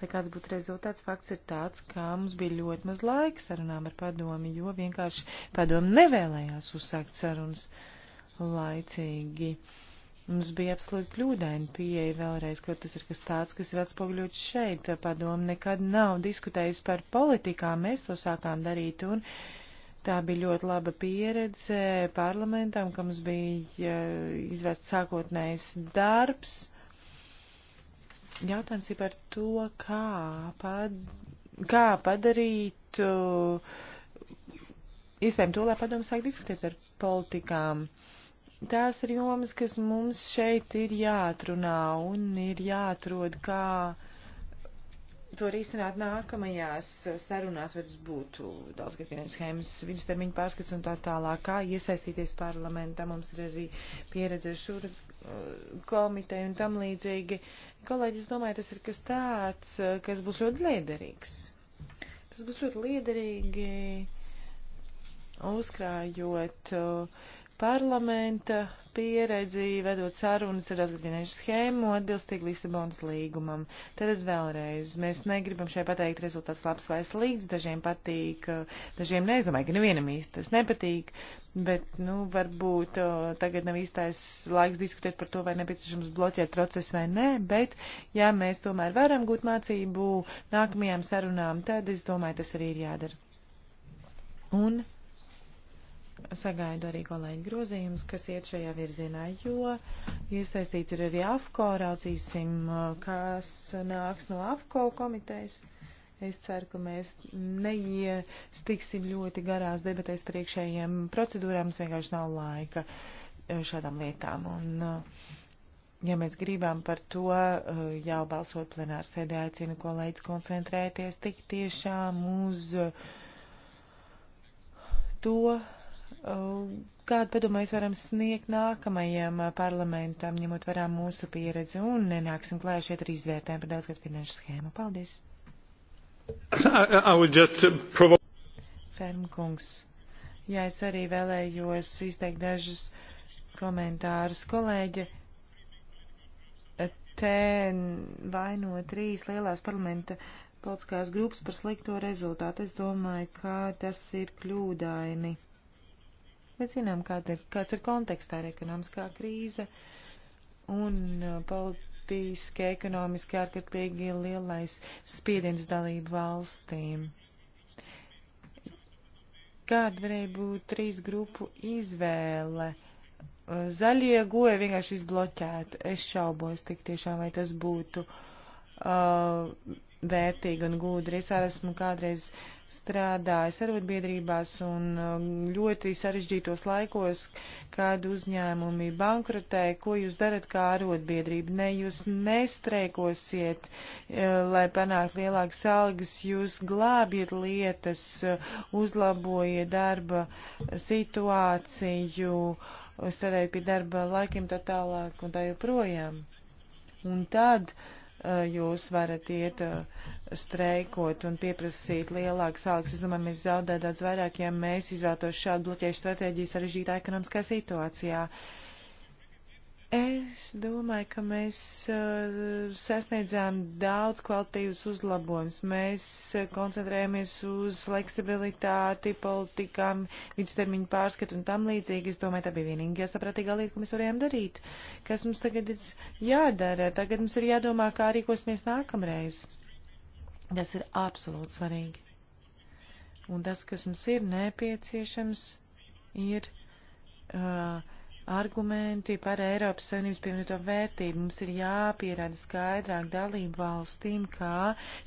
Lai kāds būtu rezultāts, fakts ir tāds, ka mums bija ļoti maz laika sarunām ar padomi, jo vienkārši padomi nevēlējās uzsākt sarunas laicīgi. Mums bija absolūti kļūdaini pieeja vēlreiz, ka tas ir kas tāds, kas ir atspoguļots šeit. Padomi nekad nav diskutējusi par politikām, mēs to sākām darīt un tā bija ļoti laba pieredze parlamentam, ka mums bija eh, izvērsts sākotnējs darbs Jautājums ir par to, kā, pad, kā padarīt uh, iespējami to, lai padomu sāk diskutēt par politikām. Tās ir jomas, kas mums šeit ir jāatrunā un ir jāatrod, kā to risināt nākamajās sarunās, vai tas būtu daudzgad finanšu schēmas, viņas termiņu pārskats un tā tālāk, kā iesaistīties parlamentā. Mums ir arī pieredze ar komiteju un tam līdzīgi. Kolēģi, es domāju, tas ir kas tāds, kas būs ļoti liederīgs. Tas būs ļoti liederīgi uzkrājot uh, parlamenta pieredzi, vedot sarunas ar atgriežu schēmu atbilstīgi Lisabonas līgumam. Tad vēlreiz, mēs negribam šai pateikt rezultāts labs vai slikts, dažiem patīk, dažiem ne, es domāju, ka nevienam īsti tas nepatīk, bet, nu, varbūt tagad nav īstais laiks diskutēt par to, vai nepieciešams bloķēt procesu vai nē, bet, ja mēs tomēr varam gūt mācību nākamajām sarunām, tad, es domāju, tas arī ir jādara. Un sagaidu arī kolēģi grozījumus, kas iet šajā virzienā, jo iesaistīts ir arī AFCO, raucīsim, uh, kas nāks no AFCO komitejas. Es ceru, ka mēs neiestiksim ļoti garās debatēs par iekšējiem procedūrām, mums vienkārši nav laika uh, šādām lietām. Un, uh, ja mēs gribam par to jau balsot plenāru sēdē, aicinu kolēģis koncentrēties tik tiešām uz to, Kādu padomu mēs varam sniegt nākamajam uh, parlamentam, ņemot vērā mūsu pieredzi un nenāksim klāja šeit ar izvērtējumu par daudzgad finanšu schēmu? Paldies! Uh, Fermkungs, jā, es arī vēlējos izteikt dažus komentārus. Kolēģe, te vaino trīs lielās parlamenta politiskās grupas par slikto rezultātu. Es domāju, ka tas ir kļūdaini. Mēs zinām, kāda ir, kāds ir kontekstā ir ekonomiskā krīze un uh, politiski, ekonomiski ārkārtīgi lielais spiediens dalību valstīm. Kāda varēja būt trīs grupu izvēle? Uh, zaļie goja vienkārši izbloķēt. Es šaubos tik tiešām, vai tas būtu uh, vērtīga un gudra. Es arī esmu kādreiz strādājis arotbiedrībās un um, ļoti sarežģītos laikos, kad uzņēmumi bankrotē, ko jūs darat kā arotbiedrība. Ne, jūs nestreikosiet, eh, lai panāktu lielākas algas, jūs glābiet lietas, uzlabojiet darba situāciju, strādājiet pie darba laikiem tā tālāk un tā joprojām. Un tad uh, Eh, jūs varat iet eh, streikot un pieprasīt lielākas algas. Es domāju, mēs zaudētu daudz vairāk, ja mēs izvēlētos šādu bloķēšu stratēģiju sarežģītā ekonomiskā situācijā. Uh, Es domāju, ka mēs eh, sasniedzām daudz kvalitīvas uzlabojums. Mēs eh, koncentrējamies uz fleksibilitāti, politikām, vidustermiņu pārskatu un tam līdzīgi. Es domāju, tā bija vienīgā saprātīgā lieta, ko mēs varējām darīt. Kas mums tagad ir jādara? Tagad mums ir jādomā, kā rīkosimies nākamreiz. Tas ir absolūti svarīgi. Un tas, kas mums ir nepieciešams, ir. Uh, argumenti par Eiropas Savienības pievienoto vērtību. Mums ir jāpierāda skaidrāk dalību valstīm, kā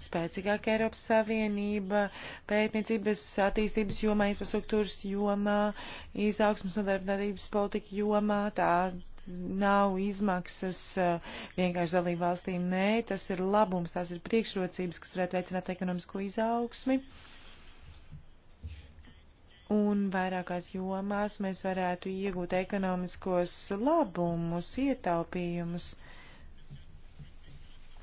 spēcīgāk Eiropas Savienība pētniecības attīstības jomā, infrastruktūras jomā, izaugsmas nodarbinātības politika jomā. Tā nav izmaksas uh, vienkārši dalību valstīm. Nē, tas ir labums, tās ir priekšrocības, kas varētu veicināt ekonomisko izaugsmi. Uh, un vairākās jomās mēs varētu iegūt ekonomiskos labumus, ietaupījumus. Uh,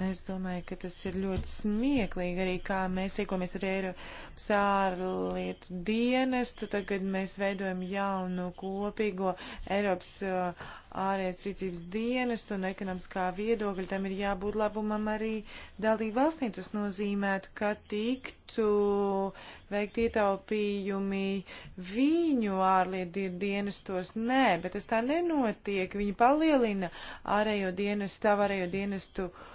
Es domāju, ka tas ir ļoti smieklīgi arī, kā mēs rīkojamies ar Eiropas ārlietu dienestu. Tagad mēs veidojam jaunu kopīgo Eiropas uh, ārējas rīcības dienestu un ekonomiskā viedokļa. Tam ir jābūt labumam arī dalību valstīm. Tas nozīmētu, ka tiktu veikt ietaupījumi viņu ārlietu dienestos. Nē, bet tas tā nenotiek. Viņi palielina ārējo dienestu, savu ārējo dienestu. Uh,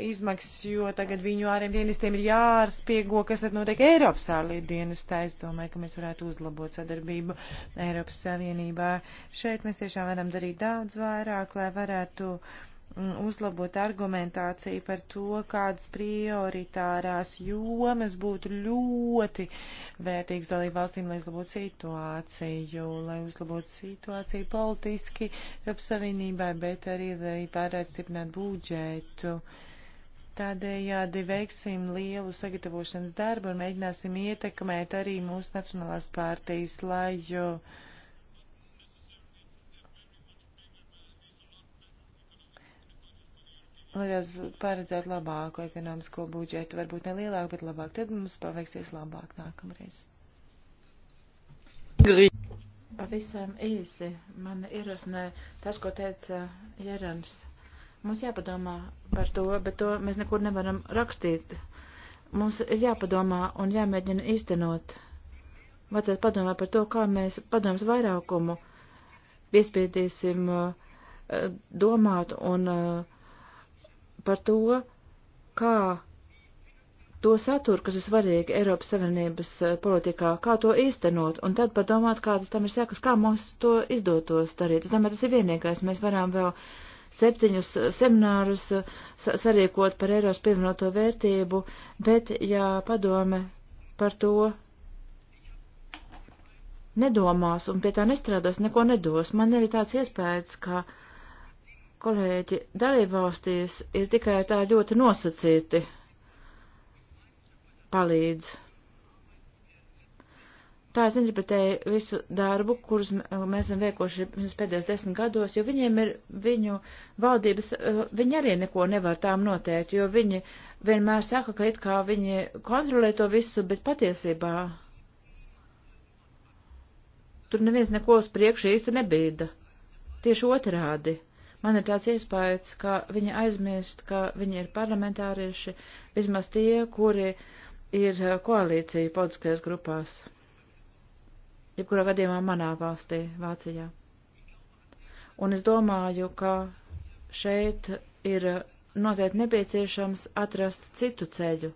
izmaksas, jo tagad viņu ārējiem dienestiem ir jāspiego, kas tad notiek Eiropas ārlietu dienestā. Es domāju, ka mēs varētu uzlabot sadarbību Eiropas Savienībā. Šeit mēs tiešām varam darīt daudz vairāk, lai varētu mm, uzlabot argumentāciju par to, kādas prioritārās jomas būtu ļoti vērtīgas dalību valstīm, lai uzlabotu situāciju, lai uzlabotu situāciju politiski Eiropas Savienībai, bet arī, lai tādēļ stiprinātu budžetu. Uh, Tādējādi veiksim lielu sagatavošanas darbu un mēģināsim ietekmēt arī mūsu nacionālās pārtīs, lai lai tās paredzētu labāku ekonomisko budžetu, varbūt ne lielāku, bet labāk, tad mums paveiksies labāk nākamreiz. Pavisam īsi man ierosinē tas, ko teica Jerans. Uh, Mums jāpadomā par to, bet to mēs nekur nevaram rakstīt. Mums ir jāpadomā un jāmēģina īstenot. Vajadzētu padomāt par to, kā mēs padoms vairākumu piespiedīsim uh, domāt un uh, par to, kā to saturu, kas ir svarīgi Eiropas Savienības uh, politikā, kā to īstenot, un tad padomāt, kādas tam ir sekas, kā mums to izdotos darīt. Es domāju, tas ir vienīgais. Mēs varam vēl septiņus seminārus eh, sarīkot par Eiros pievienoto vērtību, bet ja padome par to nedomās un pie tā nestrādās, neko nedos, man ir tāds iespējas, ka kolēģi dalībvalstīs ir tikai tā ļoti nosacīti palīdz. Tā es interpretēju visu darbu, kurus mēs esam veikuši pēdējos desmit gados, jo viņiem ir viņu valdības, eh, viņi arī neko nevar tām noteikt, jo viņi vienmēr saka, ka it kā viņi kontrolē to visu, bet patiesībā tur neviens neko uz priekšu īsti nebīda. Tieši otrādi. Man ir tāds iespējas, ka viņi aizmirst, ka viņi ir parlamentārieši, vismaz tie, kuri ir eh, koalīcija politiskajās grupās jebkurā gadījumā manā valstī, Vācijā. Un es domāju, ka šeit ir noteikti nepieciešams atrast citu ceļu,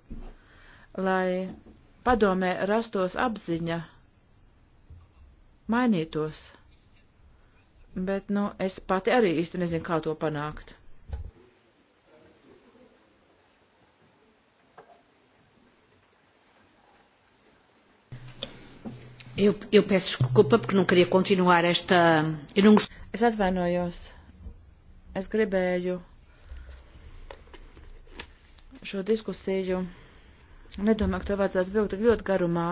lai padomē rastos apziņa, mainītos. Bet, nu, es pati arī īsti nezinu, kā to panākt. Eu, eu peço desculpa porque não queria continuar esta. Eu não gost... Es atvainojos. Es gribēju šo diskusiju. Nedomāju, ka to vajadzētu vilkt ļoti garumā.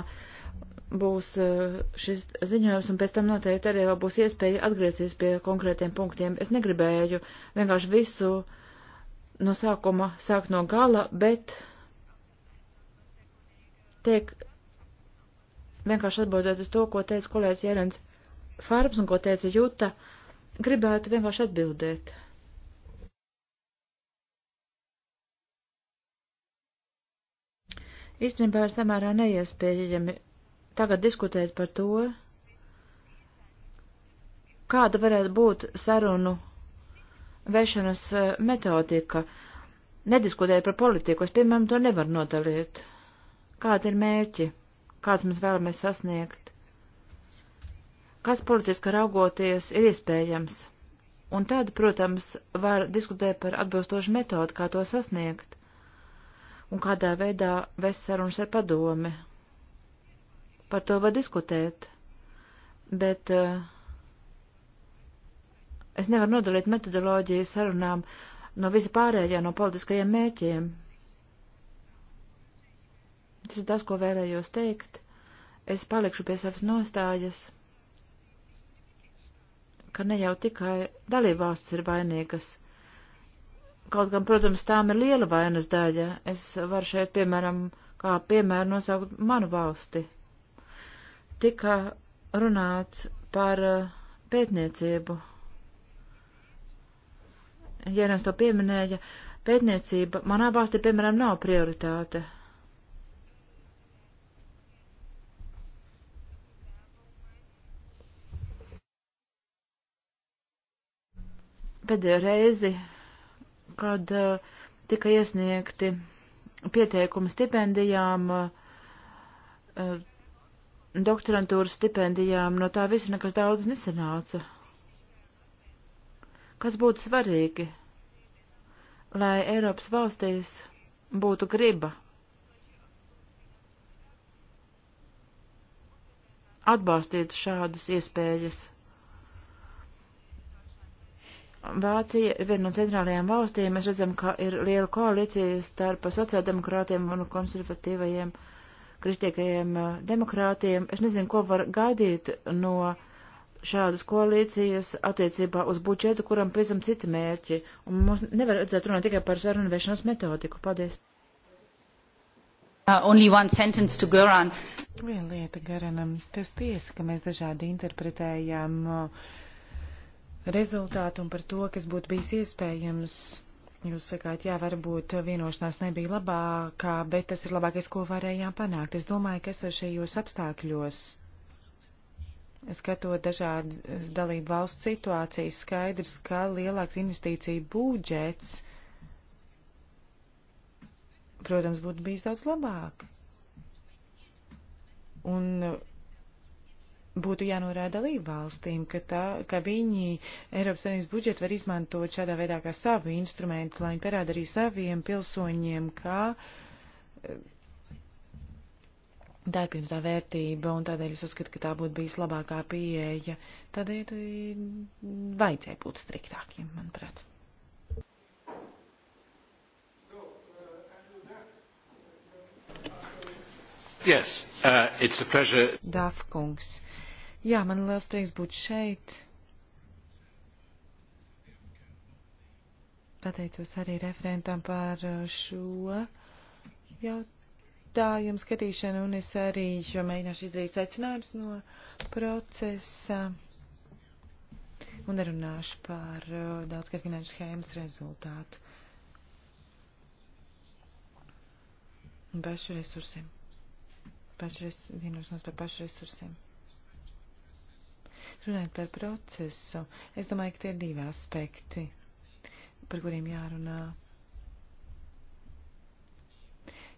Būs eh, šis ziņojums, un pēc tam noteikti arī vēl būs iespēja atgriezties pie konkrētiem punktiem. Es negribēju vienkārši visu no sākuma sākt no gala, bet teikt, vienkārši atbildēt uz to, ko teica kolēģis Jērens Fārbs un ko teica Juta, gribētu vienkārši atbildēt. Īstenībā ir samērā neiespējami tagad diskutēt par to, kāda varētu būt sarunu vešanas eh, metodika. Nediskutēt par politiku, es, piemēram, to nevaru nodalīt. Kādi ir mērķi? kāds mēs vēlamies sasniegt, kas politiski raugoties ir iespējams. Un tad, protams, var diskutēt par atbilstošu metodu, kā to sasniegt, un kādā veidā vest sarunas ar padomi. Par to var diskutēt, bet uh, es nevaru nodalīt metodoloģiju sarunām no visa pārējā, no politiskajiem mērķiem, Tas ir tas, ko vēlējos teikt. Es palikšu pie savas nostājas, ka ne jau tikai dalībvalstis ir vainīgas. Kaut gan, protams, tām ir liela vainas daļa. Es varu šeit, piemēram, kā piemēru nosaukt manu valsti. Tika runāts par uh, pētniecību. Ja es to pieminēju, pētniecība manā valstī, piemēram, nav prioritāte. pēdējo reizi, kad uh, tika iesniegti pieteikumi stipendijām, uh, eh, doktorantūras stipendijām, no tā visa nekas daudz nesanāca. Kas būtu svarīgi, lai Eiropas valstīs būtu griba atbalstīt šādas iespējas? Vācija ir viena no centrālajām valstīm. Mēs redzam, ka ir liela koalīcija starp sociāldemokrātiem un konservatīvajiem kristīgajiem eh, demokrātiem. Es nezinu, ko var gaidīt no šādas koalīcijas attiecībā uz budžetu, kuram pēcam citi mērķi. Un mums nevar redzēt runāt tikai par sarunu vešanas metodiku. Paldies. Uh, only one sentence to Goran. Viena lieta Garanam. Tas tiesa, ka mēs dažādi interpretējām uh, rezultātu un par to, kas būtu bijis iespējams. Jūs sakāt, jā, varbūt vienošanās nebija labākā, bet tas ir labākais, ko varējām panākt. Es domāju, ka esošajos apstākļos, skatot dažādas dalību valstu situācijas, skaidrs, ka lielāks investīcija būdžets, protams, būtu bijis daudz labāk. Un būtu jānorāda dalību valstīm, ka, tā, ka viņi Eiropas Savienības budžetu var izmantot šādā veidā kā savu instrumentu, lai viņi parāda arī saviem pilsoņiem, kā eh, tā ir pirmā vērtība, un tādēļ es uzskatu, ka tā būtu bijis labākā pieeja. Tādēļ eh, vajadzēja būt striktākiem, manuprāt. Yes, uh, it's a pleasure. Dāfkungs. Jā, man liels prieks būt šeit. Pateicos arī referentam par uh, šo jautājumu skatīšanu, un es arī mēģināšu izdarīt secinājumus no procesa un runāšu par uh, daudzgad finanšu schēmas rezultātu. Bešu resursiem pašres, vienošanos par pašresursiem. Runājot par procesu, es domāju, ka tie ir divi aspekti, par kuriem jārunā.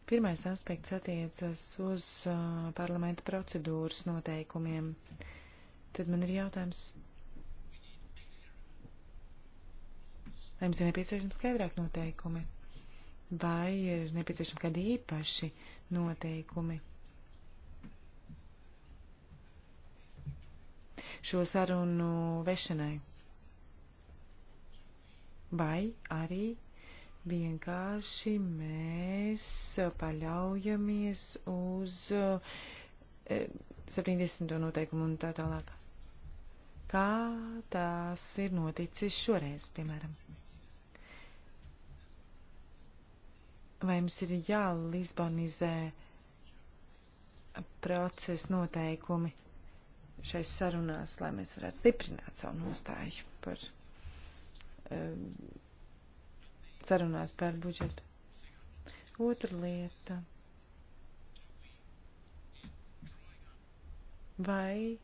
Pirmais aspekts attiecas uz uh, parlamenta procedūras noteikumiem. Tad man ir jautājums, vai jums ir nepieciešams skaidrāk noteikumi, vai ir nepieciešami kādi īpaši noteikumi. šo sarunu vešanai. Vai arī vienkārši mēs paļaujamies uz 70. Eh, noteikumu un tā tālāk. Kā tas ir noticis šoreiz, piemēram? vai mums ir jālisbonizē procesa noteikumi šais sarunās, lai mēs varētu stiprināt savu nostāju par um, sarunās par budžetu. Otra lieta. Vai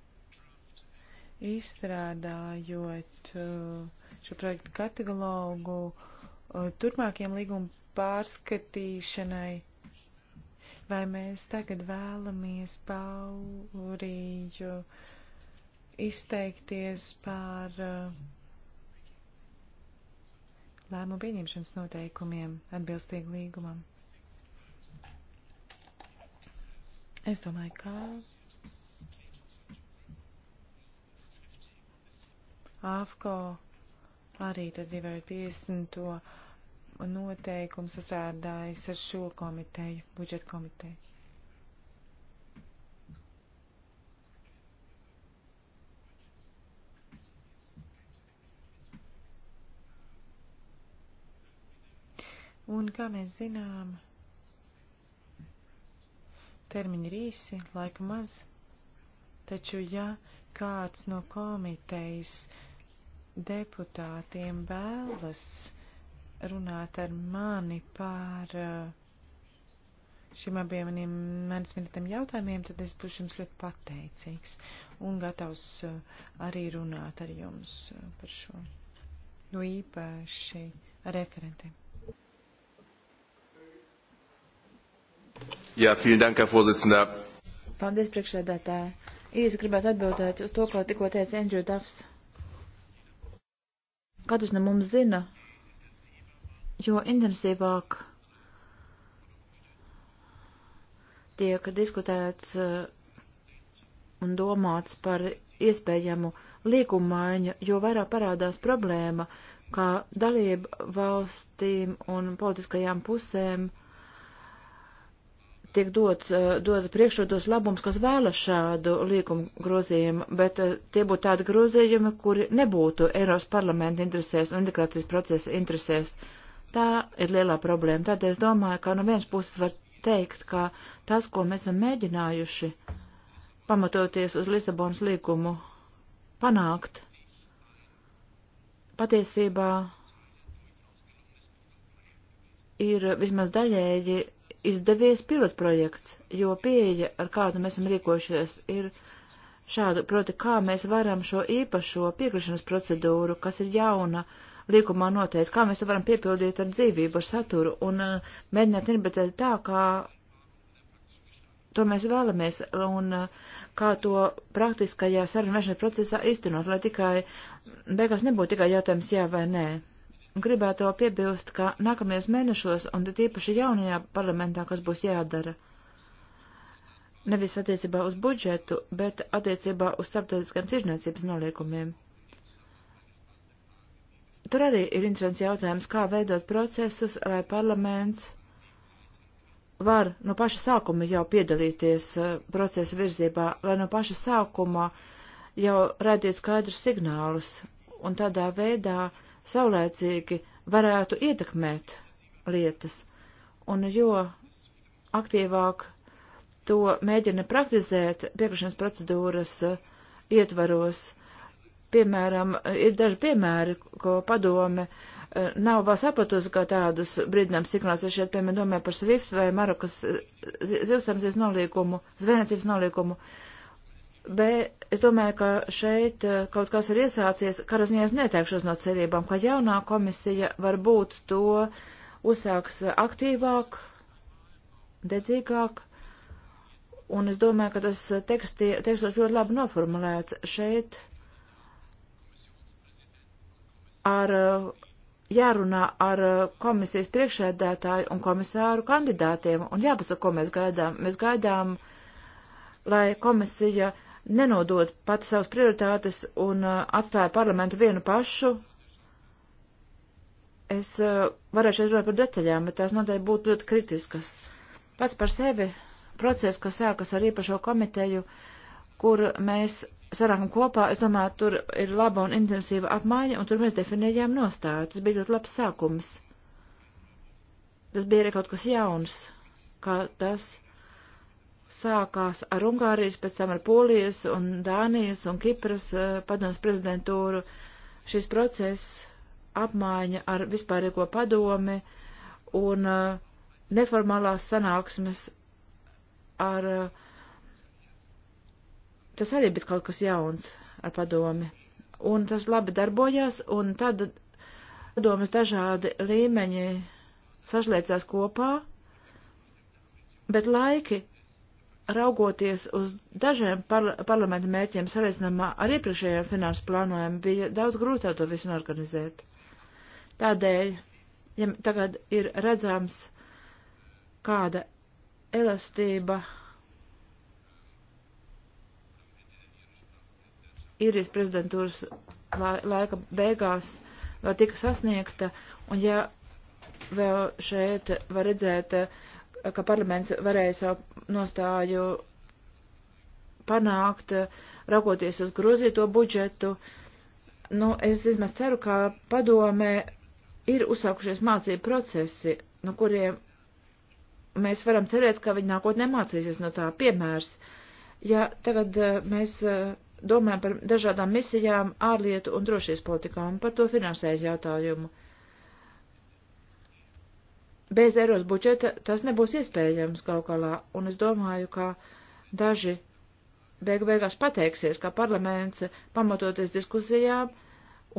izstrādājot eh, šo projektu katalogu eh, turpmākiem līgumu pārskatīšanai, vai mēs tagad vēlamies paurīju izteikties par uh, lēmu pieņemšanas noteikumiem atbilstīgi līgumam. Es domāju, ka AFCO arī tad ievērt 50 noteikums sasādājas ar šo komiteju, budžeta komiteju. Un, kā mēs zinām, termiņi ir īsi, laika maz, taču, ja kāds no komitejas deputātiem vēlas, runāt ar mani par eh, šiem abiem maniem manis minētiem jautājumiem, tad es būšu jums ļoti pateicīgs un gatavs eh, arī runāt ar jums eh, par šo, jo īpaši referentiem. Jā, vielen dank, Herr Vorsitzender. Paldies, priekšsēdētāji. Īsi gribētu atbildēt uz to, ko tikko teica Andrew Duffs. Katrs no mums zina, jo intensīvāk tiek diskutēts eh, un domāts par iespējamu līkumaiņu, jo vairāk parādās problēma, ka dalība valstīm un politiskajām pusēm tiek dots, eh, dod priekšrotos labums, kas vēlas šādu līkumu grozījumu, bet eh, tie būtu tādi grozījumi, kuri nebūtu Eiropas parlamenta interesēs un integrācijas procesa interesēs. Uh, Tā ir lielā problēma. Tad es domāju, ka no vienas puses var teikt, ka tas, ko mēs esam mēģinājuši, pamatoties uz Lisabonas līgumu, panākt, patiesībā ir vismaz daļēji izdevies pilotprojekts, jo pieeja, ar kādu mēs esam rīkojušies, ir šāda, proti, kā mēs varam šo īpašo piekrišanas procedūru, kas ir jauna, uh, līkumā noteikt, kā mēs to varam piepildīt ar dzīvību, ar saturu un uh, mēģināt interpretēt tā, kā to mēs vēlamies un uh, kā to praktiskajā sarunvešanas procesā iztenot, lai tikai beigās nebūtu tikai jautājums jā vai nē. Gribētu to piebilst, ka nākamajos mēnešos, un tīpaši jaunajā parlamentā, kas būs jādara, nevis attiecībā uz budžetu, bet attiecībā uz starptautiskiem tirzniecības noliekumiem. Tur arī ir interesants jautājums, kā veidot procesus, lai parlaments var no paša sākuma jau piedalīties eh, procesa virzībā, lai no paša sākuma jau radiet skaidrus signālus un tādā veidā saulēcīgi varētu ietekmēt lietas. Un jo aktīvāk to mēģina praktizēt piekrišanas procedūras eh, ietvaros, Piemēram, ir daži piemēri, ko padome eh, nav vēl sapratusi, kā tādus brīdinājums signāls. Es šeit, piemēram, domāju par SWIFT vai Marokas eh, zivsamzības nolīkumu, zvejniecības nolīkumu. Bet es domāju, ka šeit eh, kaut kas ir iesācies, karaziņās neteikšos no cerībām, ka jaunā komisija varbūt to uzsāks aktīvāk, dedzīgāk. Un es domāju, ka tas teksti, tekstos ļoti labi noformulēts. Šeit ar, eh, jārunā ar eh, komisijas priekšēdētāju un komisāru kandidātiem un jāpasaka, ko mēs gaidām. Mēs gaidām, lai komisija nenodot pati savas prioritātes un eh, atstāja parlamentu vienu pašu. Es varēšu runāt par detaļām, bet tās noteikti būtu ļoti kritiskas. Pats par sevi process, kas sākas ar īpašo komiteju, kur mēs sarākam kopā, es domāju, tur ir laba un intensīva apmaiņa, un tur mēs definējām nostāju. Tas bija ļoti labs sākums. Tas bija arī kaut kas jauns, kā tas sākās ar Ungārijas, pēc tam ar Polijas un Dānijas un Kipras eh, padomus prezidentūru. Šis process apmaiņa ar vispārīgo padomi un eh, neformālās sanāksmes ar uh, Tas arī bija kaut kas jauns ar padomi. Un tas labi darbojās, un tad padomas dažādi līmeņi sašliecās kopā, bet laiki, raugoties uz dažiem par parlamenta mērķiem salīdzinājumā ar iepriekšējiem finansu plānojumiem, bija daudz grūtāk to visu organizēt. Tādēļ, ja tagad ir redzams, kāda elastība īrijas prezidentūras laika beigās vēl tika sasniegta, un ja vēl šeit var redzēt, ka parlaments varēja savu nostāju panākt, raugoties uz grozīto budžetu, nu, es vismaz ceru, ka padomē ir uzsākušies mācību procesi, no kuriem mēs varam cerēt, ka viņi nākotnē mācīsies no tā piemērs. Ja tagad eh, mēs eh, domājam par dažādām misijām, ārlietu un drošības politikām, par to finansējumu jautājumu. Bez Eiropas budžeta tas nebūs iespējams kaut kādā, un es domāju, ka daži beigu beigās pateiksies, ka parlaments, pamatoties diskusijām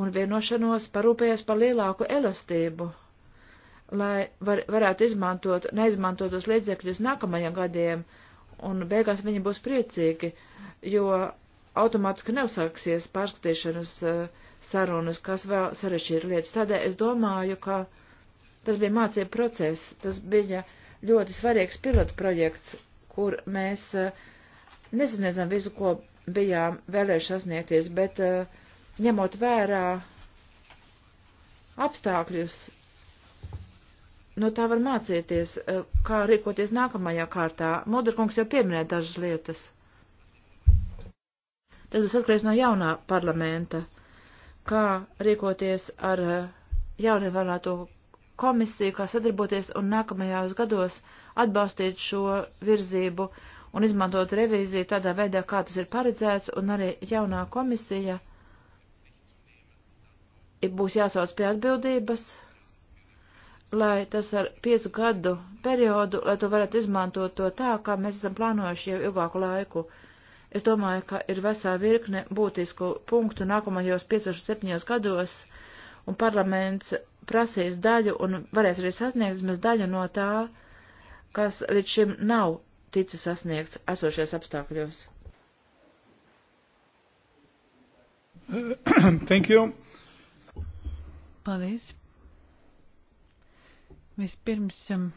un vienošanos, parūpējas par lielāku elastību, lai var, varētu izmantot neizmantotos līdzekļus nākamajiem gadiem, un beigās viņi būs priecīgi, jo automātiski neuzsāksies pārskatīšanas eh, sarunas, kas vēl sarešķīra lietas. Tādēļ es domāju, ka tas bija mācību process, tas bija ļoti svarīgs pilotu projekts, kur mēs eh, nezinām visu, ko bijām vēlējuši sasniegties, bet eh, ņemot vērā apstākļus, no tā var mācīties, kā rīkoties nākamajā kārtā. Mudrkungs jau pieminēja dažas lietas. Tas būs atkarīgs no jaunā parlamenta, kā rīkoties ar eh, jaunievēlēto komisiju, kā sadarboties un nākamajās gados atbalstīt šo virzību un izmantot revīziju tādā veidā, kā tas ir paredzēts, un arī jaunā komisija būs jāsauc pie atbildības, lai tas ar piecu gadu periodu, lai to varētu izmantot to tā, kā mēs esam plānojuši jau ilgāku laiku. Es domāju, ka ir vesā virkne būtisku punktu nākamajos 5-7 gados, un parlaments prasīs daļu un varēs arī sasniegt vismaz daļu no tā, kas līdz šim nav ticis sasniegts esošies apstākļos. Thank you. Paldies. Vispirms. Um,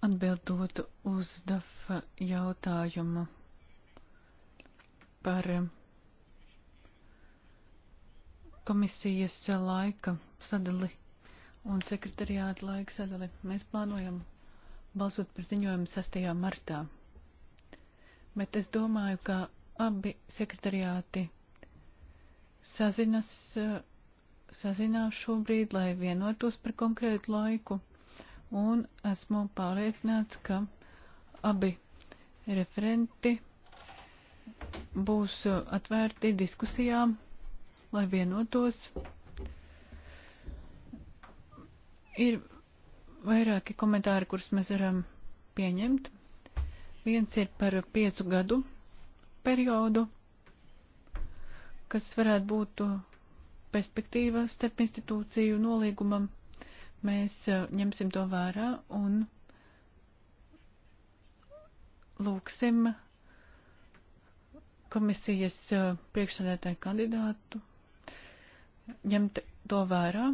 Atbildot uz Dafa jautājumu par eh, komisijas laika sadali un sekretariāta laika sadali. Mēs plānojam balsot par ziņojumu 6. martā. Bet es domāju, ka abi sekretariāti sazinas, eh, sazinās šobrīd, lai vienotos par konkrētu laiku un esmu pārliecināts, ka abi referenti būs atvērti diskusijām, lai vienotos. Ir vairāki komentāri, kurus mēs varam pieņemt. Viens ir par piecu gadu periodu, kas varētu būt perspektīva starp institūciju nolīgumam Mēs ņemsim to vērā un lūksim komisijas priekšsēdētāju kandidātu ņemt to vērā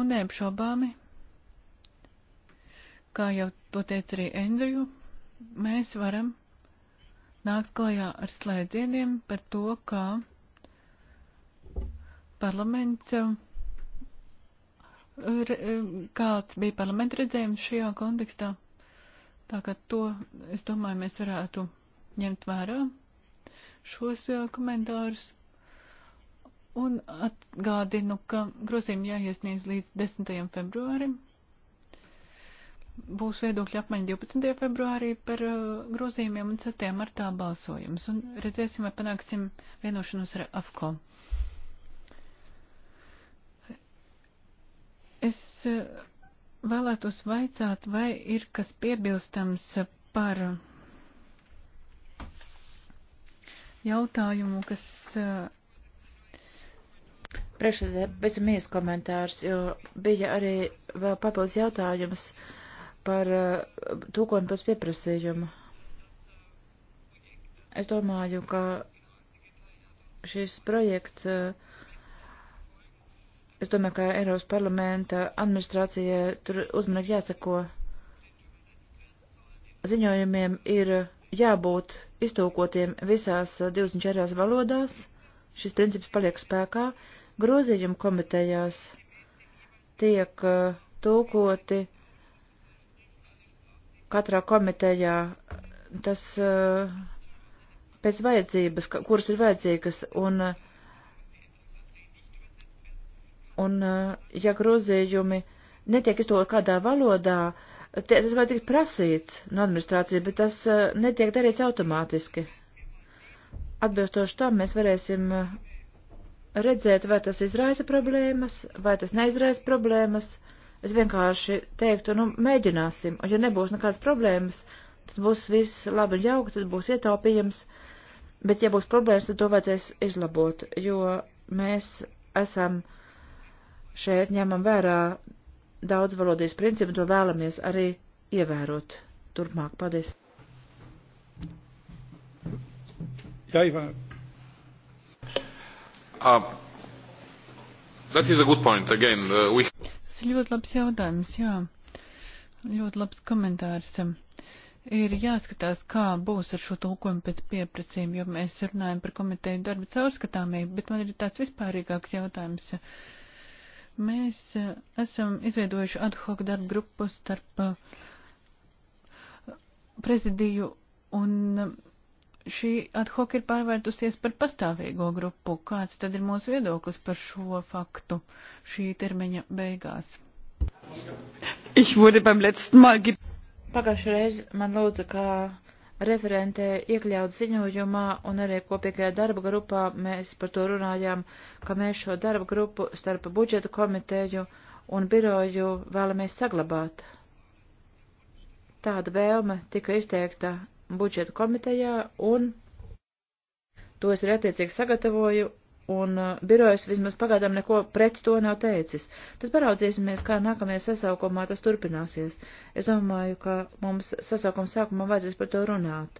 un neapšaubāmi, kā jau to teica arī Endriju, mēs varam nākt klajā ar slēdzieniem par to, kā parlaments kāds bija parlamenta redzējums šajā kontekstā. Tā kā to, es domāju, mēs varētu ņemt vērā šos komentārus. Un atgādinu, ka grozījumi jāiesniedz līdz 10. februārim. Būs viedokļa apmaiņa 12. februārī par uh, grozījumiem un 6. martā balsojums. Un redzēsim, vai panāksim vienošanos ar AFCO. Es e, vēlētos vaicāt, vai ir kas piebilstams par jautājumu, kas. E, Priekšsēdē, pēc mīs komentārs, jo bija arī vēl papildus jautājums par e, tūkojumu pēc pieprasījuma. Es domāju, ka šis projekts uh, Es domāju, ka Eiropas parlamenta administrācijai tur uzmanīgi jāsako. Ziņojumiem ir jābūt iztūkotiem visās 24 valodās. Šis princips paliek spēkā. Grozījumu komitejās tiek eh, tūkoti katrā komitejā tas eh, pēc vajadzības, kuras ir vajadzīgas, un uh, Un, ja grozījumi netiek izdot kādā valodā, te, tas var tikt prasīts no administrācijas, bet tas netiek darīts automātiski. Atbilstoši tam mēs varēsim redzēt, vai tas izraisa problēmas, vai tas neizraisa problēmas. Es vienkārši teiktu, nu, mēģināsim, un ja nebūs nekādas problēmas, tad būs viss labi un jauki, tad būs ietaupījums, bet ja būs problēmas, tad to vajadzēs izlabot, jo mēs esam uh, Šeit ņemam vērā daudzvalodīs principu, to vēlamies arī ievērot turpmāk. Paldies! Jā, Ivan. Uh, that is a good point. Again, uh, we... Tas ir ļoti labs jautājums, jā. Ļoti labs komentārs. Ir jāskatās, kā būs ar šo tulkojumu pēc pieprasījuma, jo mēs runājam par komiteju darba caurskatāmību, bet man ir tāds vispārīgāks jautājums. Uh, Mēs eh, esam izveidojuši ad hoc darbu grupu starp eh, prezidiju un eh, šī ad hoc ir pārvērtusies par pastāvīgo grupu. Kāds tad ir mūsu viedoklis par šo faktu šī termiņa beigās? Pagājušajā reizē man lūdza, ka referentē iekļaut ziņojumā un arī kopīgajā darba grupā mēs par to runājām, ka mēs šo darba grupu starp budžeta komiteju un biroju vēlamies saglabāt. Tāda vēlme tika izteikta budžeta komitejā un to es arī attiecīgi sagatavoju un uh, birojas vismaz pagaidām neko pret to nav teicis. Tad paraudzīsimies, kā nākamajā sasaukumā tas turpināsies. Es domāju, ka mums sasaukuma sākumā vajadzēs par to runāt.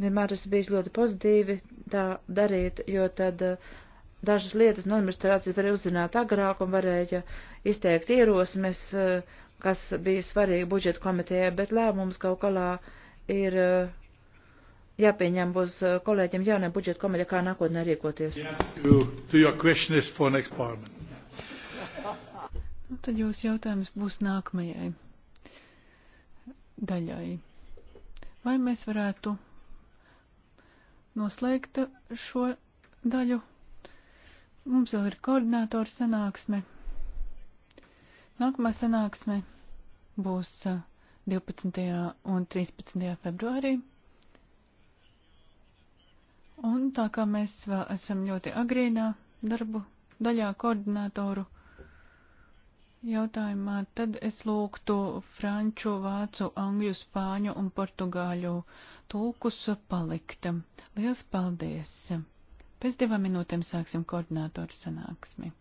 Vienmēr tas bijis ļoti pozitīvi tā darīt, jo tad uh, dažas lietas no administrācijas varēja uzzināt agrāk un varēja izteikt ierosmes, uh, kas bija svarīgi budžeta komitejai, bet lēmums kaut kalā ir. Uh, jāpieņem uz eh, kolēģiem jaunajā budžeta komitē, kā nākotnē rīkoties. Nu, tad jūsu jautājums būs nākamajai daļai. Vai mēs varētu noslēgt šo daļu? Mums vēl ir koordinātora sanāksme. Nākamā sanāksme būs 12. Eh, un 13. februārī. Un tā kā mēs vēl esam ļoti agrīnā darbu daļā koordinātoru jautājumā, tad es lūgtu franču, vācu, angļu, spāņu un portugāļu tulkus palikt. Liels paldies! Pēc divām minūtēm sāksim koordinātoru sanāksmi.